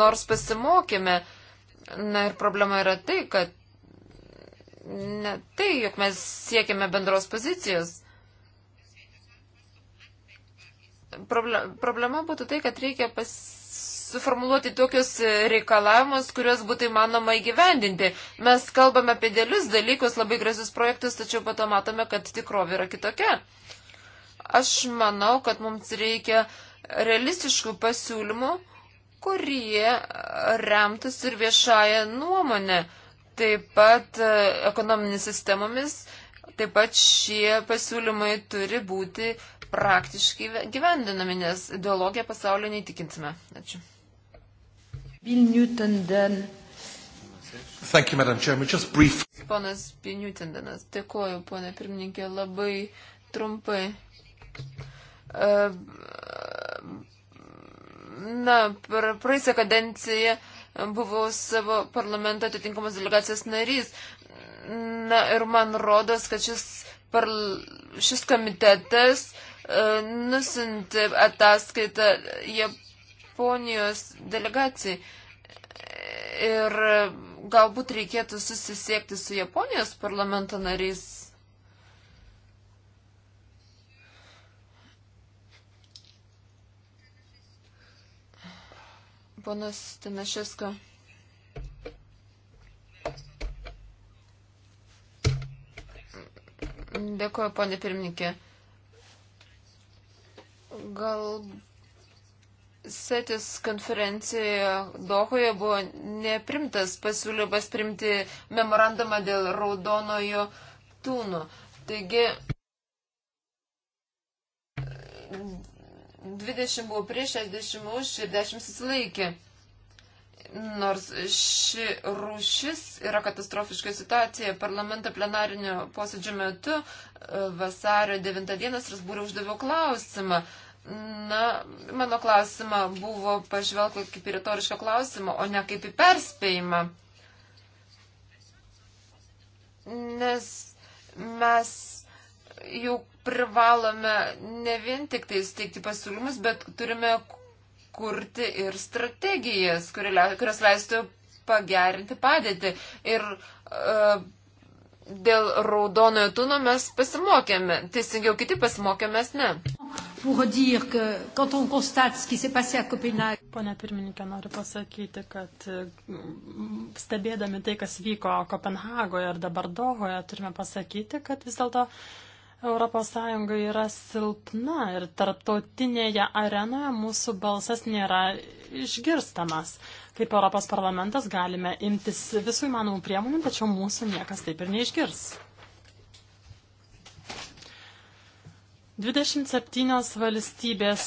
nors pasimokėme. Na ir problema yra tai, kad ne tai, jog mes siekiame bendros pozicijos. Problema būtų tai, kad reikia pas, suformuluoti tokius reikalavimus, kuriuos būtų įmanoma įgyvendinti. Mes kalbame apie dėlius dalykus, labai gražius projektus, tačiau pato matome, kad tikrovė yra kitokia. Aš manau, kad mums reikia realistiškų pasiūlymų, kurie remtus ir viešąją nuomonę taip pat e, ekonominis sistemomis, taip pat šie pasiūlymai turi būti praktiškai gyvendinami, nes ideologiją pasaulio neįtikinsime. Ačiū. Bill Newton, then. Thank you, Madam Chairman. Just brief. Ponas Bill Newton, then. Dėkuoju, ponė pirmininkė, labai trumpai. Uh, na, praeisę kadenciją uh, buvau savo parlamento atitinkamos delegacijos narys. Na ir man rodos, kad šis, parl... šis komitetas uh, e, nusinti ataskaitą Japonijos delegacijai. Ir galbūt reikėtų susisiekti su Japonijos parlamento nariais Ponas Tanašesko. Dėkuoju, ponė pirmininkė. Gal Setis konferencijoje Dohoje buvo neprimtas pasiūlymas primti memorandumą dėl raudonojo tūno. Taigi, 20 buvo prieš 60 už ir 10 susilaikė. Nors ši rūšis yra katastrofiška situacija. Parlamento plenarinio posėdžio metu e, vasario 9 dieną Strasbūrė uždaviau klausimą. Na, mano klausimą buvo pažvelgta kaip į retorišką klausimą, o ne kaip į perspėjimą. Nes mes jau privalome ne vien tik tai steigti pasiūlymus, bet turime kurti ir strategijas, kurios leistų pagerinti padėtį. Ir uh, dėl raudonojo tuno mes pasimokėme, teisingiau kiti pasimokėme, mes ne. Pone pirmininkė, noriu pasakyti, kad mm, stebėdami tai, kas vyko Kopenhagoje ir dabar Dohoje, turime pasakyti, kad vis dėlto uh, ES yra silpna ir tarptautinėje arenoje mūsų balsas nėra išgirstamas. Kaip Europos parlamentas galime imtis visų įmanomų priemonių, tačiau mūsų niekas taip ir neišgirs. 27 valstybės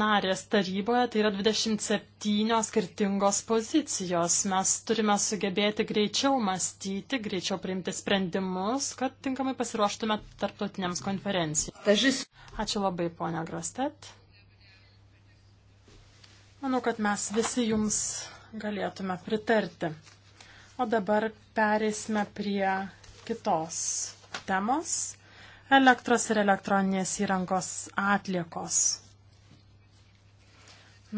narės taryboje, tai yra 27 skirtingos pozicijos. Mes turime sugebėti greičiau mąstyti, greičiau priimti sprendimus, kad tinkamai pasiruoštume tarptautiniams konferencijoms. Ačiū labai, ponia Grostet. Manau, kad mes visi jums galėtume pritarti. O dabar pereisime prie kitos temos elektros ir elektroninės įrangos atliekos.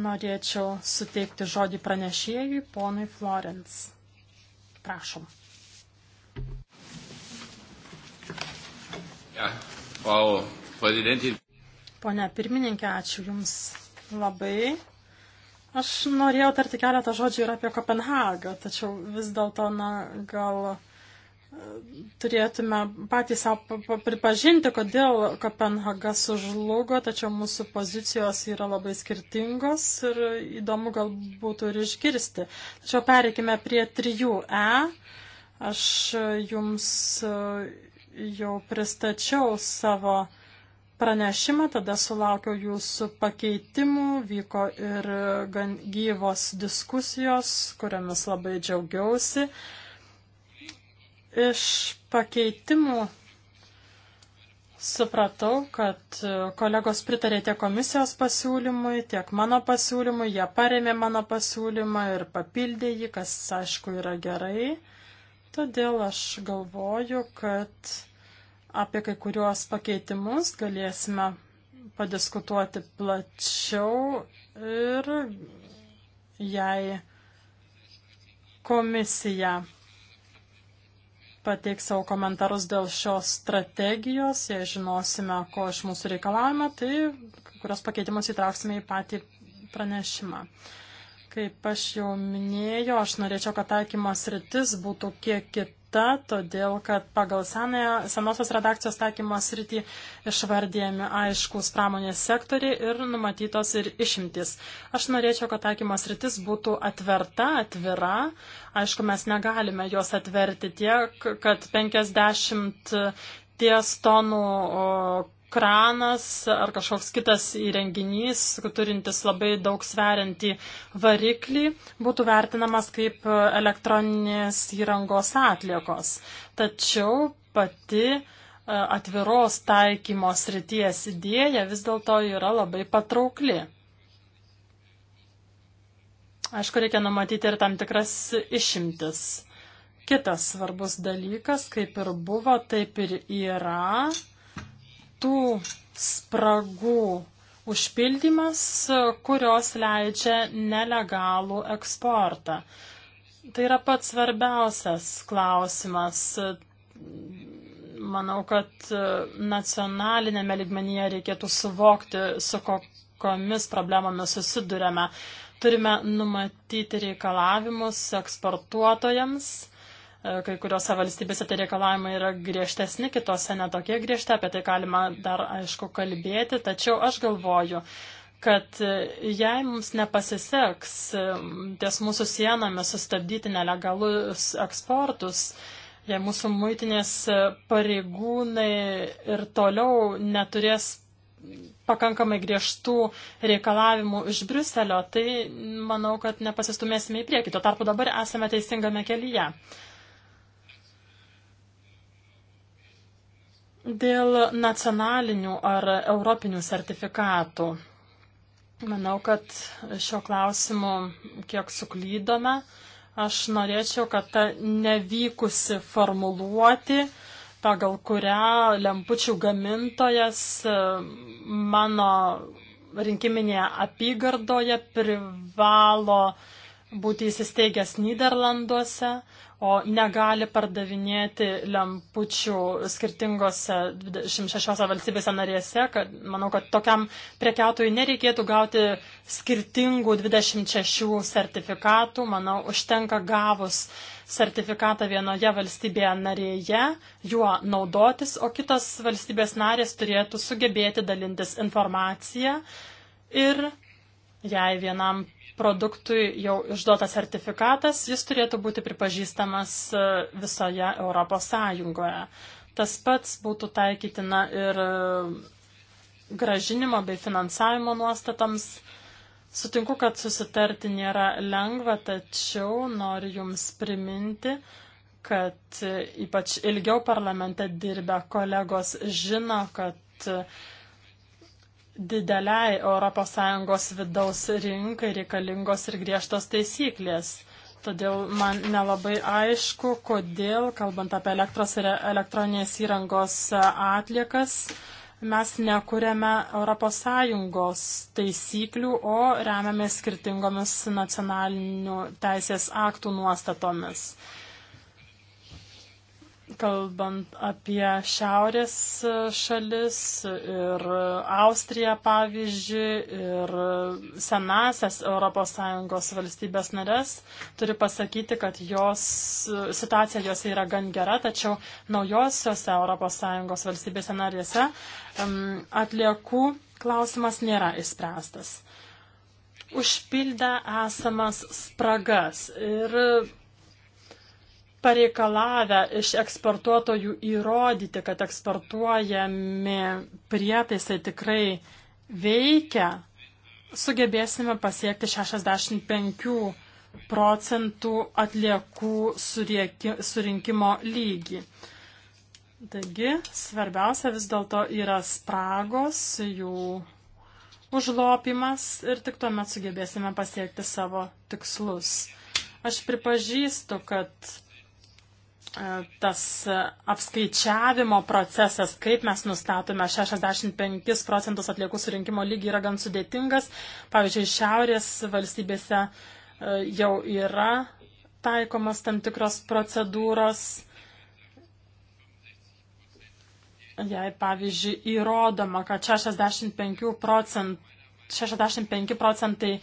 Norėčiau suteikti žodį pranešėjui ponui Florence. Prašom. Ja, wow, Pone pirmininkė, ačiū Jums labai. Aš norėjau tarti keletą žodžių ir apie Kopenhagą, tačiau vis dėlto, na, gal turėtume patys savo pripažinti, kodėl Kopenhaga sužlugo, tačiau mūsų pozicijos yra labai skirtingos ir įdomu gal būtų ir išgirsti. Tačiau pereikime prie 3E. Aš jums e, jau pristačiau savo pranešimą, tada sulaukiau jūsų pakeitimų, vyko ir gan gyvos diskusijos, kuriamis labai džiaugiausi. Iš pakeitimų supratau, kad kolegos pritarė tiek komisijos pasiūlymui, tiek mano pasiūlymui, jie paremė mano pasiūlymą ir papildė jį, kas aišku yra gerai. Todėl aš galvoju, kad apie kai kuriuos pakeitimus galėsime padiskutuoti plačiau ir jei komisija pateiks savo komentarus dėl šios strategijos. Jei žinosime, ko iš mūsų reikalavime, tai kurios pakeitimus įtrauksime į patį pranešimą. Kaip aš jau minėjau, aš norėčiau, kad taikymas rytis būtų kiek kitokia ta, todėl kad pagal senąją, senosios redakcijos taikymo sritį išvardėjami aiškus pramonės sektoriai ir numatytos ir išimtis. Aš norėčiau, kad taikymo sritis būtų atverta, atvira. Aišku, mes negalime jos atverti tiek, kad 50 ties tonų kranas ar kažkoks kitas įrenginys, turintis labai daug sveriantį variklį, būtų vertinamas kaip elektroninės įrangos atliekos. Tačiau pati e, atviros taikymos ryties idėja vis dėlto yra labai patraukli. Aišku, reikia numatyti ir tam tikras išimtis. Kitas svarbus dalykas, kaip ir buvo, taip ir yra tų spragų užpildymas, kurios leidžia nelegalų eksportą. Tai yra pats svarbiausias klausimas. Manau, kad nacionalinėme ligmenyje reikėtų suvokti, su kokiomis problemomis susidurėme. Turime numatyti reikalavimus eksportuotojams E, kai kuriuose valstybėse tai reikalavimai yra griežtesni, kitose netokie griežti, apie tai galima dar aišku kalbėti, tačiau aš galvoju, kad e, jei mums nepasiseks e, ties mūsų sienomis sustabdyti nelegalus eksportus, jei mūsų muitinės pareigūnai ir toliau neturės pakankamai griežtų reikalavimų iš Briuselio, tai manau, kad nepasistumėsime į priekį. Tuo tarpu dabar esame teisingame kelyje. Dėl nacionalinių ar europinių sertifikatų. Manau, kad šio klausimu kiek suklydome. Aš norėčiau, kad ta nevykusi formuluoti, pagal kurią lempučių gamintojas e, mano rinkiminėje apygardoje privalo būti įsisteigęs Niderlanduose, o negali pardavinėti lempučių skirtingose 26 valstybėse narėse, kad manau, kad tokiam prekiautojui nereikėtų gauti skirtingų 26 sertifikatų, manau, užtenka gavus sertifikatą vienoje valstybėje narėje, juo naudotis, o kitos valstybės narės turėtų sugebėti dalintis informaciją ir jei vienam produktui jau išduotas sertifikatas, jis turėtų būti pripažįstamas e, visoje Europos Sąjungoje. Tas pats būtų taikytina ir e, gražinimo bei finansavimo nuostatams. Sutinku, kad susitarti nėra lengva, tačiau noriu Jums priminti, kad e, ypač ilgiau parlamente dirbę kolegos žino, kad dideliai ES vidaus rinkai reikalingos ir griežtos taisyklės. Todėl man nelabai aišku, kodėl, kalbant apie elektros ir elektroninės įrangos atliekas, mes nekuriame ES taisyklių, o remiame skirtingomis nacionalinių teisės aktų nuostatomis kalbant apie šiaurės šalis ir Austriją pavyzdžiui ir senasias ES valstybės narės, turiu pasakyti, kad jos, situacija jose yra gan gera, tačiau naujosiose ES valstybėse narėse atliekų klausimas nėra išspręstas. Užpildę esamas spragas ir pareikalavę iš eksportuotojų įrodyti, kad eksportuojami prietaisai tikrai veikia, sugebėsime pasiekti 65 procentų atliekų surinkimo lygį. Taigi, svarbiausia vis dėlto yra spragos, jų užlopimas ir tik tuomet sugebėsime pasiekti savo tikslus. Aš pripažįstu, kad tas apskaičiavimo procesas, kaip mes nustatome 65 procentus atliekų surinkimo lygį, yra gan sudėtingas. Pavyzdžiui, šiaurės valstybėse e, jau yra taikomas tam tikros procedūros. Jei, pavyzdžiui, įrodoma, kad 65 procentų 65 procentai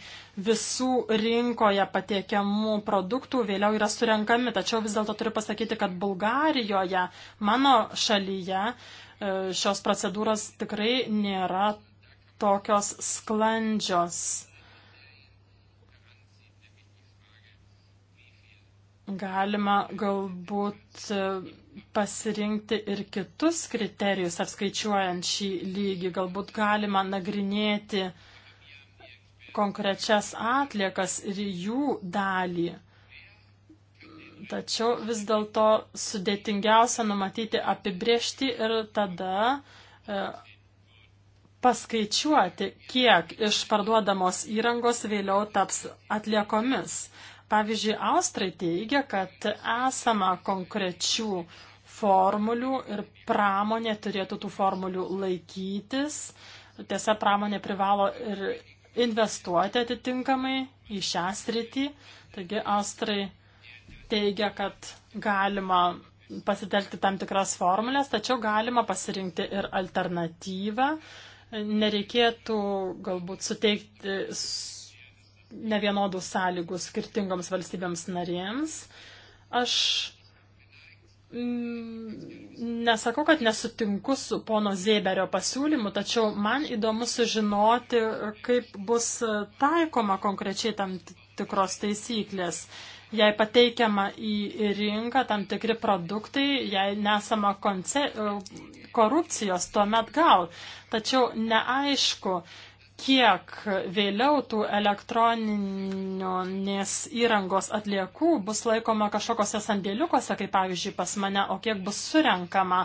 visų rinkoje patiekiamų produktų vėliau yra surenkami. Tačiau vis dėlto turiu pasakyti, kad Bulgarijoje, mano šalyje, e, šios procedūros tikrai nėra tokios sklandžios. Galima galbūt e, pasirinkti ir kitus kriterijus apskaičiuojant šį lygį. Galbūt galima nagrinėti uh, konkrečias atliekas ir jų dalį. Tačiau vis dėlto sudėtingiausia numatyti apibriešti ir tada e, paskaičiuoti, kiek iš parduodamos įrangos vėliau taps atliekomis. Pavyzdžiui, Austrai teigia, kad esama konkrečių formulių ir pramonė turėtų tų formulių laikytis. Tiesa, pramonė privalo ir investuoti atitinkamai į šią sritį. Taigi Austrai teigia, kad galima pasitelkti tam tikras formulės, tačiau galima pasirinkti ir alternatyvą. Nereikėtų galbūt suteikti nevienodų sąlygų skirtingoms valstybėms narėms. Aš Mm, nesakau, kad nesutinku su pono Zėberio pasiūlymu, tačiau man įdomu sužinoti, kaip bus taikoma konkrečiai tam tikros taisyklės. Jei pateikiama į rinką tam tikri produktai, jei nesama konce, korupcijos, tuomet gal. Tačiau neaišku, kiek vėliau tų elektroninės įrangos atliekų bus laikoma kažkokiuose sandėliukuose, kaip pavyzdžiui pas mane, o kiek bus surenkama.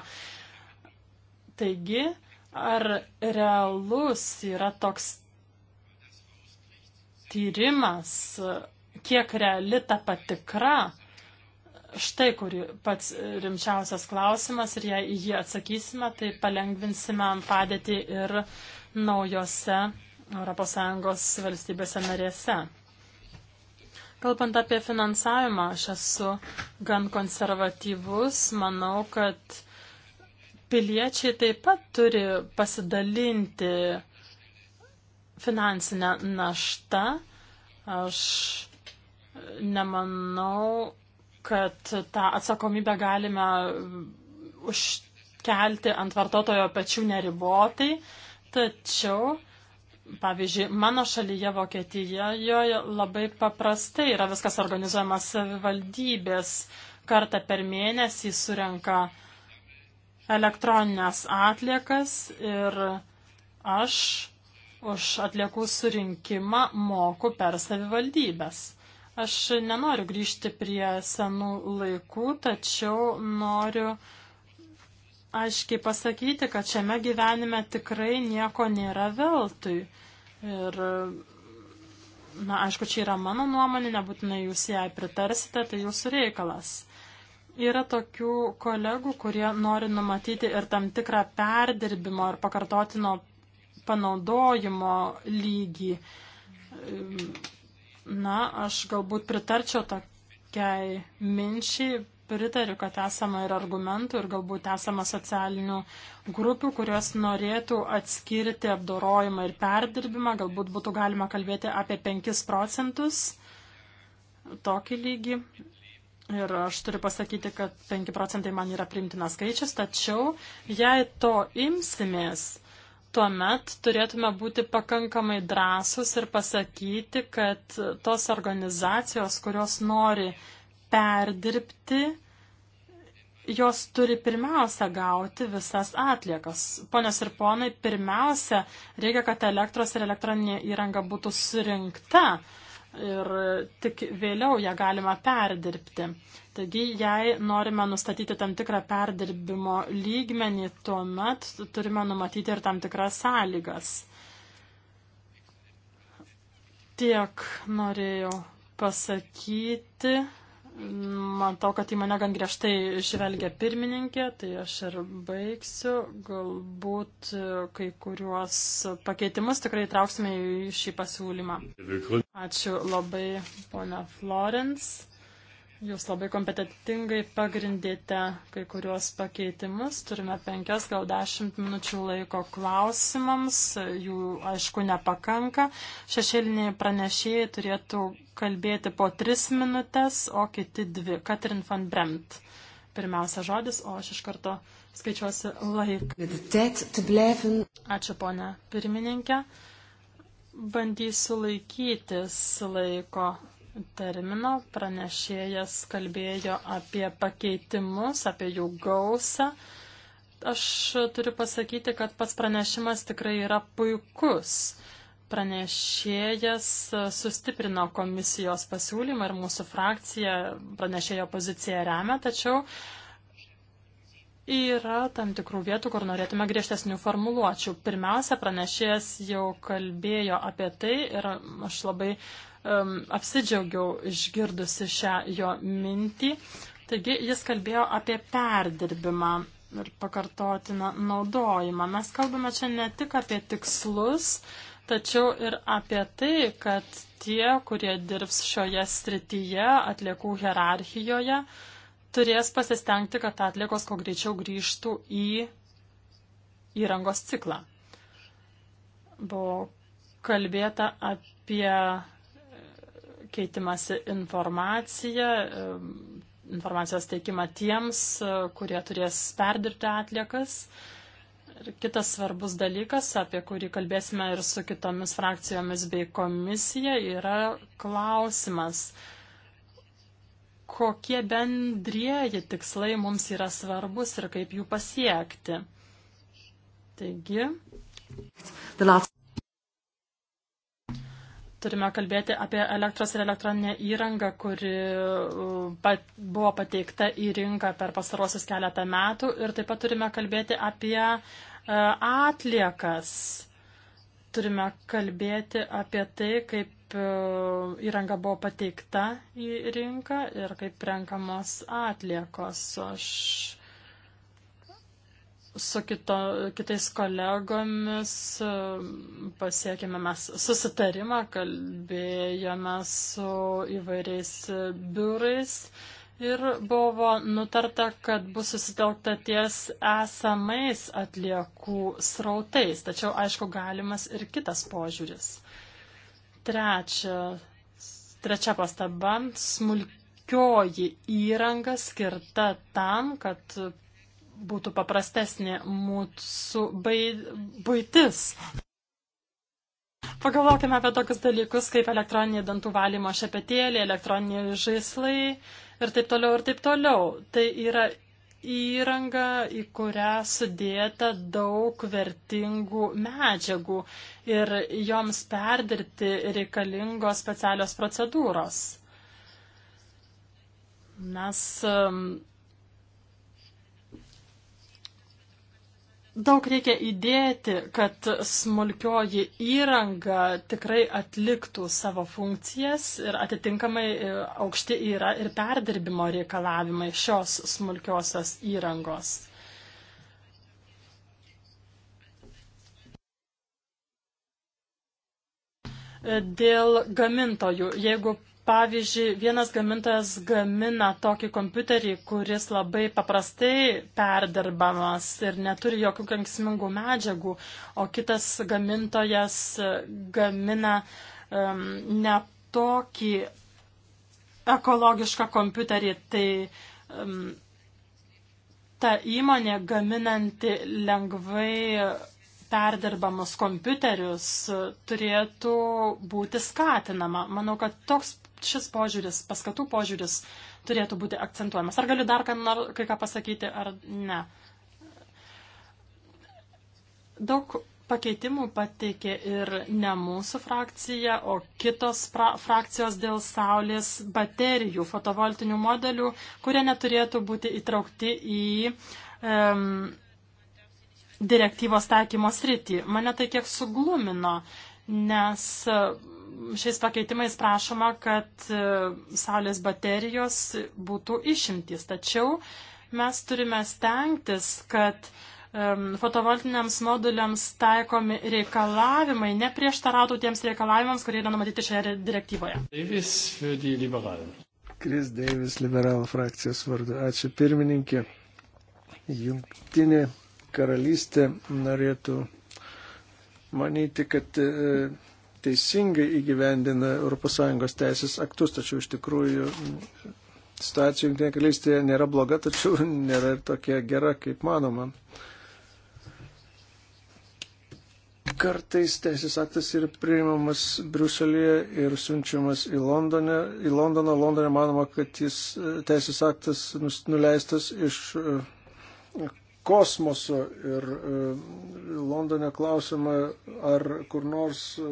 Taigi, ar realus yra toks tyrimas, kiek reali ta patikra? Štai kur pats rimčiausias klausimas ir jei į jį atsakysime, tai palengvinsime padėtį ir uh, naujose ES valstybėse narėse. Kalbant apie finansavimą, aš esu gan konservatyvus. Manau, kad piliečiai taip pat turi pasidalinti finansinę naštą. Aš nemanau, kad tą atsakomybę galime užkelti ant vartotojo pečių neribotai. Tačiau, pavyzdžiui, mano šalyje Vokietijoje labai paprastai yra viskas organizuojama savivaldybės kartą per mėnesį surenka elektroninės atliekas ir aš už atliekų surinkimą moku per savivaldybės. Aš nenoriu grįžti prie senų laikų, tačiau noriu uh, aiškiai pasakyti, kad šiame gyvenime tikrai nieko nėra veltui. Ir, na, aišku, čia yra mano nuomonė, nebūtinai jūs jai pritarsite, tai jūsų reikalas. Yra tokių kolegų, kurie nori numatyti ir tam tikrą perdirbimo ir pakartotino panaudojimo lygį. Na, aš galbūt pritarčiau tokiai minčiai, pritariu, kad esama ir argumentų, ir galbūt esama socialinių grupių, kurios norėtų atskirti apdorojimą ir perdirbimą. Galbūt būtų galima kalbėti apie 5 procentus tokį lygį. Ir aš turiu pasakyti, kad 5 procentai man yra primtinas skaičius, tačiau jei to imsimės, tuomet turėtume būti pakankamai drąsus ir pasakyti, kad tos organizacijos, kurios nori perdirbti, jos turi pirmiausia gauti visas atliekas. Ponios ir ponai, pirmiausia, reikia, kad elektros ir elektroninė įranga būtų surinkta ir tik vėliau ją galima perdirbti. Taigi, jei norime nustatyti tam tikrą perdirbimo lygmenį, tuomet turime numatyti ir tam tikras sąlygas. Tiek norėjau pasakyti matau, kad į mane gan griežtai žvelgia pirmininkė, tai aš ir baigsiu. Galbūt e, kai kuriuos pakeitimus tikrai trauksime į šį pasiūlymą. Ačiū labai, ponia Florence. Jūs labai kompetitingai pagrindėte kai kuriuos pakeitimus. Turime penkias, gal dešimt minučių laiko klausimams. Jų, aišku, nepakanka. Šešėliniai pranešėjai turėtų kalbėti po tris minutės, o kiti dvi. Katrin van Bremt. Pirmiausia žodis, o aš iš karto skaičiuosi laiką. Ačiū, ponė pirmininkė. Bandysiu laikytis laiko termino. Pranešėjas kalbėjo apie pakeitimus, apie jų gausą. Aš turiu pasakyti, kad pats pranešimas tikrai yra puikus. Pranešėjas sustiprino komisijos pasiūlymą ir mūsų frakcija pranešėjo poziciją remia, tačiau yra tam tikrų vietų, kur norėtume griežtesnių formuluočių. Pirmiausia, pranešėjas jau kalbėjo apie tai ir aš labai um, apsidžiaugiau išgirdusi šią jo mintį. Taigi jis kalbėjo apie perdirbimą ir pakartotiną naudojimą. Mes kalbame čia ne tik apie tikslus, tačiau ir apie tai, kad tie, kurie dirbs šioje srityje, atliekų hierarchijoje, turės pasistengti, kad atliekos kuo greičiau grįžtų į įrangos ciklą. Buvo kalbėta apie keitimąsi informaciją, e, informacijos teikimą tiems, e, kurie turės perdirbti atliekas. Ir kitas svarbus dalykas, apie kurį kalbėsime ir su kitomis frakcijomis bei komisija, yra klausimas, kokie bendrieji tikslai mums yra svarbus ir kaip jų pasiekti. Taigi. Turime kalbėti apie elektros ir elektroninę įrangą, kuri pat, buvo pateikta į rinką per pastarosius keletą metų. Ir taip pat turime kalbėti apie e, atliekas. Turime kalbėti apie tai, kaip e, įranga buvo pateikta į rinką ir kaip renkamos atliekos. Aš su kito, kitais kolegomis e, pasiekėme mes susitarimą, kalbėjome su įvairiais biurais ir buvo nutarta, kad bus susitelkta ties esamais atliekų srautais, tačiau aišku galimas ir kitas požiūris. Trečia, trečia pastaba - smulkioji įranga skirta tam, kad būtų paprastesnė mūsų buitis. Pagalvokime apie tokius dalykus kaip elektroniniai dantų valymo šepetėlė, elektroniniai žaislai ir taip toliau ir taip toliau. Tai yra įranga, į kurią sudėta daug vertingų medžiagų ir joms perdirbti reikalingos specialios procedūros. Mes um, daug reikia įdėti, kad smulkioji įranga tikrai atliktų savo funkcijas ir atitinkamai e, aukšti yra ir perdirbimo reikalavimai šios smulkiosios įrangos. E, dėl gamintojų, jeigu Pavyzdžiui, vienas gamintojas gamina tokį kompiuterį, kuris labai paprastai perdirbamas ir neturi jokių kenksmingų medžiagų, o kitas gamintojas gamina um, ne tokį ekologišką kompiuterį. Tai um, ta įmonė gaminanti lengvai perdirbamus kompiuterius uh, turėtų būti skatinama. Manau, kad toks šis požiūris, paskatų požiūris turėtų būti akcentuojamas. Ar galiu dar kam nor, kai ką pasakyti, ar ne? Daug pakeitimų pateikė ir ne mūsų frakcija, o kitos fra frakcijos dėl saulės baterijų, fotovoltinių modelių, kurie neturėtų būti įtraukti į um, direktyvos taikymo sritį. Mane tai kiek suglumino, nes. Uh, šiais pakeitimais prašoma, kad e, saulės baterijos būtų išimtys. Tačiau mes turime stengtis, kad fotovoltiniams moduliams taikomi reikalavimai neprieštarautų tiems reikalavimams, kurie yra numatyti šioje direktyvoje. Kris Deivis, liberalų frakcijos vardu. Ačiū pirmininkė. Jungtinė karalystė norėtų manyti, kad e, teisingai įgyvendina ES teisės aktus, tačiau iš tikrųjų situacija Junktinė karalystėje nėra bloga, tačiau nėra ir tokia gera, kaip manoma. Kartais teisės aktas yra priimamas Briuselėje ir siunčiamas į, Londone, į Londoną. Londone manoma, kad jis teisės aktas nuleistas iš uh, kosmoso ir e, Londone klausima, ar kur nors e,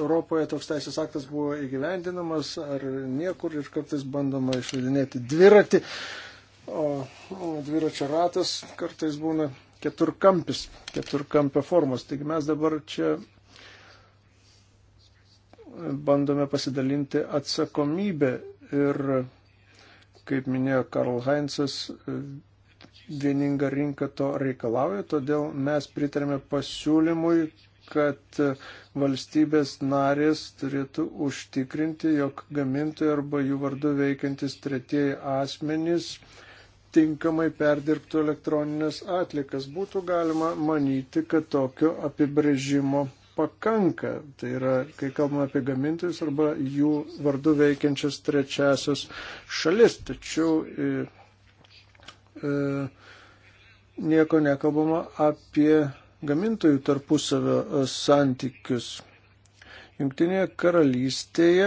Europoje toks teisės aktas buvo įgyvendinamas, ar niekur ir kartais bandoma išvedinėti dviratį, o, o dviračio ratas kartais būna keturkampis, keturkampio formos. Taigi mes dabar čia bandome pasidalinti atsakomybę ir, kaip minėjo Karl Heinzas, vieninga rinka to reikalauja, todėl mes pritarėme pasiūlymui, kad valstybės narės turėtų užtikrinti, jog gamintojai arba jų vardu veikiantis tretieji asmenys tinkamai perdirbtų elektroninės atlikas. Būtų galima manyti, kad tokio apibrėžimo pakanka. Tai yra, kai kalbame apie gamintojus arba jų vardu veikiančias trečiasios šalis. Tačiau e, E, nieko nekalbama apie gamintojų tarpusavio e, santykius. Junktinėje karalystėje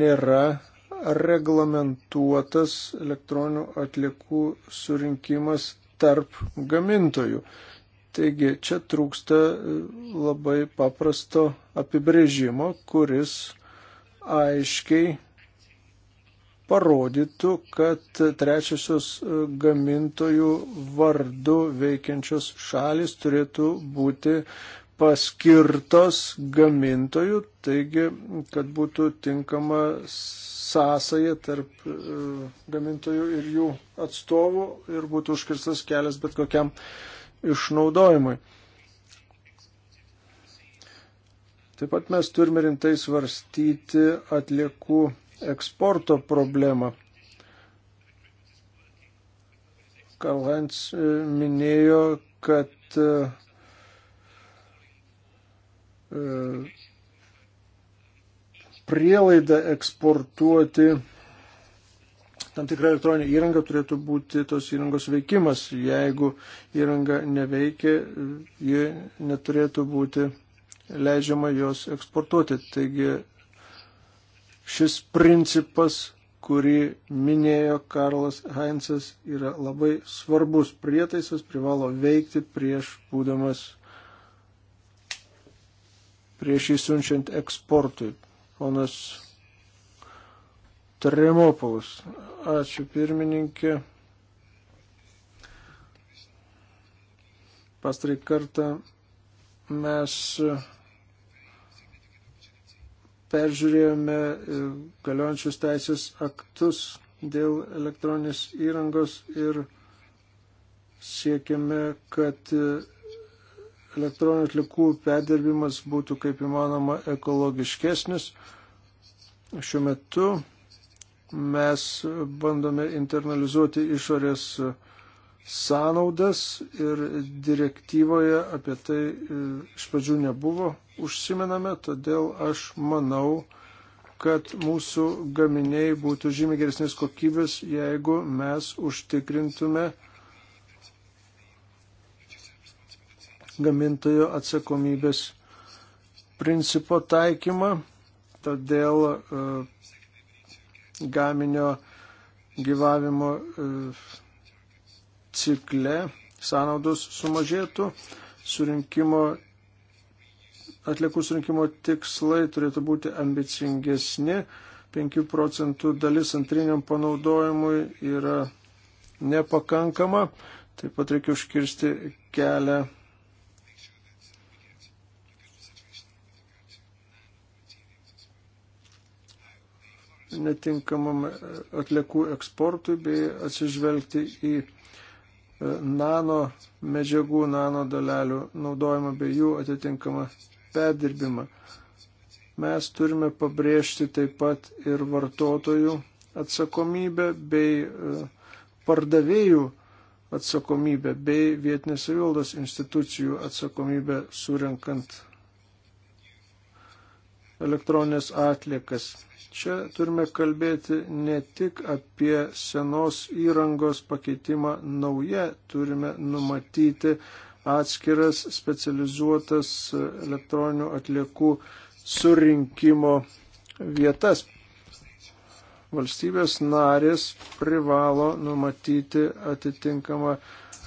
nėra reglamentuotas elektroninių atliekų surinkimas tarp gamintojų. Taigi čia trūksta e, labai paprasto apibrėžimo, kuris aiškiai parodytų, kad trečiosios e, gamintojų vardu veikiančios šalis turėtų būti paskirtos gamintojų, taigi, kad būtų tinkama sąsaja tarp e, gamintojų ir jų atstovų ir būtų užkirstas kelias bet kokiam išnaudojimui. Taip pat mes turime rimtai svarstyti atliekų eksporto problemą. Kalhans e, minėjo, kad e, e, prielaida eksportuoti tam tikrą elektroninę įrangą turėtų būti tos įrangos veikimas. Jeigu įranga neveikia, ji neturėtų būti leidžiama jos eksportuoti. Taigi Šis principas, kurį minėjo Karlas Heinzas, yra labai svarbus prietaisas, privalo veikti prieš būdamas prieš įsiunčiant eksportui. Ponas Tremopolis. Ačiū pirmininkė. Pastarai kartą mes peržiūrėjome e, galiojančius teisės aktus dėl elektroninės įrangos ir siekiame, kad e, elektroninių atlikų perdirbimas būtų kaip įmanoma ekologiškesnis. Šiuo metu mes bandome internalizuoti išorės sąnaudas ir direktyvoje apie tai e, iš pradžių nebuvo užsiminame, todėl aš manau, kad mūsų gaminiai būtų žymiai geresnės kokybės, jeigu mes užtikrintume gamintojo atsakomybės principo taikymą, todėl uh, gaminio gyvavimo uh, cikle sąnaudos sumažėtų, surinkimo atliekų surinkimo tikslai turėtų būti ambicingesni. 5 procentų dalis antriniam panaudojimui yra nepakankama. Taip pat reikia užkirsti kelią netinkamam atliekų eksportui bei atsižvelgti į e, nano medžiagų, nano dalelių naudojimą bei jų atitinkamą perdirbimą. Mes turime pabrėžti taip pat ir vartotojų atsakomybę bei e, pardavėjų atsakomybę bei vietinės savivaldos institucijų atsakomybę surenkant elektroninės atliekas. Čia turime kalbėti ne tik apie senos įrangos pakeitimą nauja, turime numatyti atskiras specializuotas elektroninių atliekų surinkimo vietas. Valstybės narės privalo numatyti atitinkamą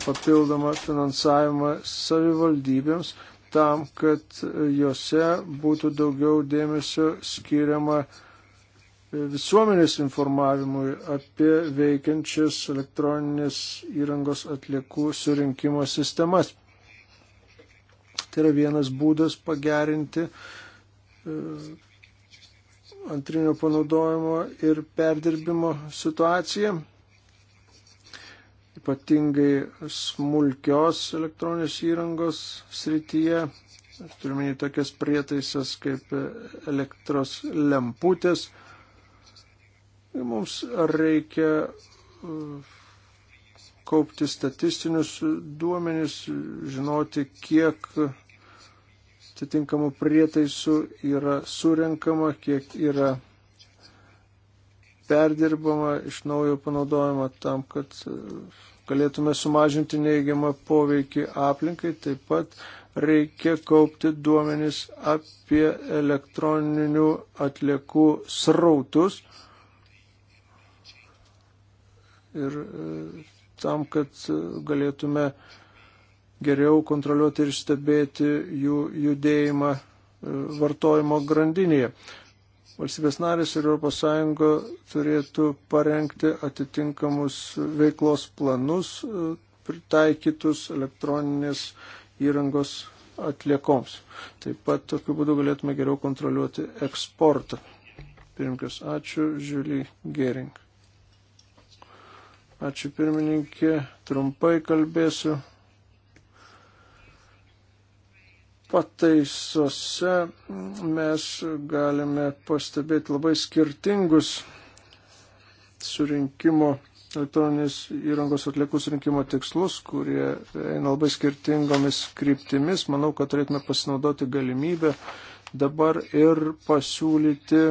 papildomą finansavimą savivaldybėms tam, kad juose būtų daugiau dėmesio skiriama visuomenės informavimui apie veikiančias elektroninės įrangos atliekų surinkimo sistemas. Tai yra vienas būdas pagerinti e, antrinio panaudojimo ir perdirbimo situaciją. Ypatingai smulkios elektroninės įrangos srityje turime į tokias prietaisas kaip elektros lemputės. Ir mums reikia e, kaupti statistinius duomenis, žinoti, kiek atitinkamų prietaisų yra surenkama, kiek yra perdirbama, iš naujo panaudojama tam, kad e, galėtume sumažinti neigiamą poveikį aplinkai. Taip pat reikia kaupti duomenis apie elektroninių atliekų srautus. Ir e, tam, kad e, galėtume uh, geriau kontroliuoti ir stebėti jų judėjimą e, vartojimo grandinėje. Valstybės narės ir ES turėtų parengti atitinkamus veiklos planus e, pritaikytus elektroninės įrangos atliekoms. Taip pat tokiu būdu galėtume geriau kontroliuoti eksportą. Pirmkas, ačiū, Žiulį Gering. Ačiū pirmininkė, trumpai kalbėsiu. pataisose mes galime pastebėti labai skirtingus surinkimo elektroninės įrangos atliekų surinkimo tikslus, kurie eina labai skirtingomis kryptimis. Manau, kad turėtume pasinaudoti galimybę dabar ir pasiūlyti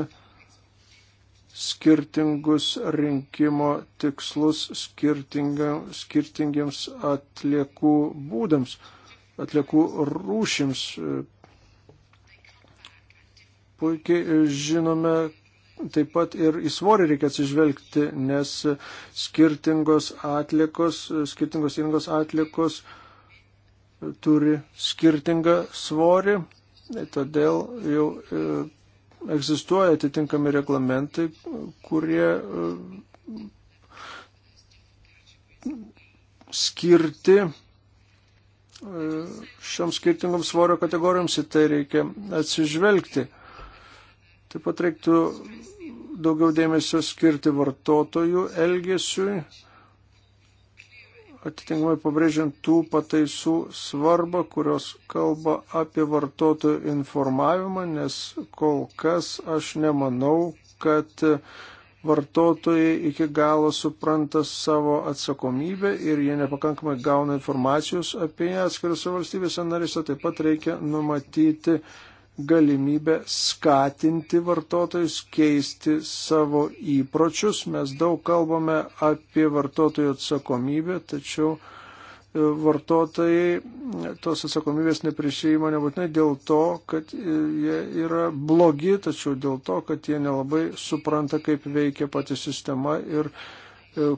skirtingus rinkimo tikslus skirtingiams atliekų būdams atliekų rūšims. Puikiai žinome, taip pat ir į svorį reikia atsižvelgti, nes skirtingos atlikos, skirtingos įrangos atlikos turi skirtingą svorį, todėl jau e, egzistuoja atitinkami reglamentai, kurie e, skirti šiams skirtingoms svorio kategorijoms į tai reikia atsižvelgti. Taip pat reiktų daugiau dėmesio skirti vartotojų elgesiui, atitinkamai pabrėžiant tų pataisų svarbą, kurios kalba apie vartotojų informavimą, nes kol kas aš nemanau, kad uh, vartotojai iki galo supranta savo atsakomybę ir jie nepakankamai gauna informacijos apie ją atskirose valstybėse narėse, taip pat reikia numatyti galimybę skatinti vartotojus keisti savo įpročius. Mes daug kalbame apie vartotojų atsakomybę, tačiau vartotojai tos atsakomybės neprisijima nebūtinai dėl to, kad jie yra blogi, tačiau dėl to, kad jie nelabai supranta, kaip veikia pati sistema ir e,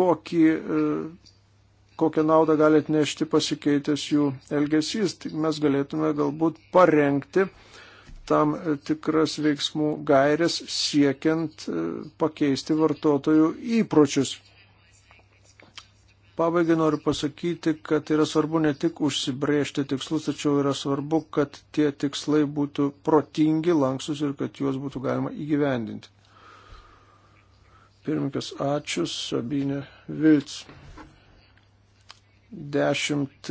kokį, e, kokią naudą gali atnešti pasikeitęs jų elgesys. Tik mes galėtume galbūt parengti tam tikras veiksmų gairės siekiant e, pakeisti vartotojų įpročius. Pabaigai noriu pasakyti, kad yra svarbu ne tik užsibriežti tikslus, tačiau yra svarbu, kad tie tikslai būtų protingi, lankstus ir kad juos būtų galima įgyvendinti. Pirmininkas, ačiū, Sabinė Vilts. Dešimt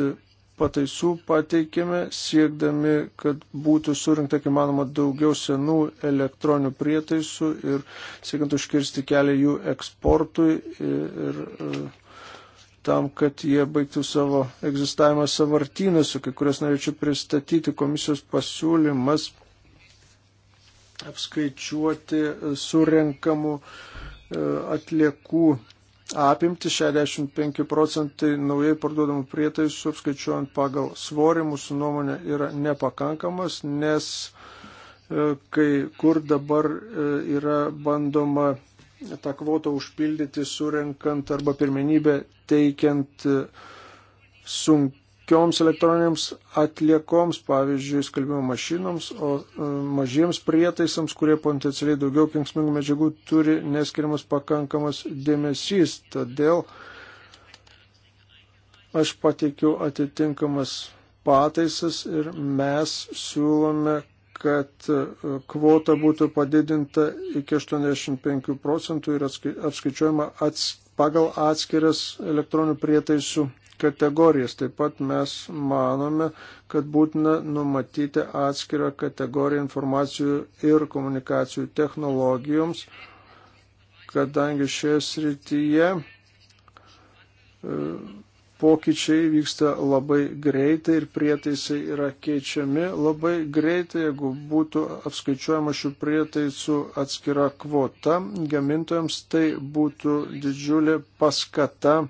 pataisų pateikėme, siekdami, kad būtų surinkta, kaip manoma, daugiau senų elektroninių prietaisų ir siekiant užkirsti kelią jų eksportui ir, ir e, tam, kad jie baigtų savo egzistavimą savartynuose, kai kurias norėčiau pristatyti komisijos pasiūlymas apskaičiuoti surenkamų e, atliekų apimti 65 procentai naujai parduodamų prietaisų apskaičiuojant pagal svorį mūsų nuomonė yra nepakankamas, nes e, kai kur dabar e, yra bandoma tą kvotą užpildyti, surinkant arba pirmenybę teikiant e, sunkioms elektroniniams atliekoms, pavyzdžiui, skalbimo mašinoms, o e, mažiems prietaisams, kurie potencialiai daugiau kenksmingų medžiagų turi neskiriamas pakankamas dėmesys. Todėl aš pateikiau atitinkamas pataisas ir mes siūlome kad e, kvota būtų padidinta iki 85 procentų ir apskaičiuojama ats, pagal atskiras elektroninių prietaisų kategorijas. Taip pat mes manome, kad būtina numatyti atskirą kategoriją informacijų ir komunikacijų technologijoms, kadangi šioje srityje e, pokyčiai vyksta labai greitai ir prietaisai yra keičiami labai greitai, jeigu būtų apskaičiuojama šių prietaisų atskira kvota gamintojams, tai būtų didžiulė paskata e,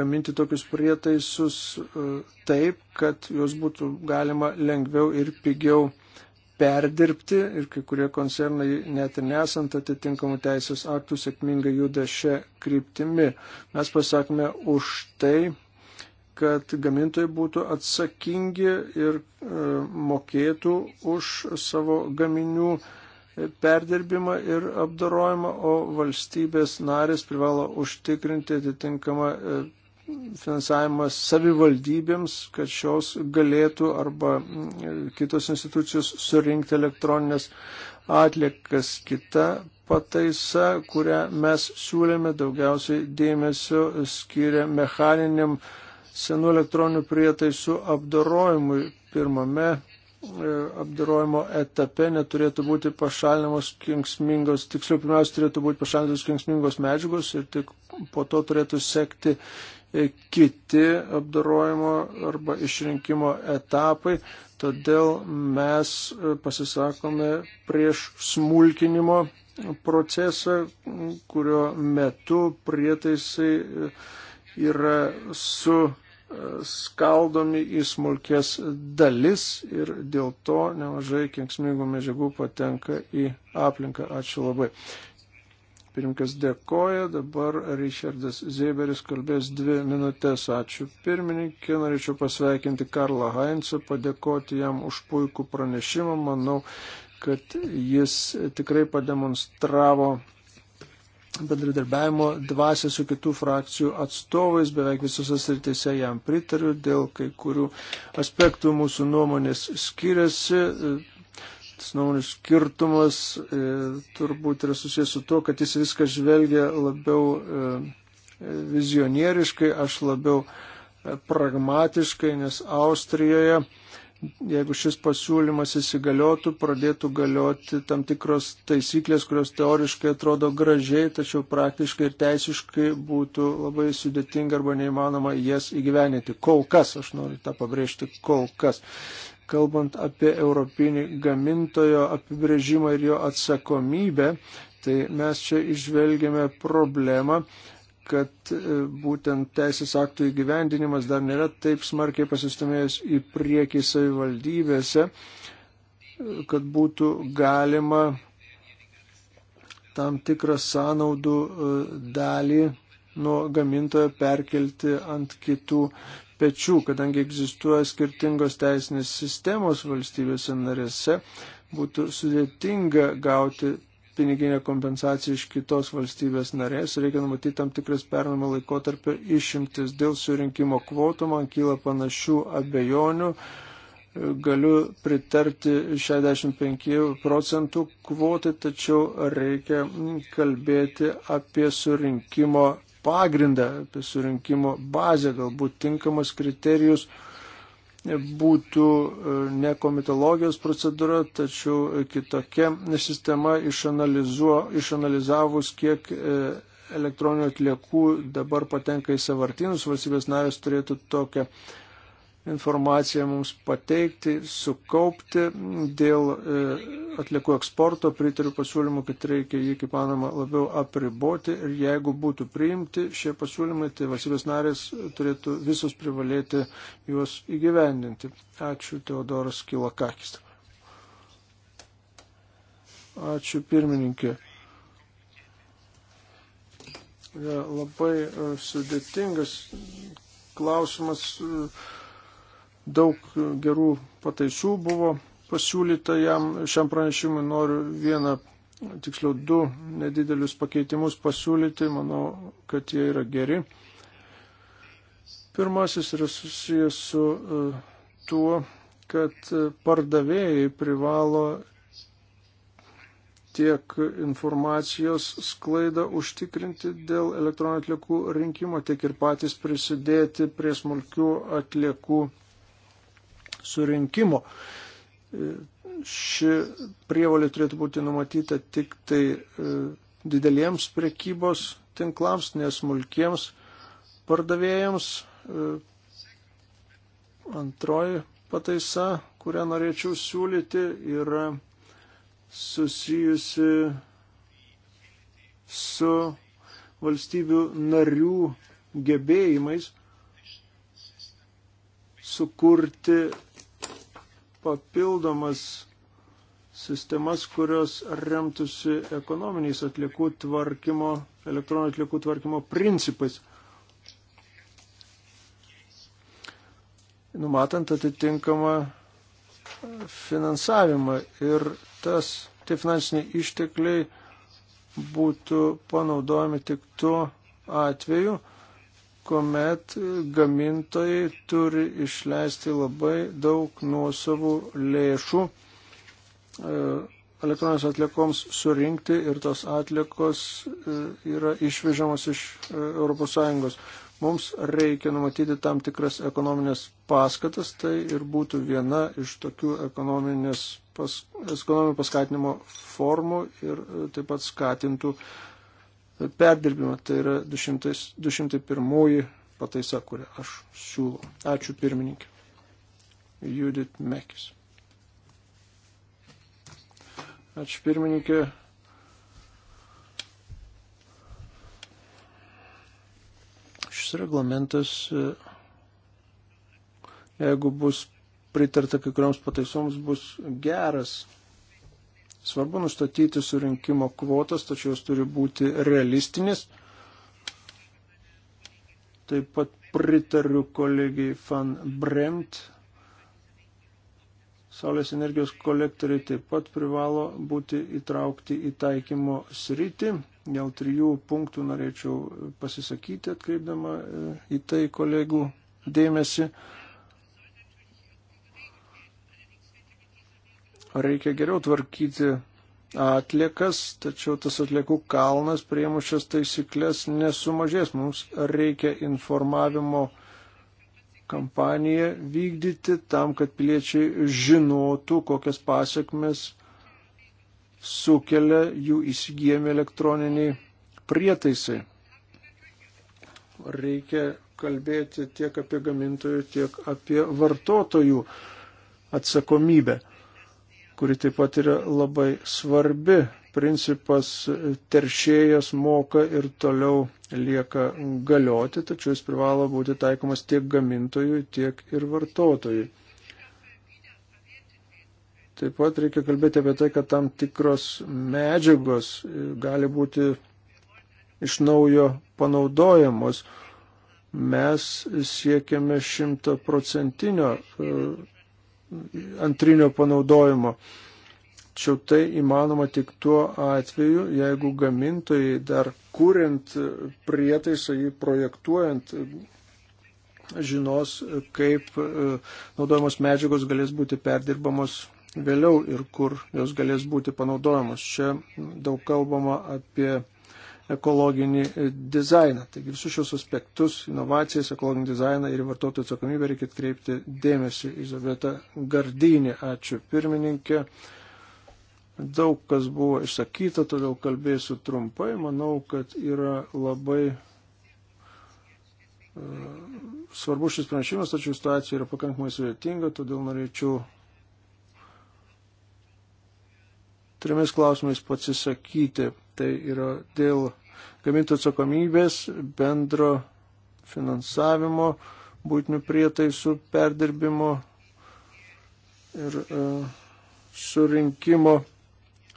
gaminti tokius prietaisus e, taip, kad juos būtų galima lengviau ir pigiau perdirbti ir kai kurie koncernai net ir nesant atitinkamų teisės aktų sėkmingai juda šią kryptimį. Mes pasakome už tai, kad gamintojai būtų atsakingi ir e, mokėtų už savo gaminių e, perdirbimą ir apdarojimą, o valstybės narės privalo užtikrinti atitinkamą e, finansavimas savivaldybėms, kad šios galėtų arba mm, kitos institucijos surinkti elektroninės atliekas. Kita pataisa, kurią mes siūlėme, daugiausiai dėmesio skiria mechaniniam senų elektroninių prietaisų apdarojimui. Pirmame e, apdarojimo etape neturėtų būti pašalinamos kenksmingos, tiksliau pirmiausia turėtų būti pašalintos kenksmingos medžiagos ir tik po to turėtų sekti E, kiti apdarojimo arba išrinkimo etapai. Todėl mes e, pasisakome prieš smulkinimo procesą, kurio metu prietaisai e, yra su skaldomi į smulkės dalis ir dėl to nemažai kenksmingų medžiagų patenka į aplinką. Ačiū labai. Pirmininkas dėkoja, dabar Richardas Zeiberis kalbės dvi minutės. Ačiū pirmininkė, norėčiau pasveikinti Karlą Heinzą, padėkoti jam už puikų pranešimą. Manau, kad jis tikrai pademonstravo bendradarbiavimo dvasę su kitų frakcijų atstovais, beveik visose sritise jam pritariu, dėl kai kurių aspektų mūsų nuomonės skiriasi, Tas nuomonių skirtumas e, turbūt yra susijęs su to, kad jis viską žvelgia labiau e, vizionieriškai, aš labiau e, pragmatiškai, nes Austrijoje, jeigu šis pasiūlymas įsigaliotų, pradėtų galioti tam tikros taisyklės, kurios teoriškai atrodo gražiai, tačiau praktiškai ir teisiškai būtų labai sudėtinga arba neįmanoma jas įgyveninti. Kol kas, aš noriu tą pabrėžti, kol kas kalbant apie europinį gamintojo apibrėžimą ir jo atsakomybę, tai mes čia išvelgiame problemą, kad e, būtent teisės aktų įgyvendinimas dar nėra taip smarkiai pasistumėjęs į priekį savivaldybėse, kad būtų galima tam tikrą sąnaudų e, dalį nuo gamintojo perkelti ant kitų pečių, kadangi egzistuoja skirtingos teisinės sistemos valstybėse narėse, būtų sudėtinga gauti piniginę kompensaciją iš kitos valstybės narės, reikia numatyti tam tikras pernamo laikotarpio išimtis. Dėl surinkimo kvotų man kyla panašių abejonių. Galiu pritarti 65 procentų kvotai, tačiau reikia kalbėti apie surinkimo pagrindą, apie surinkimo bazę, galbūt tinkamas kriterijus būtų e, ne komitologijos procedūra, tačiau kitokia sistema išanalizavus, kiek e, elektroninių atliekų dabar patenka į savartynus, valstybės narės turėtų tokią informaciją mums pateikti, sukaupti dėl e, atliekų eksporto. Pritariu pasiūlymu, kad reikia jį kaip manoma labiau apriboti ir jeigu būtų priimti šie pasiūlymai, tai valstybės narės turėtų visus privalėti juos įgyvendinti. Ačiū, Teodoras Kilakakis. Ačiū, pirmininkė. Ja, labai e, sudėtingas klausimas. Uh, Daug gerų pataisų buvo pasiūlyta jam šiam pranešimui. Noriu vieną, tiksliau du nedidelius pakeitimus pasiūlyti. Manau, kad jie yra geri. Pirmasis yra susijęs su e, tuo, kad e, pardavėjai privalo tiek informacijos sklaidą užtikrinti dėl elektroninių atliekų rinkimo, tiek ir patys prisidėti prie smulkių atliekų surinkimo. Ši prievalė turėtų būti numatyta tik tai e, dideliems prekybos tinklams, nesmulkiems pardavėjams. E, antroji pataisa, kurią norėčiau siūlyti, yra susijusi su valstybių narių gebėjimais sukurti papildomas sistemas, kurios remtųsi ekonominiais atliekų tvarkymo, elektroninių atliekų tvarkymo principais. Numatant atitinkamą finansavimą ir tas, tie finansiniai ištekliai būtų panaudojami tik tuo atveju, kuomet gamintojai turi išleisti labai daug nuosavų lėšų e, elektroninės atliekoms surinkti ir tos atliekos e, yra išvežamos iš e, ES. Mums reikia numatyti tam tikras ekonominės paskatas, tai ir būtų viena iš tokių ekonominės pas, ekonominio paskatinimo formų ir taip pat skatintų uh, perdirbimą. Tai yra 200, 201 pataisa, kurią aš siūlau. Ačiū pirmininkė. Judith Mekis. Ačiū pirmininkė. Šis reglamentas, e, jeigu bus pritarta kai kurioms pataisoms, bus geras Svarbu nustatyti surinkimo kvotas, tačiau jos turi būti realistinis. Taip pat pritariu kolegijai Van Bremt. Saulės energijos kolektoriai taip pat privalo būti įtraukti į taikymo sritį. Dėl trijų punktų norėčiau pasisakyti, atkreipdama e, į tai kolegų dėmesį. reikia geriau tvarkyti atliekas, tačiau tas atliekų kalnas priemušęs taisyklės nesumažės. Mums reikia informavimo kampaniją vykdyti tam, kad piliečiai žinotų, kokias pasiekmes sukelia jų įsigijami elektroniniai prietaisai. Reikia kalbėti tiek apie gamintojų, tiek apie vartotojų atsakomybę kuri taip pat yra labai svarbi. Principas teršėjas moka ir toliau lieka galioti, tačiau jis privalo būti taikomas tiek gamintojui, tiek ir vartotojui. Taip pat reikia kalbėti apie tai, kad tam tikros medžiagos gali būti iš naujo panaudojamos. Mes siekiame šimtaprocentinio antrinio panaudojimo. Tačiau tai įmanoma tik tuo atveju, jeigu gamintojai dar kuriant prietaisą, jį projektuojant, žinos, kaip e, naudojamos medžiagos galės būti perdirbamos vėliau ir kur jos galės būti panaudojamos. Čia daug kalbama apie ekologinį dizainą. Taigi visus šios aspektus, inovacijas, ekologinį dizainą ir vartotojų atsakomybę reikia kreipti dėmesį. Izabeta Gardinė, ačiū pirmininkė. Daug kas buvo išsakyta, todėl kalbėsiu trumpai. Manau, kad yra labai e, svarbus šis pranešimas, tačiau situacija yra pakankamai sudėtinga, todėl norėčiau trimis klausimais pasisakyti. Tai yra dėl gamintų atsakomybės, bendro finansavimo, būtinių prietaisų perdirbimo ir e, surinkimo.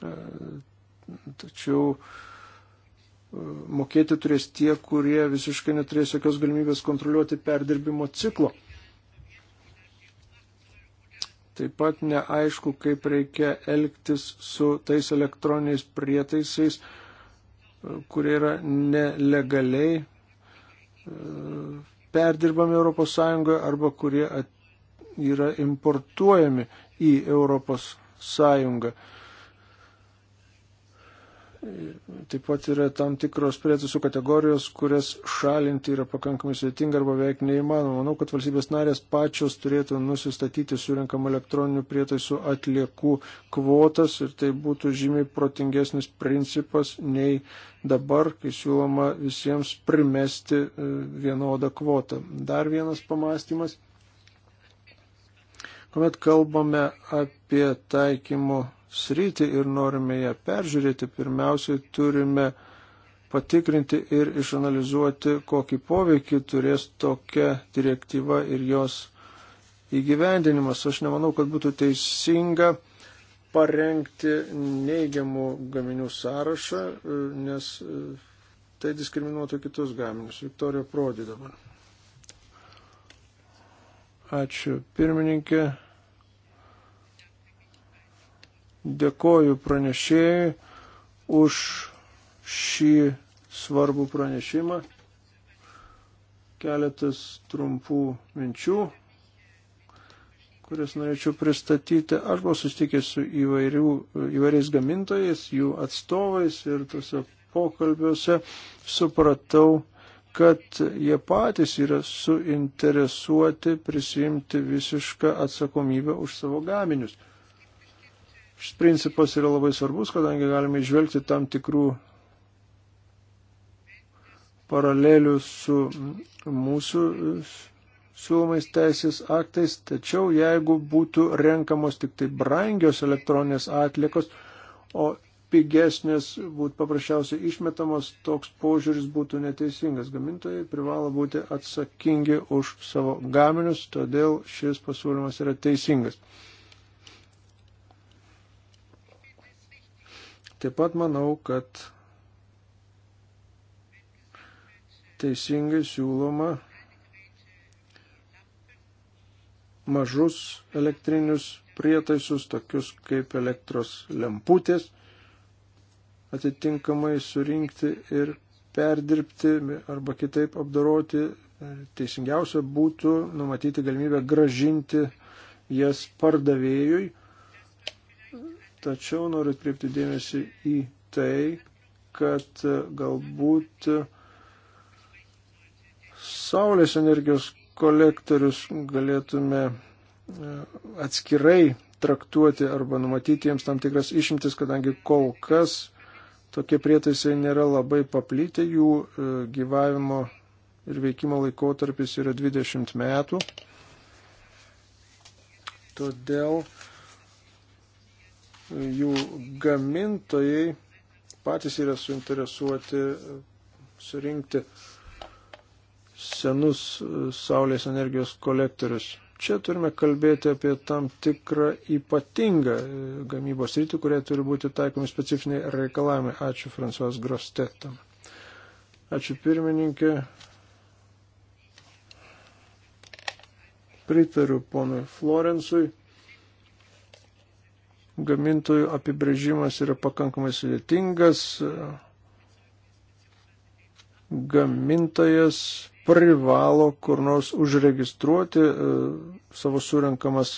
E, tačiau e, mokėti turės tie, kurie visiškai neturės jokios galimybės kontroliuoti perdirbimo ciklo. Taip pat neaišku, kaip reikia elgtis su tais elektroniniais prietaisais, e, kurie yra nelegaliai e, perdirbami ES arba kurie yra importuojami į ES. Taip pat yra tam tikros prietaisų kategorijos, kurias šalinti yra pakankamai sudėtinga arba beveik neįmanoma. Manau, kad valstybės narės pačios turėtų nusistatyti surinkamą elektroninių prietaisų atliekų kvotas ir tai būtų žymiai protingesnis principas nei dabar, kai siūloma visiems primesti e, vienodą kvotą. Dar vienas pamastymas. Komet kalbame apie taikymo sritį ir norime ją peržiūrėti, pirmiausiai turime patikrinti ir išanalizuoti, kokį poveikį turės tokia direktyva ir jos įgyvendinimas. Aš nemanau, kad būtų teisinga parengti neigiamų gaminių sąrašą, nes tai diskriminuotų kitus gaminius. Viktorija Prodi dabar. Ačiū pirmininkė. Dėkoju pranešėjai už šį svarbų pranešimą. Keletas trumpų minčių, kurias norėčiau pristatyti. Aš buvau susitikęs su įvairių, įvairiais gamintojais, jų atstovais ir tose pokalbiuose supratau, kad jie patys yra suinteresuoti prisimti visišką atsakomybę už savo gaminius. Šis principas yra labai svarbus, kadangi galime išvelgti tam tikrų paralelių su mūsų siūlomais teisės aktais, tačiau jeigu būtų renkamos tik tai brangios elektroninės atlikos, o pigesnės būtų paprasčiausiai išmetamos, toks požiūris būtų neteisingas. Gamintojai privalo būti atsakingi už savo gaminius, todėl šis pasiūlymas yra teisingas. Taip pat manau, kad teisingai siūloma mažus elektrinius prietaisus, tokius kaip elektros lemputės, atitinkamai surinkti ir perdirbti arba kitaip apdoroti. Teisingiausia būtų numatyti galimybę gražinti jas pardavėjui Tačiau noriu atkreipti dėmesį į tai, kad e, galbūt e, Saulės energijos kolektorius galėtume e, atskirai traktuoti arba numatyti jiems tam tikras išimtis, kadangi kol kas tokie prietaisai nėra labai paplyti, jų gyvavimo ir veikimo laikotarpis yra 20 metų. Todėl uh, jų gamintojai patys yra suinteresuoti surinkti senus saulės energijos kolektorius. Čia turime kalbėti apie tam tikrą ypatingą gamybos rytį, kuriai turi būti taikomi specifiniai reikalavimai. Ačiū Fransuas Grostetam. Ačiū pirmininkė. Pritariu ponui Florensui gamintojų apibrėžimas yra pakankamai sudėtingas. Gamintojas privalo kur nors užregistruoti e, savo surinkamas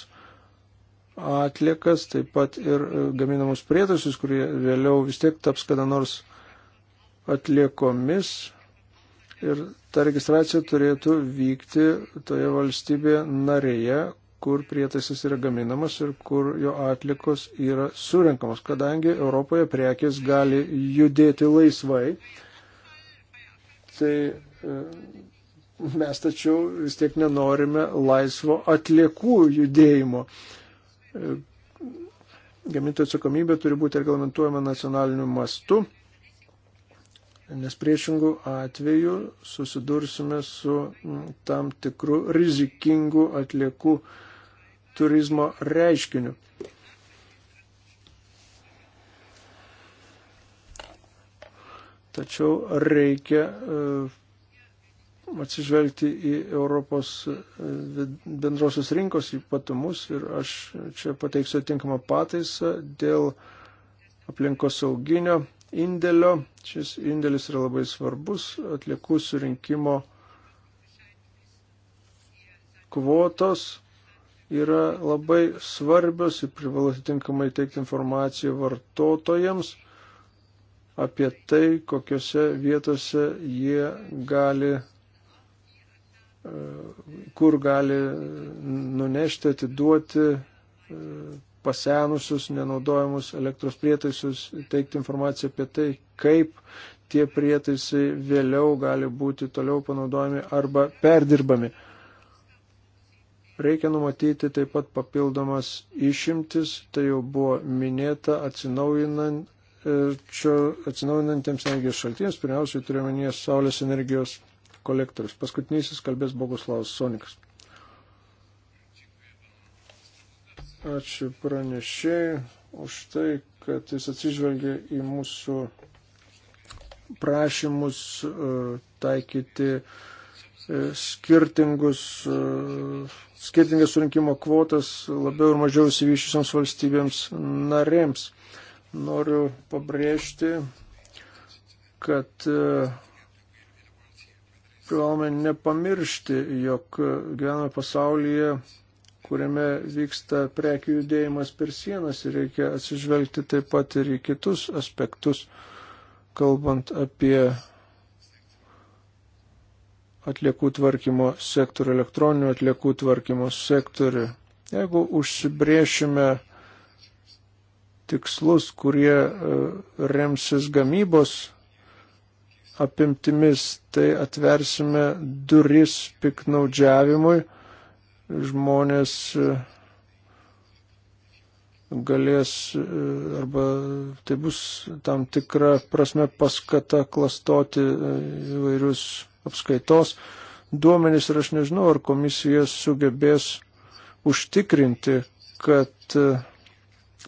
atliekas, taip pat ir e, gaminamus prietaisus, kurie vėliau vis tiek taps kada nors atliekomis. Ir ta registracija turėtų vykti toje valstybėje narėje, kur prietaisas yra gaminamas ir kur jo atlikos yra surinkamos, kadangi Europoje prekės gali judėti laisvai. Tai e, mes tačiau vis tiek nenorime laisvo atliekų judėjimo. E, gamintojų atsakomybė turi būti reglamentuojama nacionaliniu mastu, nes priešingų atveju susidursime su tam tikru rizikingu atliekų judėjimu turizmo reiškiniu. Tačiau reikia e, atsižvelgti į Europos e, bendrosios rinkos ypatumus ir aš čia pateiksiu atinkamą pataisą dėl aplinkosauginio indėlio. Šis indėlis yra labai svarbus atliekų surinkimo kvotos yra labai svarbios ir privalo atitinkamai teikti informaciją vartotojams apie tai, kokiuose vietose jie gali e, kur gali nunešti, atiduoti e, pasenusius, nenaudojamus elektros prietaisus, teikti informaciją apie tai, kaip tie prietaisai vėliau gali būti toliau panaudojami arba perdirbami. Reikia numatyti taip pat papildomas išimtis, tai jau buvo minėta e, atsinaujinantiems energijos šaltiems, pirmiausiai turiuomenėje Saulės energijos kolektorius. Paskutinysis kalbės Boguslavas Sonikas. Ačiū pranešėjai už tai, kad jis atsižvelgia į mūsų prašymus e, taikyti uh, E, skirtingus, e, skirtingas surinkimo kvotas labiau ir mažiau įsivyšusiams valstybėms narėms. Noriu pabrėžti, kad e, privalome nepamiršti, jog gyvename pasaulyje, kuriame vyksta prekių judėjimas per sienas ir reikia atsižvelgti taip pat ir į kitus aspektus, kalbant apie atliekų tvarkymo sektorių, elektroninių atliekų tvarkymo sektorių. Jeigu užsibriešime tikslus, kurie e, remsis gamybos apimtimis, tai atversime duris piknaudžiavimui. Žmonės e, galės e, arba tai bus tam tikra prasme paskata klastoti įvairius apskaitos duomenys ir aš nežinau, ar komisija sugebės užtikrinti, kad e,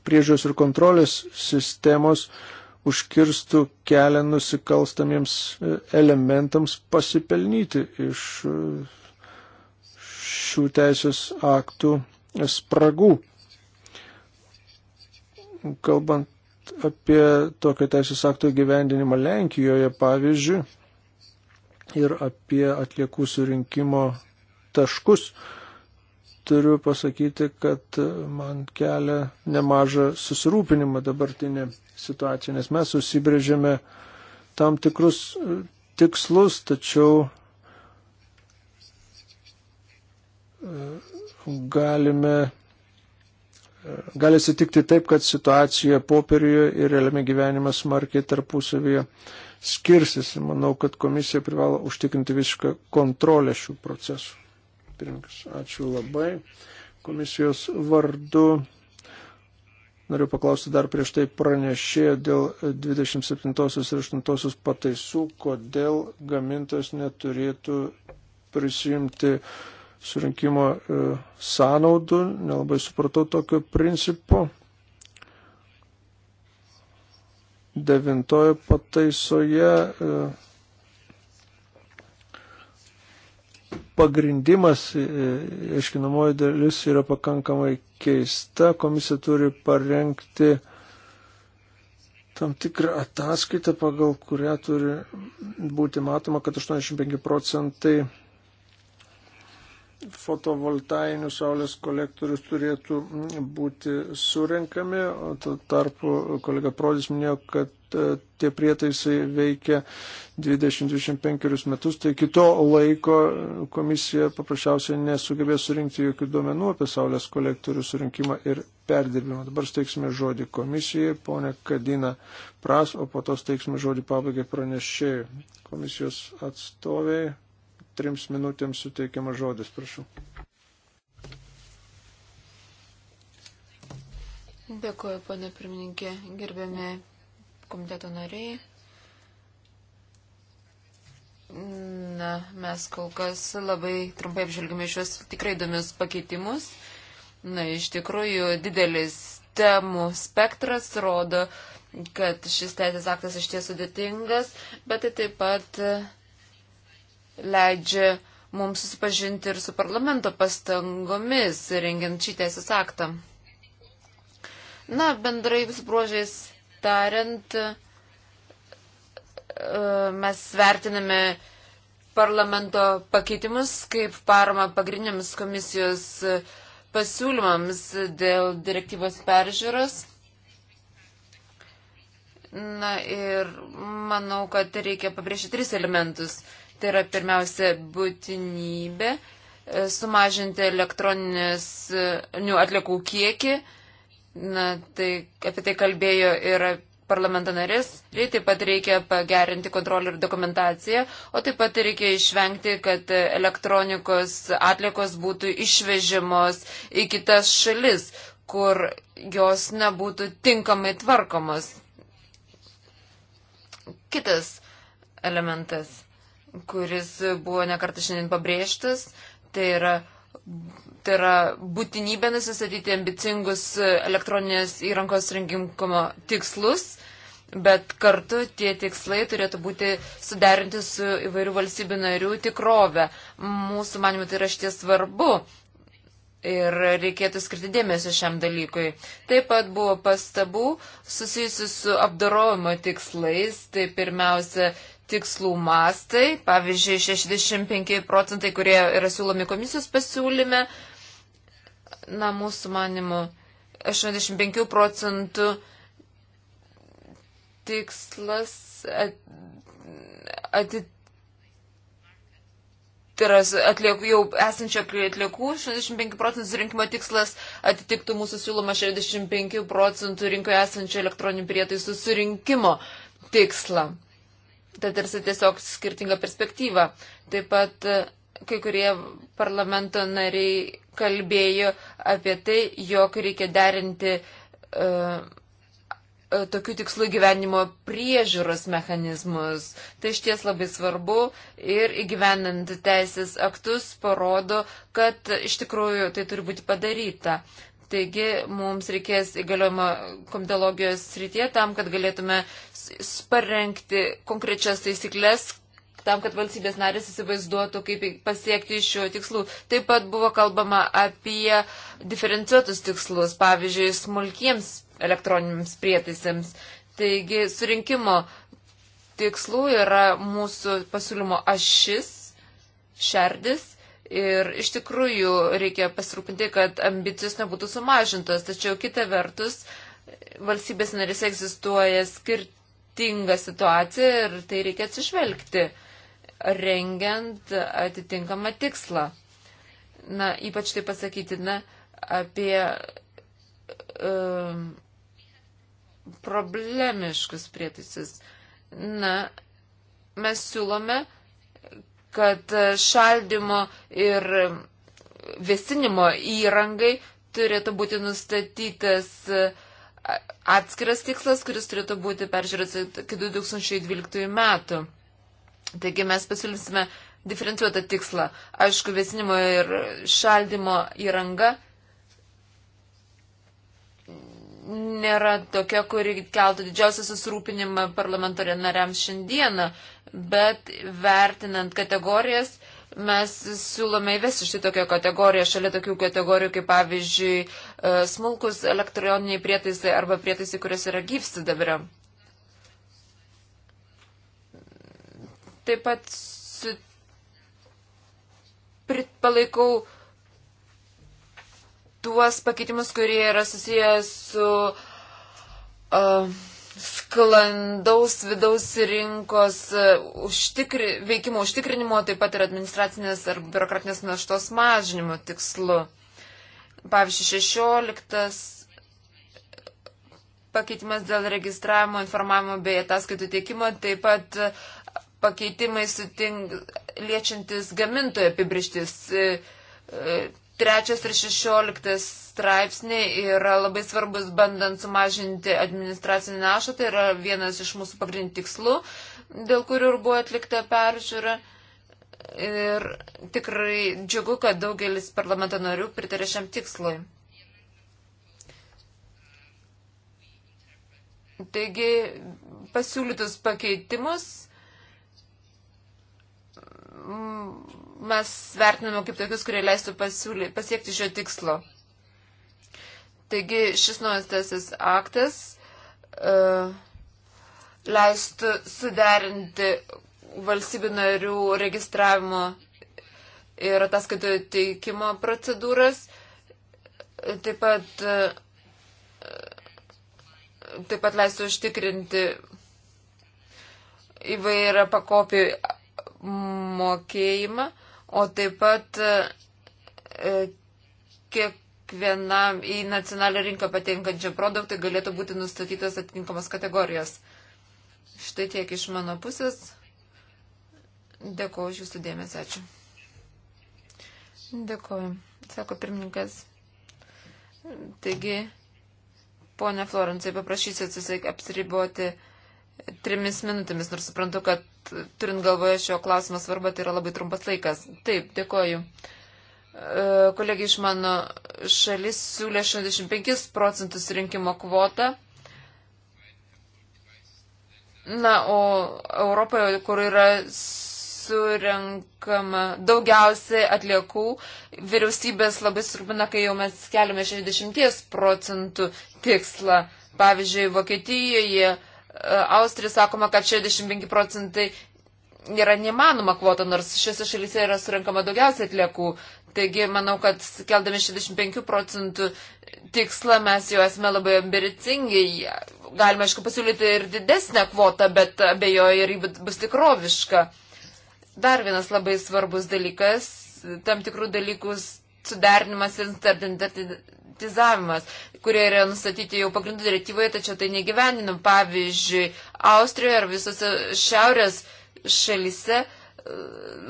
priežiūros ir kontrolės sistemos užkirstų kelią nusikalstamiems e, elementams pasipelnyti iš e, šių teisės aktų spragų. Kalbant apie tokio teisės akto gyvendinimą Lenkijoje, pavyzdžiui, ir apie atliekų surinkimo taškus. Turiu pasakyti, kad man kelia nemažą susirūpinimą dabartinė situacija, nes mes susibrėžėme tam tikrus e, tikslus, tačiau e, galime, e, gali atsitikti taip, kad situacija popieriuje ir realiame gyvenime smarkiai tarpusavyje skirsis. Manau, kad komisija privalo užtikrinti visišką kontrolę šių procesų. Pirmininkas, ačiū labai. Komisijos vardu noriu paklausti dar prieš tai pranešė dėl 27 ir 8 pataisų, kodėl gamintojas neturėtų prisijimti surinkimo e, sąnaudų. Nelabai supratau tokio principo. devintojo pataisoje e, pagrindimas, e, aiškinamoji dalis yra pakankamai keista. Komisija turi parengti tam tikrą ataskaitą, pagal kurią turi būti matoma, kad 85 procentai fotovoltainių saulės kolektorius turėtų būti surenkami, o tuo tarpu kolega Prodis minėjo, kad e, tie prietaisai veikia 20-25 metus, tai kito laiko komisija paprasčiausiai nesugebės surinkti jokių duomenų apie saulės kolektorių surinkimą ir perdirbimą. Dabar steiksime žodį komisijai, ponė Kadina Pras, o po to steiksime žodį pabaigai pranešėjai. Komisijos atstoviai, trims minutėms suteikiamas žodis, prašau. Dėkuoju, ponė pirmininkė, gerbiami komiteto nariai. Na, mes kol kas labai trumpai apžvelgime šios tikrai įdomius pakeitimus. Na, iš tikrųjų, didelis temų spektras rodo, kad šis teisės aktas iš tiesų sudėtingas, bet tai taip pat leidžia mums susipažinti ir su parlamento pastangomis rengiant šį teisės aktą. Na, bendrai vis bruožiais tariant, e, mes vertiname parlamento pakeitimus kaip parama pagrindiniams komisijos pasiūlymams dėl direktyvos peržiūros. Na ir manau, kad reikia pabrėžti tris elementus. Tai yra pirmiausia būtinybė e, sumažinti elektroninių e, atliekų kiekį. Na, tai apie tai kalbėjo ir parlamento narės. Ir taip pat reikia pagerinti kontrolę ir dokumentaciją, o taip pat reikia išvengti, kad elektronikos atliekos būtų išvežimos į kitas šalis, kur jos nebūtų tinkamai tvarkomos. Kitas elementas kuris buvo nekartą šiandien pabrėžtas, tai yra, tai yra būtinybė nusistatyti ambicingus elektroninės įrankos rinkimo tikslus, bet kartu tie tikslai turėtų būti suderinti su įvairių valstybių narių tikrove. Mūsų manimo tai yra šties svarbu. Ir reikėtų skirti dėmesio šiam dalykui. Taip pat buvo pastabų susijusių su apdarojimo tikslais. Tai pirmiausia, tikslų mastai, pavyzdžiui, 65 procentai, kurie yra siūlomi komisijos pasiūlyme, na, mūsų manimu, 85 procentų tikslas atitinka tai atliekų, jau esančio atliekų 65 procentų surinkimo tikslas atitiktų mūsų siūloma 65 procentų rinkoje esančio elektroninių prietaisų surinkimo tikslą. Tai tarsi tiesiog skirtinga perspektyva. Taip pat e, kai kurie parlamento nariai kalbėjo apie tai, jog reikia derinti uh, tokių tikslų gyvenimo priežiūros mechanizmus. Tai iš ties labai svarbu ir įgyvenant teisės aktus parodo, kad iš tikrųjų tai turi būti padaryta. Taigi mums reikės įgaliojimo komdologijos srityje tam, kad galėtume parengti konkrečias taisyklės, tam, kad valstybės narės įsivaizduotų, kaip pasiekti šių tikslų. Taip pat buvo kalbama apie diferencijuotus tikslus, pavyzdžiui, smulkiems elektroniniams prietaisėms. Taigi surinkimo tikslų yra mūsų pasiūlymo ašis, šerdis. Ir iš tikrųjų reikia pasirūpinti, kad ambicijos nebūtų sumažintos, tačiau kita vertus, valstybės narys egzistuoja skirtinga situacija ir tai reikia atsižvelgti, rengiant atitinkamą tikslą. Na, ypač tai pasakytina apie um, problemiškus prietaisus. Na, mes siūlome, uh, kad šaldimo ir vėsinimo įrangai turėtų būti nustatytas atskiras tikslas, kuris turėtų būti peržiūrėtas iki 2012 metų. Taigi mes pasiūlysime diferencijuotą tikslą. Aišku, vėsinimo ir šaldimo įranga nėra tokia, kuri keltų didžiausią susirūpinimą parlamentarė nariams šiandieną, bet vertinant kategorijas, mes siūlome įvesti šį tokią kategoriją šalia tokių kategorijų kaip pavyzdžiui e, smulkus elektroniniai prietaisai arba prietaisai, kurios yra gyvsidabrio. Taip pat su... palaikau tuos pakeitimus, kurie yra susijęs su uh, sklandaus vidaus rinkos e, užtikri, veikimo užtikrinimo, taip pat ir administracinės ar biurokratinės naštos mažinimo tikslu. Pavyzdžiui, 16 pakeitimas dėl registravimo, informavimo bei ataskaitų teikimo, taip pat e, pakeitimai sutink, liečiantis gamintojo apibrištis e, Trečias ir šešioliktas straipsniai yra labai svarbus bandant sumažinti administracinį našą, tai yra vienas iš mūsų pagrindinių tikslų, dėl kurių ir buvo atlikta peržiūra. Ir tikrai džiugu, kad daugelis parlamento narių pritarė šiam tikslui. Taigi pasiūlytus pakeitimus mes vertiname kaip tokius, kurie leistų pasiūly, pasiekti šio tikslo. Taigi šis naujas teisės aktas uh, leistų suderinti valstybių narių registravimo ir ataskaitų teikimo procedūras. E, taip pat, e, taip pat leistų užtikrinti įvairią pakopį mokėjimą o taip pat e, e, kiekvienam į nacionalią rinką patenkančiam produktui galėtų būti nustatytos atitinkamos kategorijos. Štai tiek iš mano pusės. Dėkuoju už jūsų dėmesį. Ačiū. Dėkuoju, sako pirmininkas. Taigi, ponia Florencija, paprašysiu apsiriboti trimis minutėmis, nors suprantu, kad turint galvoje šio klausimo svarbą, tai yra labai trumpas laikas. Taip, dėkoju. E, kolegė iš mano šalis siūlė 65 procentus rinkimo kvotą. Na, o Europoje, kur yra surinkama daugiausiai atliekų, vyriausybės labai surbina, kai jau mes keliame 60 procentų tikslą. Pavyzdžiui, Vokietijoje uh, Austrija sakoma, kad 65 procentai yra neįmanoma kvota, nors šiose šalyse yra surinkama daugiausiai atliekų. Taigi, manau, kad keldami 65 procentų tikslą mes jau esame labai ambicingi. Galime, aišku, pasiūlyti ir didesnę kvotą, bet abejoju, ir ji bus tikroviška. Dar vienas labai svarbus dalykas - tam tikrų dalykų suderinimas ir standartizavimas, kurie yra nustatyti jau pagrindų direktyvoje, tačiau tai negyveninam. Pavyzdžiui, Austrijoje ar visose šiaurės šalyse e,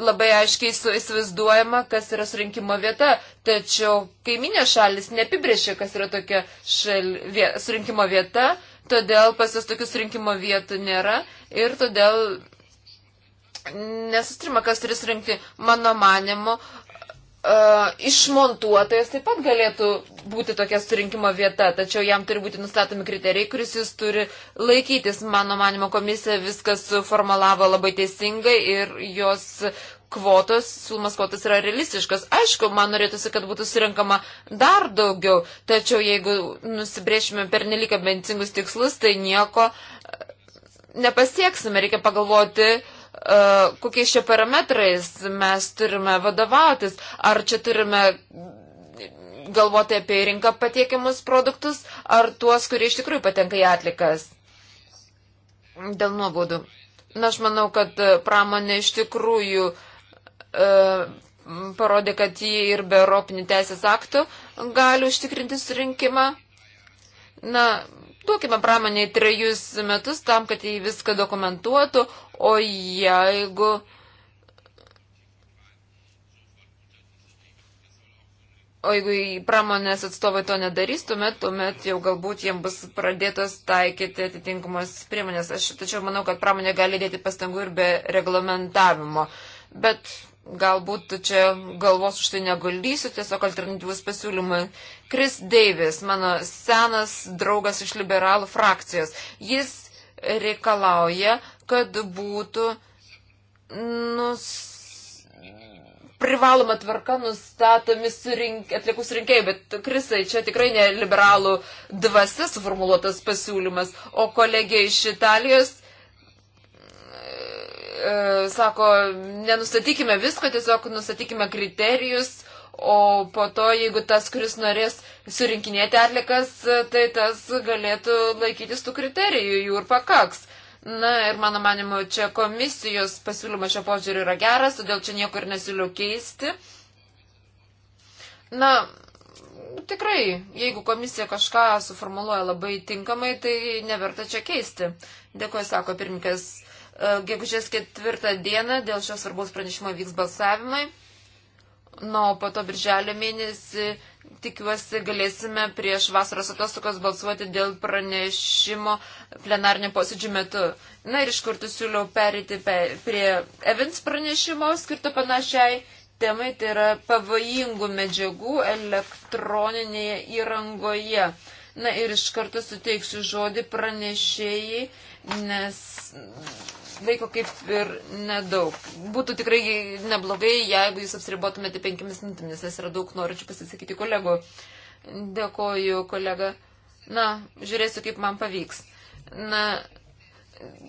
labai aiškiai įsivaizduojama, kas yra surinkimo vieta, tačiau kaiminė šalis neapibrėžia, kas yra tokia šal... vie... surinkimo vieta, todėl pas jas tokių surinkimo vietų nėra ir todėl nesustrima, kas turi surinkti. Mano manimu, uh, išmontuotojas taip pat galėtų būti tokia surinkimo vieta, tačiau jam turi būti nustatomi kriterijai, kuris jis turi laikytis. Mano manimo komisija viskas suformalavo labai teisingai ir jos kvotos, siūlomas kvotas yra realistiškas. Aišku, man norėtųsi, kad būtų surinkama dar daugiau, tačiau jeigu nusibriešime per neliką bencingus tikslus, tai nieko e, nepasieksime. Reikia pagalvoti, uh, E, kokiais čia parametrais mes turime vadovautis, ar čia turime galvoti apie rinką patiekiamus produktus, ar tuos, kurie iš tikrųjų patenka į atlikas. Dėl nuobodų. Na, aš manau, kad e, pramonė iš tikrųjų e, parodė, kad jie ir be Europinių teisės aktų gali užtikrinti surinkimą. Na, Duokime pramoniai trejus metus tam, kad jį viską dokumentuotų, o jeigu. O jeigu pramonės atstovai to nedarys, tuomet, tuomet jau galbūt jiems bus pradėtos taikyti atitinkamos priemonės. Aš tačiau manau, kad pramonė gali dėti pastangų ir be reglamentavimo. Bet galbūt čia galvos už tai negaldysiu, tiesiog alternatyvus pasiūlymai. Chris Davis, mano senas draugas iš liberalų frakcijos, jis reikalauja, kad būtų nus... privaloma tvarka nustatomi surink... atliekų surinkėjai, bet Krisai, čia tikrai ne liberalų dvasis formuluotas pasiūlymas, o kolegė iš Italijos E, sako, nenustatykime visko, tiesiog nustatykime kriterijus, o po to, jeigu tas, kuris norės surinkinėti atlikas, e, tai tas galėtų laikytis tų kriterijų, jų ir pakaks. Na ir mano manimu, čia komisijos pasiūlymas šio požiūrį yra geras, todėl čia niekur nesiūliau keisti. Na, tikrai, jeigu komisija kažką suformuluoja labai tinkamai, tai neverta čia keisti. Dėkuoju, sako pirmininkas. E, gegužės ketvirtą dieną dėl šios svarbos pranešimo vyks balsavimai. Na, o po to birželio mėnesį tikiuosi galėsime prieš vasaros atostokos balsuoti dėl pranešimo plenarnio posėdžių metu. Na ir iš karto siūliau perėti pe, prie Evans pranešimo skirto panašiai temai, tai yra pavojingų medžiagų elektroninėje įrangoje. Na ir iš karto suteiksiu žodį pranešėjai, nes laiko kaip ir nedaug. Būtų tikrai neblogai, jeigu jūs apsiribotumėte penkiamis minutėmis, nes yra daug norinčių pasisakyti kolegų. Dėkoju, kolega. Na, žiūrėsiu, kaip man pavyks. Na,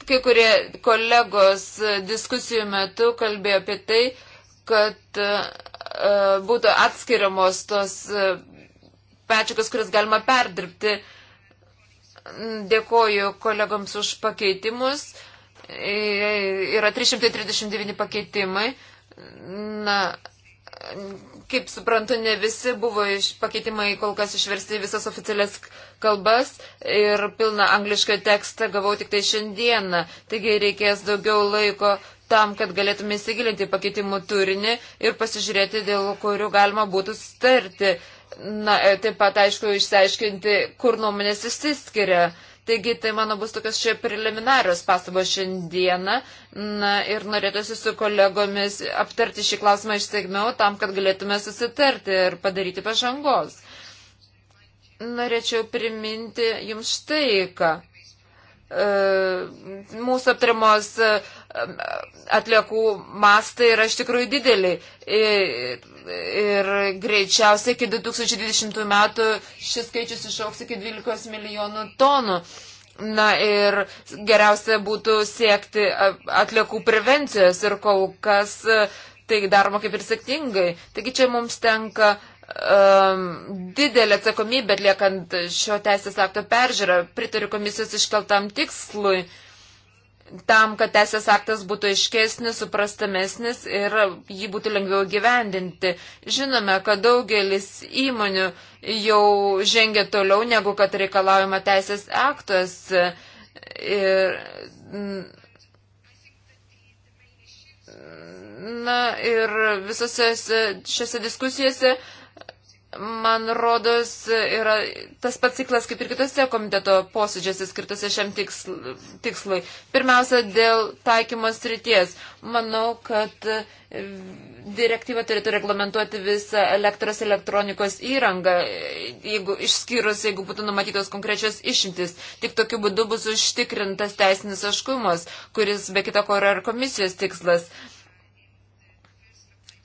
kai kurie kolegos diskusijų metu kalbėjo apie tai, kad uh, būtų atskiriamos tos uh, pečiukas, kuris galima perdirbti. Dėkoju kolegoms už pakeitimus. Uh, yra 339 pakeitimai. Na, kaip suprantu, ne visi buvo iš, pakeitimai kol kas išversti visas oficialias kalbas ir pilną anglišką tekstą gavau tik tai šiandieną. Taigi reikės daugiau laiko tam, kad galėtume įsigilinti pakeitimų turinį ir pasižiūrėti, dėl kurių galima būtų starti. Na, e, taip pat, aišku, išsiaiškinti, kur nuomonės išsiskiria. Uh, Taigi, tai mano bus tokios čia preliminarios pastabos šiandieną na, ir norėtųsi su kolegomis aptarti šį klausimą išsegmiau tam, kad galėtume susitarti ir padaryti pažangos. Norėčiau priminti jums štai ką. E, mūsų aptarimos atliekų mastai yra iš tikrųjų dideliai. Ir, ir greičiausiai iki 2020 metų šis skaičius išauks iki 12 milijonų tonų. Na ir geriausia būtų siekti atliekų prevencijos ir kol kas tai daroma kaip ir sėkmingai. Taigi čia mums tenka um, didelė atsakomybė atliekant šio teisės akto peržiūrą. Pritariu komisijos iškeltam tikslui. Uh, tam, kad teisės aktas būtų aiškesnis, suprastamesnis ir jį būtų lengviau gyvendinti. Žinome, kad daugelis įmonių jau žengia toliau, negu kad reikalaujama teisės aktas. Ir, na ir visose šiose diskusijose man rodos, yra tas pats ciklas kaip ir kitose komiteto posėdžiuose skirtose šiam tikslui. Pirmiausia, dėl taikymos ryties. Manau, kad e, direktyva turėtų reglamentuoti visą elektros elektronikos įrangą, jeigu išskyrus, jeigu būtų numatytos konkrečios išimtis. Tik tokiu būdu bus užtikrintas teisinis aškumas, kuris be kita ko yra ir komisijos tikslas.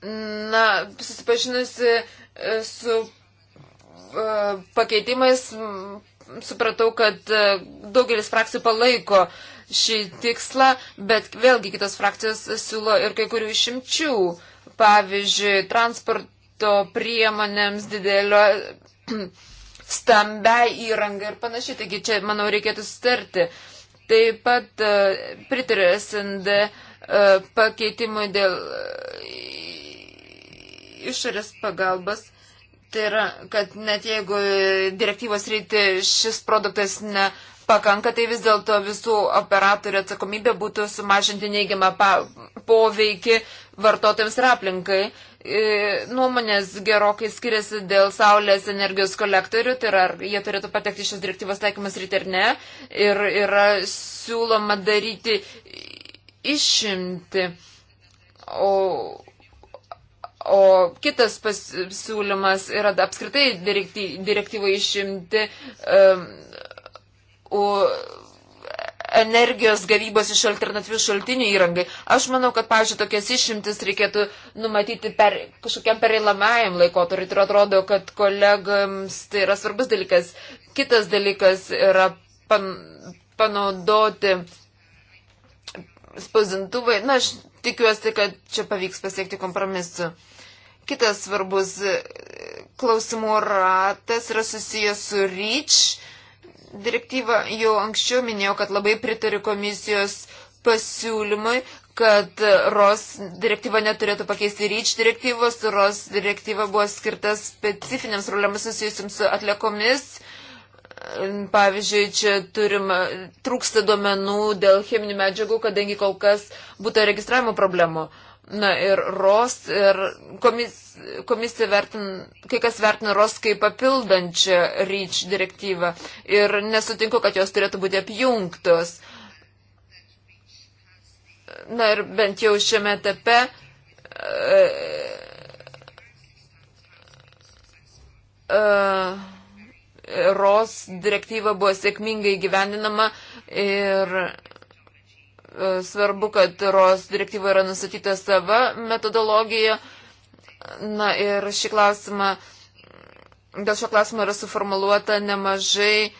Na, susipažinusi su e, pakeitimais supratau, kad e, daugelis frakcijų palaiko šį tikslą, bet vėlgi kitos frakcijos siūlo ir kai kurių išimčių. Pavyzdžiui, transporto priemonėms didelio stambia įranga ir panašiai. Taigi čia, manau, reikėtų sutarti. Taip pat e, pritariu SND pakeitimui dėl išorės pagalbos. Tai yra, kad net jeigu direktyvos reiti šis produktas nepakanka, tai vis dėlto visų operatorių atsakomybė būtų sumažinti neigiamą poveikį vartotojams ir aplinkai. E, nuomonės gerokai skiriasi dėl saulės energijos kolektorių, tai yra, ar jie turėtų patekti šios direktyvos taikymas ryte ar ne. Ir yra siūloma daryti išimti. O O kitas pasiūlymas yra apskritai direktyvai išimti um, energijos gavybos iš alternatyvių šaltinių įrangai. Aš manau, kad, pavyzdžiui, tokias išimtis reikėtų numatyti per kažkokiam pereinamajam laikotarpiu. Ir atrodo, kad kolegams tai yra svarbus dalykas. Kitas dalykas yra pan, panaudoti spausdintuvai. Na, aš tikiuosi, kad čia pavyks pasiekti kompromisu. Kitas svarbus e, klausimų ratas yra susijęs su REACH direktyva. Jau anksčiau minėjau, kad labai pritariu komisijos pasiūlymui, kad ROS direktyva neturėtų pakeisti REACH direktyvos. ROS direktyva buvo skirta specifinėms problemams susijusiams su atliekomis. Pavyzdžiui, čia turim, trūksta duomenų dėl cheminių medžiagų, kadangi kol kas būtų registravimo problemų. Uh, Na ir ROS, ir komis, komisija vertin, kai kas vertina ROS kaip papildančią REACH direktyvą ir nesutinku, kad jos turėtų būti apjungtos. Na ir bent jau šiame etape. E, e, ROS direktyva buvo sėkmingai gyvendinama ir E, svarbu, kad ROS direktyva yra nusatyta sava metodologija. Na ir šį klausimą, dėl šio klausimo yra suformuluota nemažai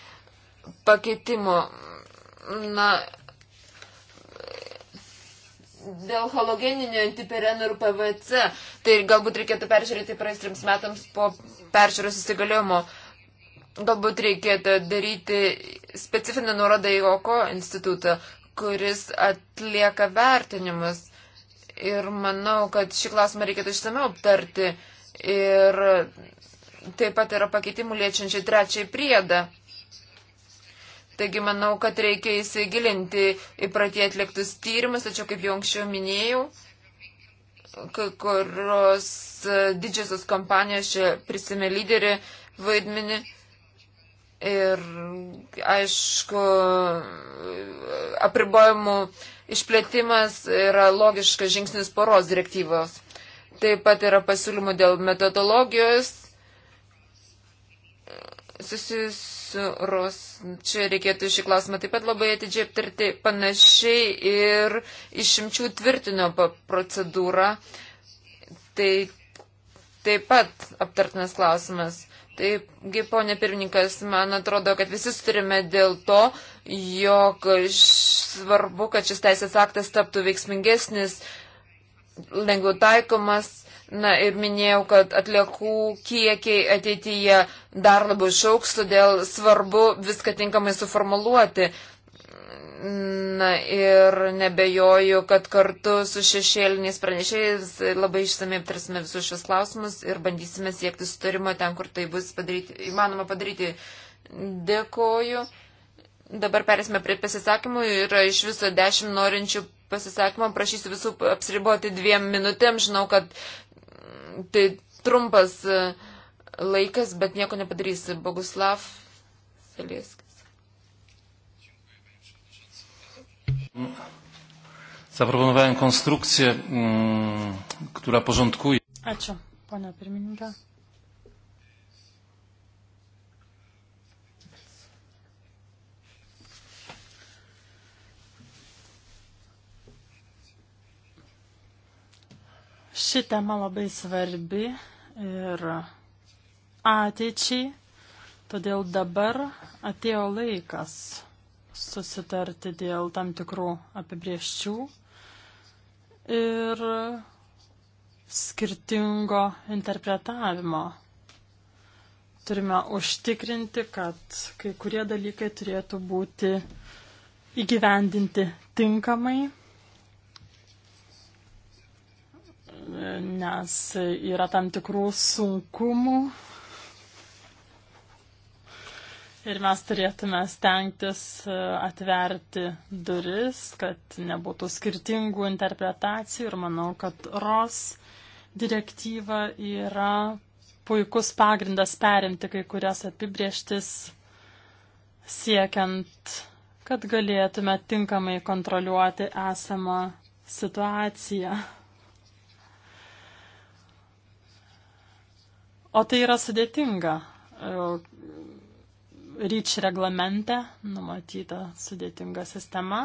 pakeitimų. Na, dėl halogeninio antipirenų ir PVC, tai galbūt reikėtų peržiūrėti praeis trims metams po peržiūros įsigaliojimo. Galbūt reikėtų daryti specifinę nuorodą į OKO institutą, kuris atlieka vertinimus. Ir manau, kad šį klausimą reikėtų išsameu aptarti. Ir taip pat yra pakeitimų liečiančiai trečiai priedą. Taigi manau, kad reikia įsigilinti į pratie atliktus tyrimus, tačiau kaip jau anksčiau minėjau, kurios didžiosios kompanijos čia prisimė lyderį vaidmenį Ir aišku, apribojimų išplėtimas yra logiškas žingsnis poros direktyvos. Taip pat yra pasiūlymų dėl metodologijos susijusiu ROS. Čia reikėtų šį klausimą taip pat labai atidžiai aptarti panašiai ir išimčių tvirtinio procedūrą. Tai taip pat aptartinas klausimas. Taipgi, ponė pirmininkas, man atrodo, kad visi turime dėl to, jog svarbu, kad šis teisės aktas taptų veiksmingesnis, lengviau taikomas. Na ir minėjau, kad atliekų kiekiai ateityje dar labiau šauks, todėl svarbu viską tinkamai suformuluoti. Na ir nebejoju, kad kartu su šešėliniais pranešėjais labai išsamei aptarsime visus šios klausimus ir bandysime siekti sutarimo ten, kur tai bus padaryti, įmanoma padaryti. Dėkoju. Dabar perėsime prie pasisakymų. Yra iš viso dešimt norinčių pasisakymų. Prašysiu visų apsiriboti dviem minutėm. Žinau, kad mm, tai trumpas e, laikas, bet nieko nepadarysi. Boguslav Seliesk. Zaproponowałem konstrukcję, mm, która porządkuje. Ačiū, ponia pirmininkė. Ši tema labai svarbi ir ateičiai, todėl dabar atėjo laikas susitarti dėl tam tikrų apibrieščių ir skirtingo interpretavimo. Turime užtikrinti, kad kai kurie dalykai turėtų būti įgyvendinti tinkamai nes yra tam tikrų sunkumų Ir mes turėtume stengtis e, atverti duris, kad nebūtų skirtingų interpretacijų ir manau, kad ROS direktyva yra puikus pagrindas perimti kai kurias apibrieštis siekiant, kad galėtume tinkamai kontroliuoti esamą situaciją. O tai yra sudėtinga e, ryč reglamente numatyta sudėtinga sistema.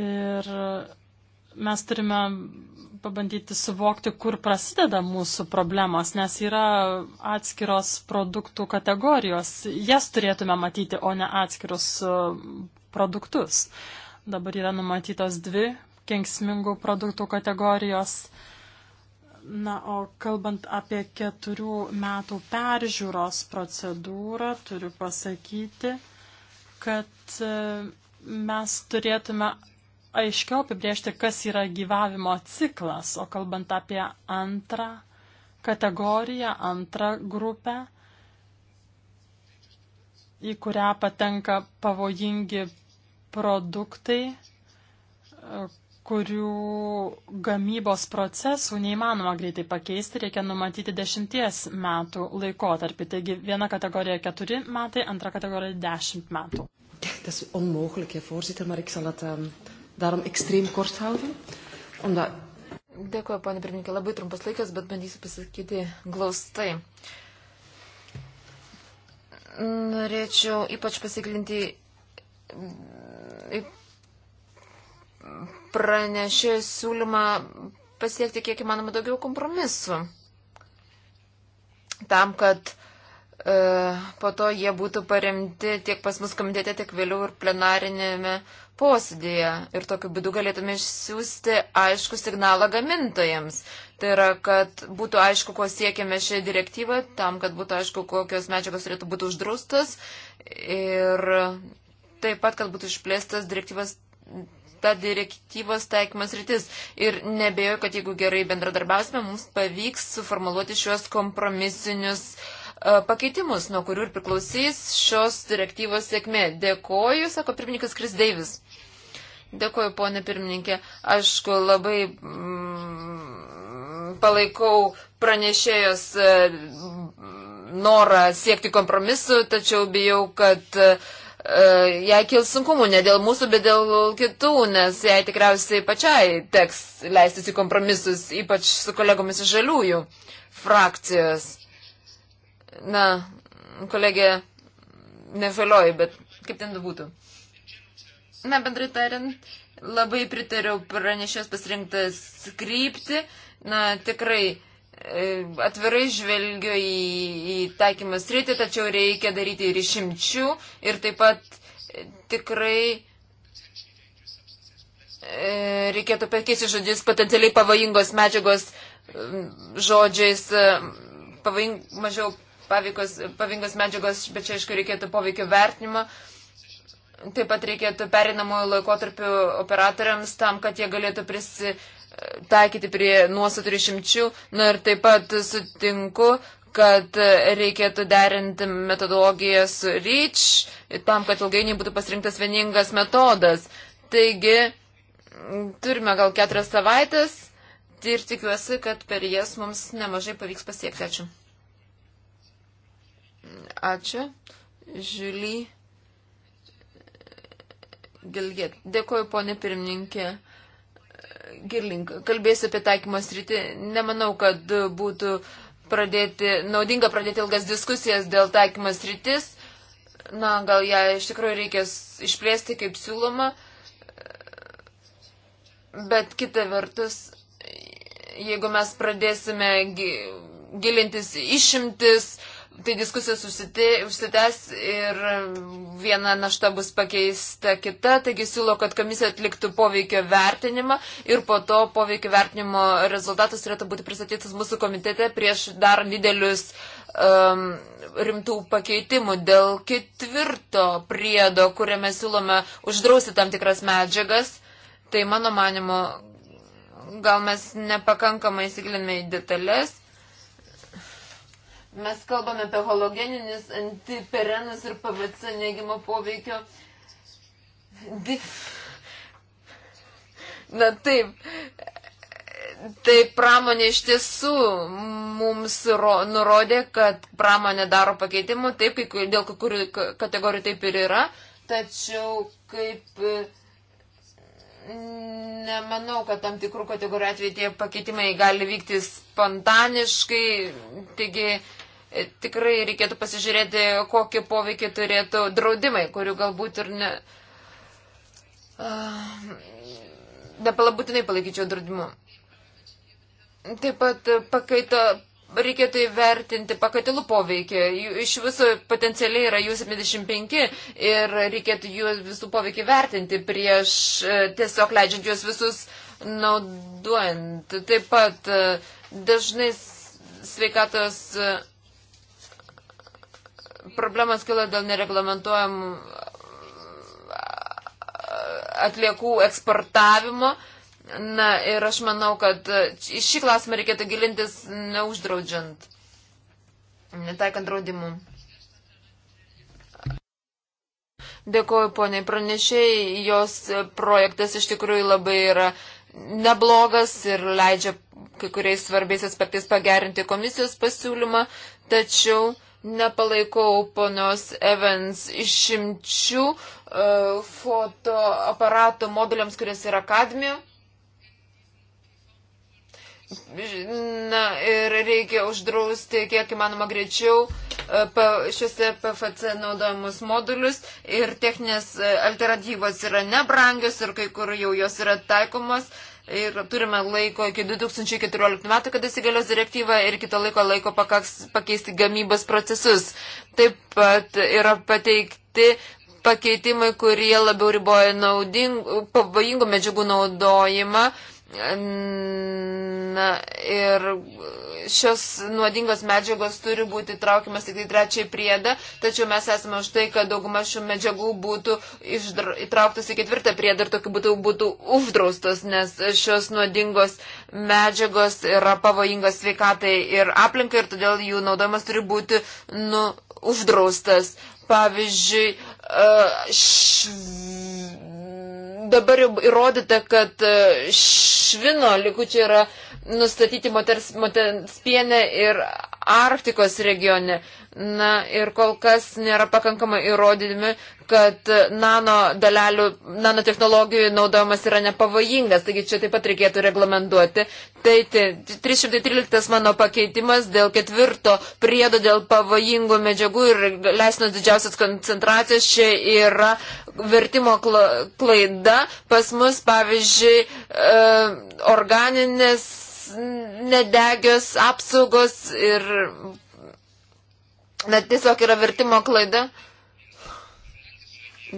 Ir mes turime pabandyti suvokti, kur prasideda mūsų problemos, nes yra atskiros produktų kategorijos. Jas turėtume matyti, o ne atskirus e, produktus. Dabar yra numatytos dvi kenksmingų produktų kategorijos. Na, o kalbant apie keturių metų peržiūros procedūrą, turiu pasakyti, kad e, mes turėtume aiškiau apibriežti, kas yra gyvavimo ciklas, o kalbant apie antrą kategoriją, antrą grupę, į kurią patenka pavojingi produktai, e, kurių gamybos procesų neįmanoma greitai pakeisti, reikia numatyti dešimties metų laikotarpį. Taigi viena kategorija keturi metai, antra kategorija dešimt metų. Dat is onmogelijk, hè, voorzitter, maar ik zal het um, daarom extreem kort houden. Omdat... Dėkuoju, ponė pirmininkė, labai trumpas laikas, bet bandysiu pasakyti glaustai. Norėčiau ypač pasiklinti pranešė siūlymą pasiekti kiek įmanoma daugiau kompromisų. Tam, kad e, po to jie būtų paremti tiek pas mus komitete, tiek vėliau ir plenarinėme posėdėje. Ir tokiu būdu galėtume išsiųsti aišku signalą gamintojams. Tai yra, kad būtų aišku, ko siekiame šią direktyvą, tam, kad būtų aišku, kokios medžiagos turėtų būti uždraustas. Ir taip pat, kad būtų išplėstas direktyvas ta direktyvos taikymas rytis. Ir nebejoju, kad jeigu gerai bendradarbiausime, mums pavyks suformuoluoti šios kompromisinius e, pakeitimus, nuo kurių ir priklausys šios direktyvos sėkmė. Dėkoju, sako pirmininkas Kris Deivis. Dėkoju, ponė pirmininkė. Aišku, labai mm, palaikau pranešėjos e, norą siekti kompromisu, tačiau bijau, kad uh, E, jai kils sunkumų, ne dėl mūsų, bet dėl kitų, nes jai tikriausiai pačiai teks leistis į kompromisus, ypač su kolegomis iš žaliųjų frakcijos. Na, kolegė nefelioji, bet kaip ten būtų. Na, bendrai tariant, labai pritariau pranešės pasirinktas krypti. Na, tikrai E, atvirai žvelgiu į, į taikymą sritį, tačiau reikia daryti ir išimčių ir taip pat e, tikrai e, reikėtų pakeisti žodžius potencialiai pavojingos medžiagos žodžiais pavojing, mažiau pavykos, pavojingos medžiagos, bet čia aišku reikėtų poveikio vertinimo. Taip pat reikėtų perinamojo laikotarpiu operatoriams tam, kad jie galėtų prisi, taikyti prie nuostatų išimčių. Na ir taip pat sutinku, kad reikėtų derinti metodologiją su REACH, tam, kad ilgainiui būtų pasirinktas vieningas metodas. Taigi, turime gal keturias savaitės ir tikiuosi, kad per jas mums nemažai pavyks pasiekti. Ačiū. Ačiū. Žiūly. Gilgėt. Dėkuoju, ponė pirmininkė. Girlink, kalbėsiu apie taikymo sritį. Nemanau, kad būtų pradėti, naudinga pradėti ilgas diskusijas dėl taikymo sritis. Na, gal ją iš tikrųjų reikės išplėsti kaip siūloma. Bet kita vertus, jeigu mes pradėsime gilintis išimtis, uh, tai diskusija užsitęs ir viena našta bus pakeista kita, taigi siūlo, kad komisija atliktų poveikio vertinimą ir po to poveikio vertinimo rezultatas turėtų būti pristatytas mūsų komitete prieš dar didelius um, rimtų pakeitimų dėl ketvirto priedo, kuriame siūlome uždrausti tam tikras medžiagas. Tai mano manimo, gal mes nepakankamai įsigiliname į detalės Mes kalbame apie halogeninius antiperenus ir PVC negimo poveikio. Na taip, Tai pramonė iš tiesų mums ro, nurodė, kad pramonė daro pakeitimų, taip, kai, dėl kai kurių kategorijų taip ir yra, tačiau kaip nemanau, kad tam tikrų kategorijų atveju tie pakeitimai gali vykti spontaniškai, taigi tikrai reikėtų pasižiūrėti, kokį poveikį turėtų draudimai, kurių galbūt ir ne. Nepalabūtinai palaikyčiau draudimu. Taip pat pakaito, reikėtų įvertinti pakaitalų poveikį. Iš viso potencialiai yra jų 75 ir reikėtų jų visų poveikį vertinti prieš e, tiesiog leidžiant juos visus naudojant. Taip pat e, dažnai sveikatos e, problemas kilo dėl nereglamentojamų atliekų eksportavimo. Na ir aš manau, kad į šį klausimą reikėtų gilintis neuždraudžiant, netaikant draudimų. Dėkuoju poniai pranešėjai, jos projektas iš tikrųjų labai yra neblogas ir leidžia kai kuriais svarbiais aspektais pagerinti komisijos pasiūlymą, tačiau uh, nepalaikau ponios Evans išimčių e, fotoaparatų modeliams, kurios yra kadmio. Na ir reikia uždrausti kiek įmanoma greičiau e, šiuose PFC naudojamus modulius ir techninės e, alternatyvos yra nebrangios ir kai kur jau jos yra taikomas ir turime laiko iki 2014 metų, kada įsigalios direktyva ir kito laiko laiko pakaks pakeisti gamybos procesus. Taip pat yra pateikti pakeitimai, kurie labiau riboja naudingų, pavojingų medžiagų naudojimą Na ir šios nuodingos medžiagos turi būti traukiamas tik tai trečiai priedą, tačiau mes esame už tai, kad dauguma šių medžiagų būtų išdra, įtrauktas į ketvirtą priedą ir tokiu būtų, būtų uždraustos, nes šios nuodingos medžiagos yra pavojingos sveikatai ir aplinkai ir todėl jų naudojimas turi būti nu, uždraustas. Pavyzdžiui, e, š dabar jau įrodyta, kad e, š švino likučiai yra nustatyti moters, moters pienė ir Arktikos regione. Na ir kol kas nėra pakankamai įrodydami, kad nano dalelių, nanotehnologijų naudojimas yra nepavojingas, taigi čia taip pat reikėtų reglamentuoti. Tai, tai 313 mano pakeitimas dėl ketvirto priedo dėl pavojingų medžiagų ir leisnos didžiausios koncentracijos čia yra vertimo klaida. Pas mus, pavyzdžiui, e, organinės nedegios apsaugos ir Na, tiesiog yra vertimo klaida.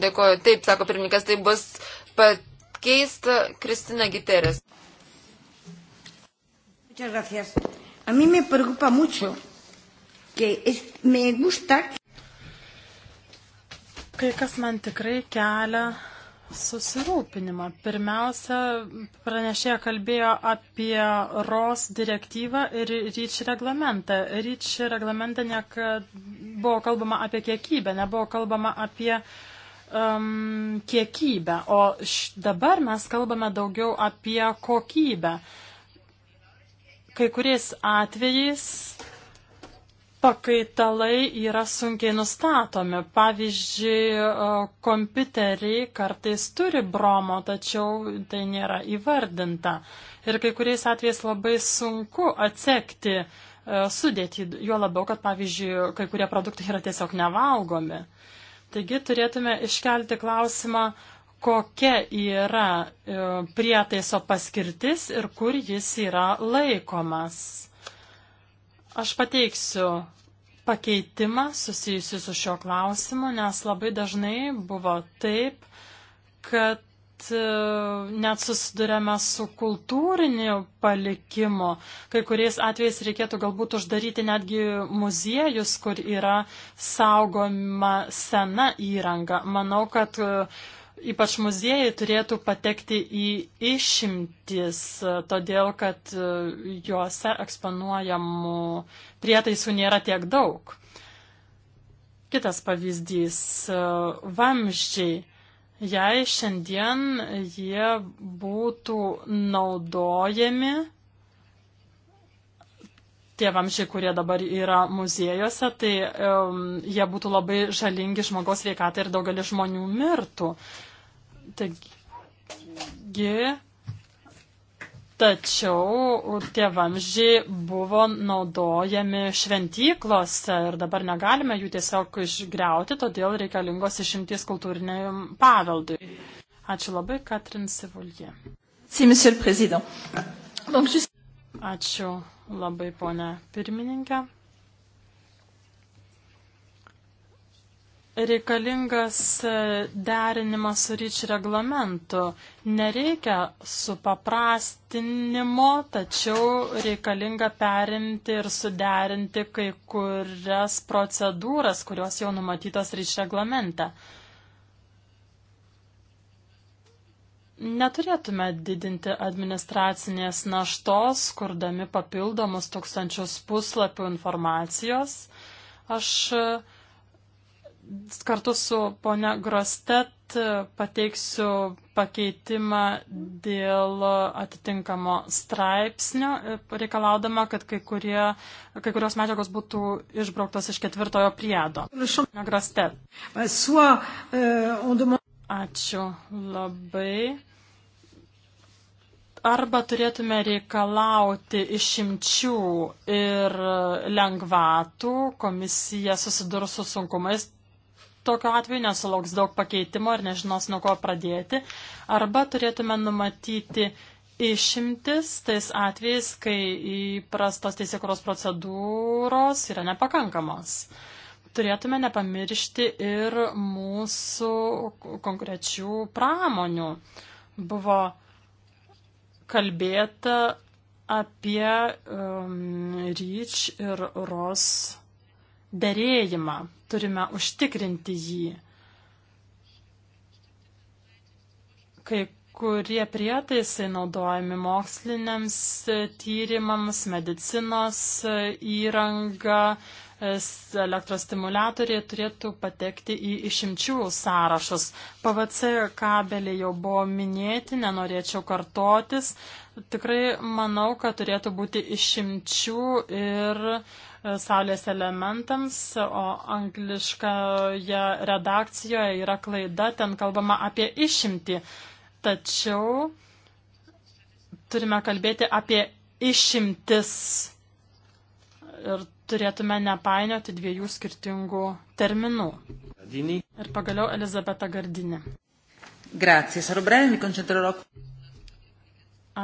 Dėkoju. Taip, sako pirmininkas, tai bus pakeista Kristina Giteris. Muchas gracias. A mí me preocupa mucho que es, me gusta. Kai kas man tikrai kelia susirūpinimą. Pirmiausia, pranešėja kalbėjo apie ROS direktyvą ir REACH reglamentą. REACH reglamente niekad buvo kalbama apie kiekybę, nebuvo kalbama apie um, kiekybę, o š, dabar mes kalbame daugiau apie kokybę. Kai kuriais atvejais pakaitalai yra sunkiai nustatomi. Pavyzdžiui, e, kompiuteriai kartais turi bromo, tačiau tai nėra įvardinta. Ir kai kuriais atvejais labai sunku atsekti e, sudėti, juo labiau, kad, pavyzdžiui, kai kurie produktai yra tiesiog nevalgomi. Taigi turėtume iškelti klausimą, kokia yra e, prietaiso paskirtis ir kur jis yra laikomas. Aš pateiksiu pakeitimą susijusiu su šio klausimu, nes labai dažnai buvo taip, kad e, net susidurėme su kultūriniu palikimu. Kai kuriais atvejais reikėtų galbūt uždaryti netgi muziejus, kur yra saugoma sena įranga. Manau, kad e, ypač muziejai turėtų patekti į išimtis, e, todėl kad e, juose eksponuojamų prietaisų nėra tiek daug. Kitas pavyzdys e, - vamzdžiai. Jei šiandien jie būtų naudojami, tie vamzdžiai, kurie dabar yra muziejuose, tai um, jie būtų labai žalingi žmogaus veikatai ir daugelis žmonių mirtų. Taigi, tačiau tie vamzdžiai buvo naudojami šventyklose ir dabar negalime jų tiesiog išgriauti, todėl reikalingos išimties kultūriniam paveldui. Ačiū labai, Katrin Sivulji. Ačiū labai, ponė pirmininkė. reikalingas e, derinimas su ryč reglamentu. Nereikia supaprastinimo, tačiau reikalinga perimti ir suderinti kai kurias procedūras, kurios jau numatytos ryč reglamente. Neturėtume didinti administracinės naštos, kurdami papildomus tūkstančius puslapių informacijos. Aš uh, kartu su ponia Grostet e, pateiksiu pakeitimą dėl atitinkamo straipsnio, e, reikalaudama, kad kai, kurie, kai kurios medžiagos būtų išbrauktos iš ketvirtojo priedo. Grostet. Ačiū labai. Arba turėtume reikalauti išimčių ir lengvatų, komisija susidurs su sunkumais tokiu atveju nesulauks daug pakeitimo ir nežinos, nuo ko pradėti. Arba turėtume numatyti išimtis tais atvejais, kai įprastos teisėkuros procedūros yra nepakankamos. Turėtume nepamiršti ir mūsų konkrečių pramonių. Buvo kalbėta apie um, ryč ir ros dėrėjimą turime užtikrinti jį. Kai kurie prietaisai naudojami moksliniams tyrimams, medicinos įranga, elektrostimuliatoriai turėtų patekti į išimčių sąrašus. PVC kabeliai jau buvo minėti, nenorėčiau kartotis. Tikrai manau, kad turėtų būti išimčių ir uh, saulės elementams, o angliškoje redakcijoje yra klaida, ten kalbama apie išimtį. Tačiau turime kalbėti apie išimtis ir turėtume nepainioti dviejų skirtingų terminų. Ir pagaliau Elizabeta Gardinė. Grazie, sarò breve, mi concentrerò.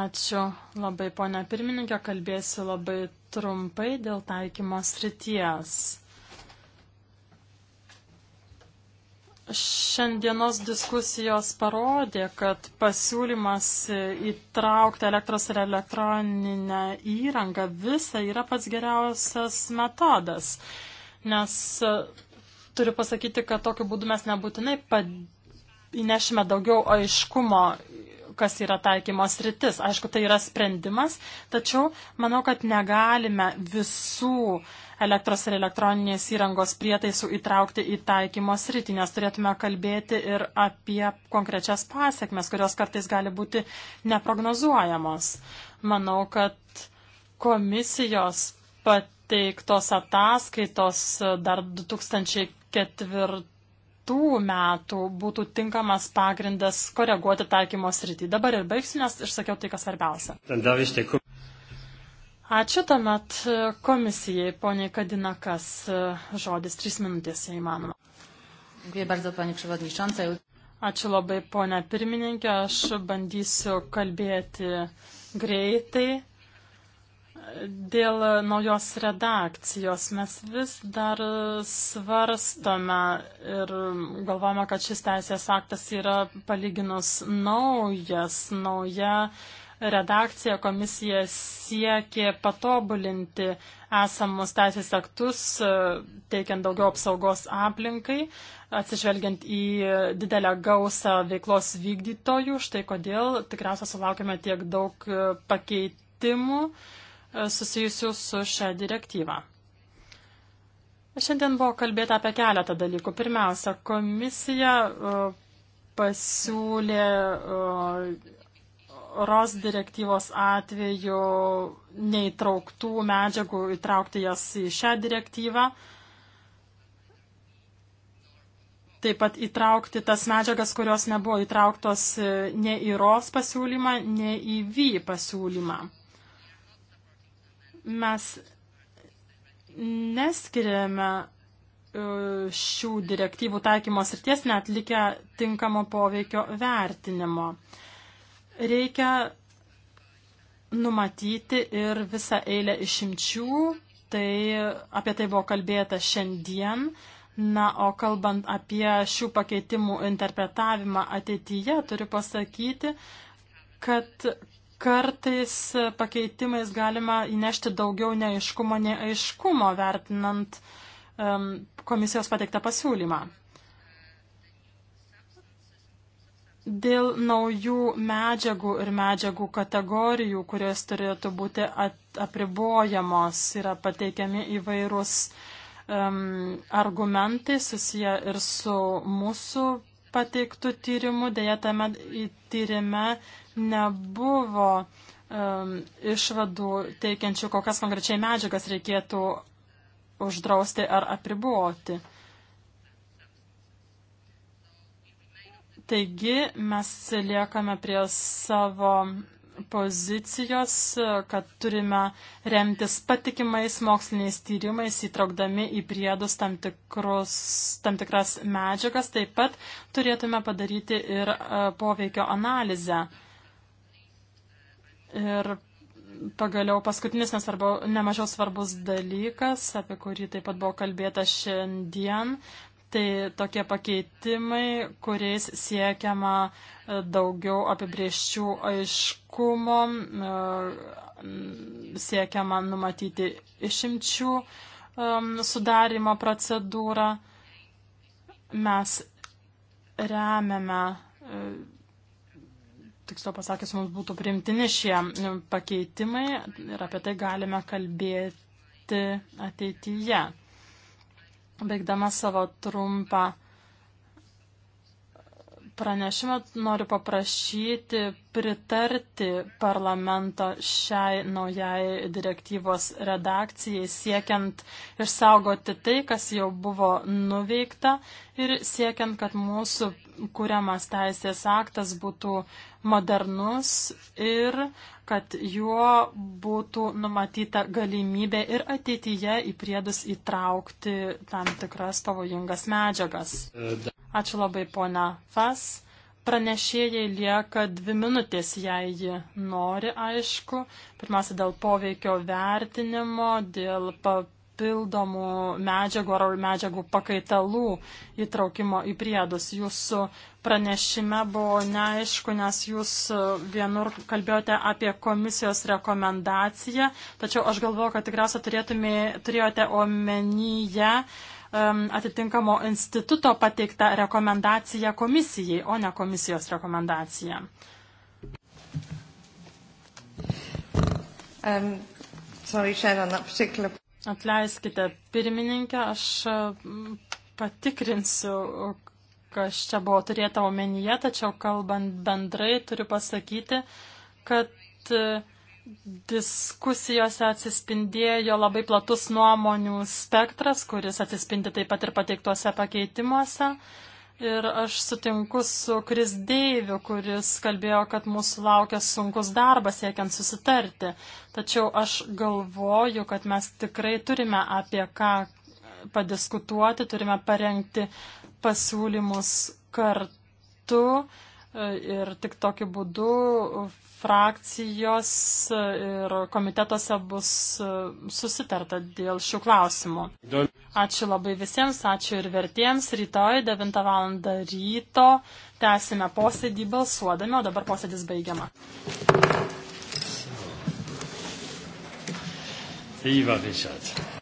Ačiū labai, ponia pirmininkė, kalbėsiu labai trumpai dėl taikymo srities. Šiandienos diskusijos parodė, kad pasiūlymas įtraukti elektros ir elektroninę įrangą visą yra pats geriausias metodas, nes turiu pasakyti, kad tokiu būdu mes nebūtinai įnešime daugiau aiškumo kas yra taikymos rytis. Aišku, tai yra sprendimas, tačiau manau, kad negalime visų elektros ir elektroninės įrangos prietaisų įtraukti į taikymos rytį, nes turėtume kalbėti ir apie konkrečias pasiekmes, kurios kartais gali būti neprognozuojamos. Manau, kad komisijos pateiktos ataskaitos dar 2004 kitų metų būtų tinkamas pagrindas koreguoti taikymo sritį. Dabar ir baigsiu, nes išsakiau tai, kas svarbiausia. Ačiū tuomet komisijai, poniai Kadinakas, e, žodis trys minutės, jei įmanoma. Ačiū labai, ponia pirmininkė, aš bandysiu kalbėti greitai Dėl naujos redakcijos mes vis dar svarstome ir galvojame, kad šis teisės aktas yra palyginus naujas, nauja redakcija komisija siekė patobulinti esamus teisės aktus, teikiant daugiau apsaugos aplinkai, atsižvelgiant į didelę gausą veiklos vykdytojų, štai kodėl tikriausiai sulaukime tiek daug pakeitimų. E, susijusių su šią direktyvą. Šiandien buvo kalbėta apie keletą dalykų. Pirmiausia, komisija e, pasiūlė e, ROS direktyvos atveju neįtrauktų medžiagų įtraukti jas į šią direktyvą. Taip pat įtraukti tas medžiagas, kurios nebuvo įtrauktos nei į ROS pasiūlymą, nei į VY pasiūlymą. Mes neskiriame e, šių direktyvų taikymos ir ties netlikę tinkamo poveikio vertinimo. Reikia numatyti ir visą eilę išimčių, tai apie tai buvo kalbėta šiandien. Na, o kalbant apie šių pakeitimų interpretavimą ateityje, turiu pasakyti, kad kartais pakeitimais galima įnešti daugiau neaiškumo, neaiškumo vertinant um, komisijos pateiktą pasiūlymą. Dėl naujų medžiagų ir medžiagų kategorijų, kurios turėtų būti at, apribojamos, yra pateikiami įvairūs um, argumentai susiję ir su mūsų pateiktų tyrimų. Deja, tame tyrime nebuvo um, išvadų teikiančių, kokias konkrečiai medžiagas reikėtų uždrausti ar apriboti. Taigi mes liekame prie savo pozicijos, kad turime remtis patikimais moksliniais tyrimais, įtraukdami į priedus tam, tikrus, tam tikras medžiagas. Taip pat turėtume padaryti ir e, poveikio analizę. Uh, Ir pagaliau paskutinis, nesvarbu, nemažiau svarbus dalykas, apie kurį taip pat buvo kalbėta šiandien, tai tokie pakeitimai, kuriais siekiama e, daugiau apibrieščių aiškumo, e, siekiama numatyti išimčių e, sudarimo procedūrą. Mes remiame tiksliau pasakius, mums būtų priimtini šie pakeitimai ir apie tai galime kalbėti ateityje. Baigdama savo trumpą pranešimą noriu paprašyti pritarti parlamento šiai naujai direktyvos redakcijai, siekiant išsaugoti tai, kas jau buvo nuveikta ir siekiant, kad mūsų kuriamas teisės aktas būtų modernus ir kad juo būtų numatyta galimybė ir ateityje į priedus įtraukti tam tikras pavojingas medžiagas. Ačiū labai, ponia Fas. Pranešėjai lieka dvi minutės, jei ji nori, aišku. Pirmiausia, dėl poveikio vertinimo, dėl papildomų papildomų medžiagų ar medžiagų pakaitalų įtraukimo į priedus. Jūsų pranešime buvo neaišku, nes jūs vienur kalbėjote apie komisijos rekomendaciją, tačiau aš galvoju, kad tikriausiai turėtumė, turėjote omenyje um, atitinkamo instituto pateiktą rekomendaciją komisijai, o ne komisijos rekomendaciją. Um, sorry, Sharon, that particular... Atleiskite, pirmininkė, aš mm, patikrinsiu, kas čia buvo turėta omenyje, tačiau kalbant bendrai turiu pasakyti, kad e, diskusijose atsispindėjo labai platus nuomonių spektras, kuris atsispindi taip pat ir pateiktuose pakeitimuose. Uh, Ir aš sutinku su Kris Deiviu, kuris kalbėjo, kad mūsų laukia sunkus darbas siekiant susitarti. Tačiau aš galvoju, kad mes tikrai turime apie ką padiskutuoti, turime parengti pasiūlymus kartu ir tik tokiu būdu frakcijos ir komitetuose bus e, susitarta dėl šių klausimų. Ačiū labai visiems, ačiū ir vertiems. Rytoj 9 val. ryto tęsime posėdį balsuodami, o dabar posėdis baigiama. Iva Richard.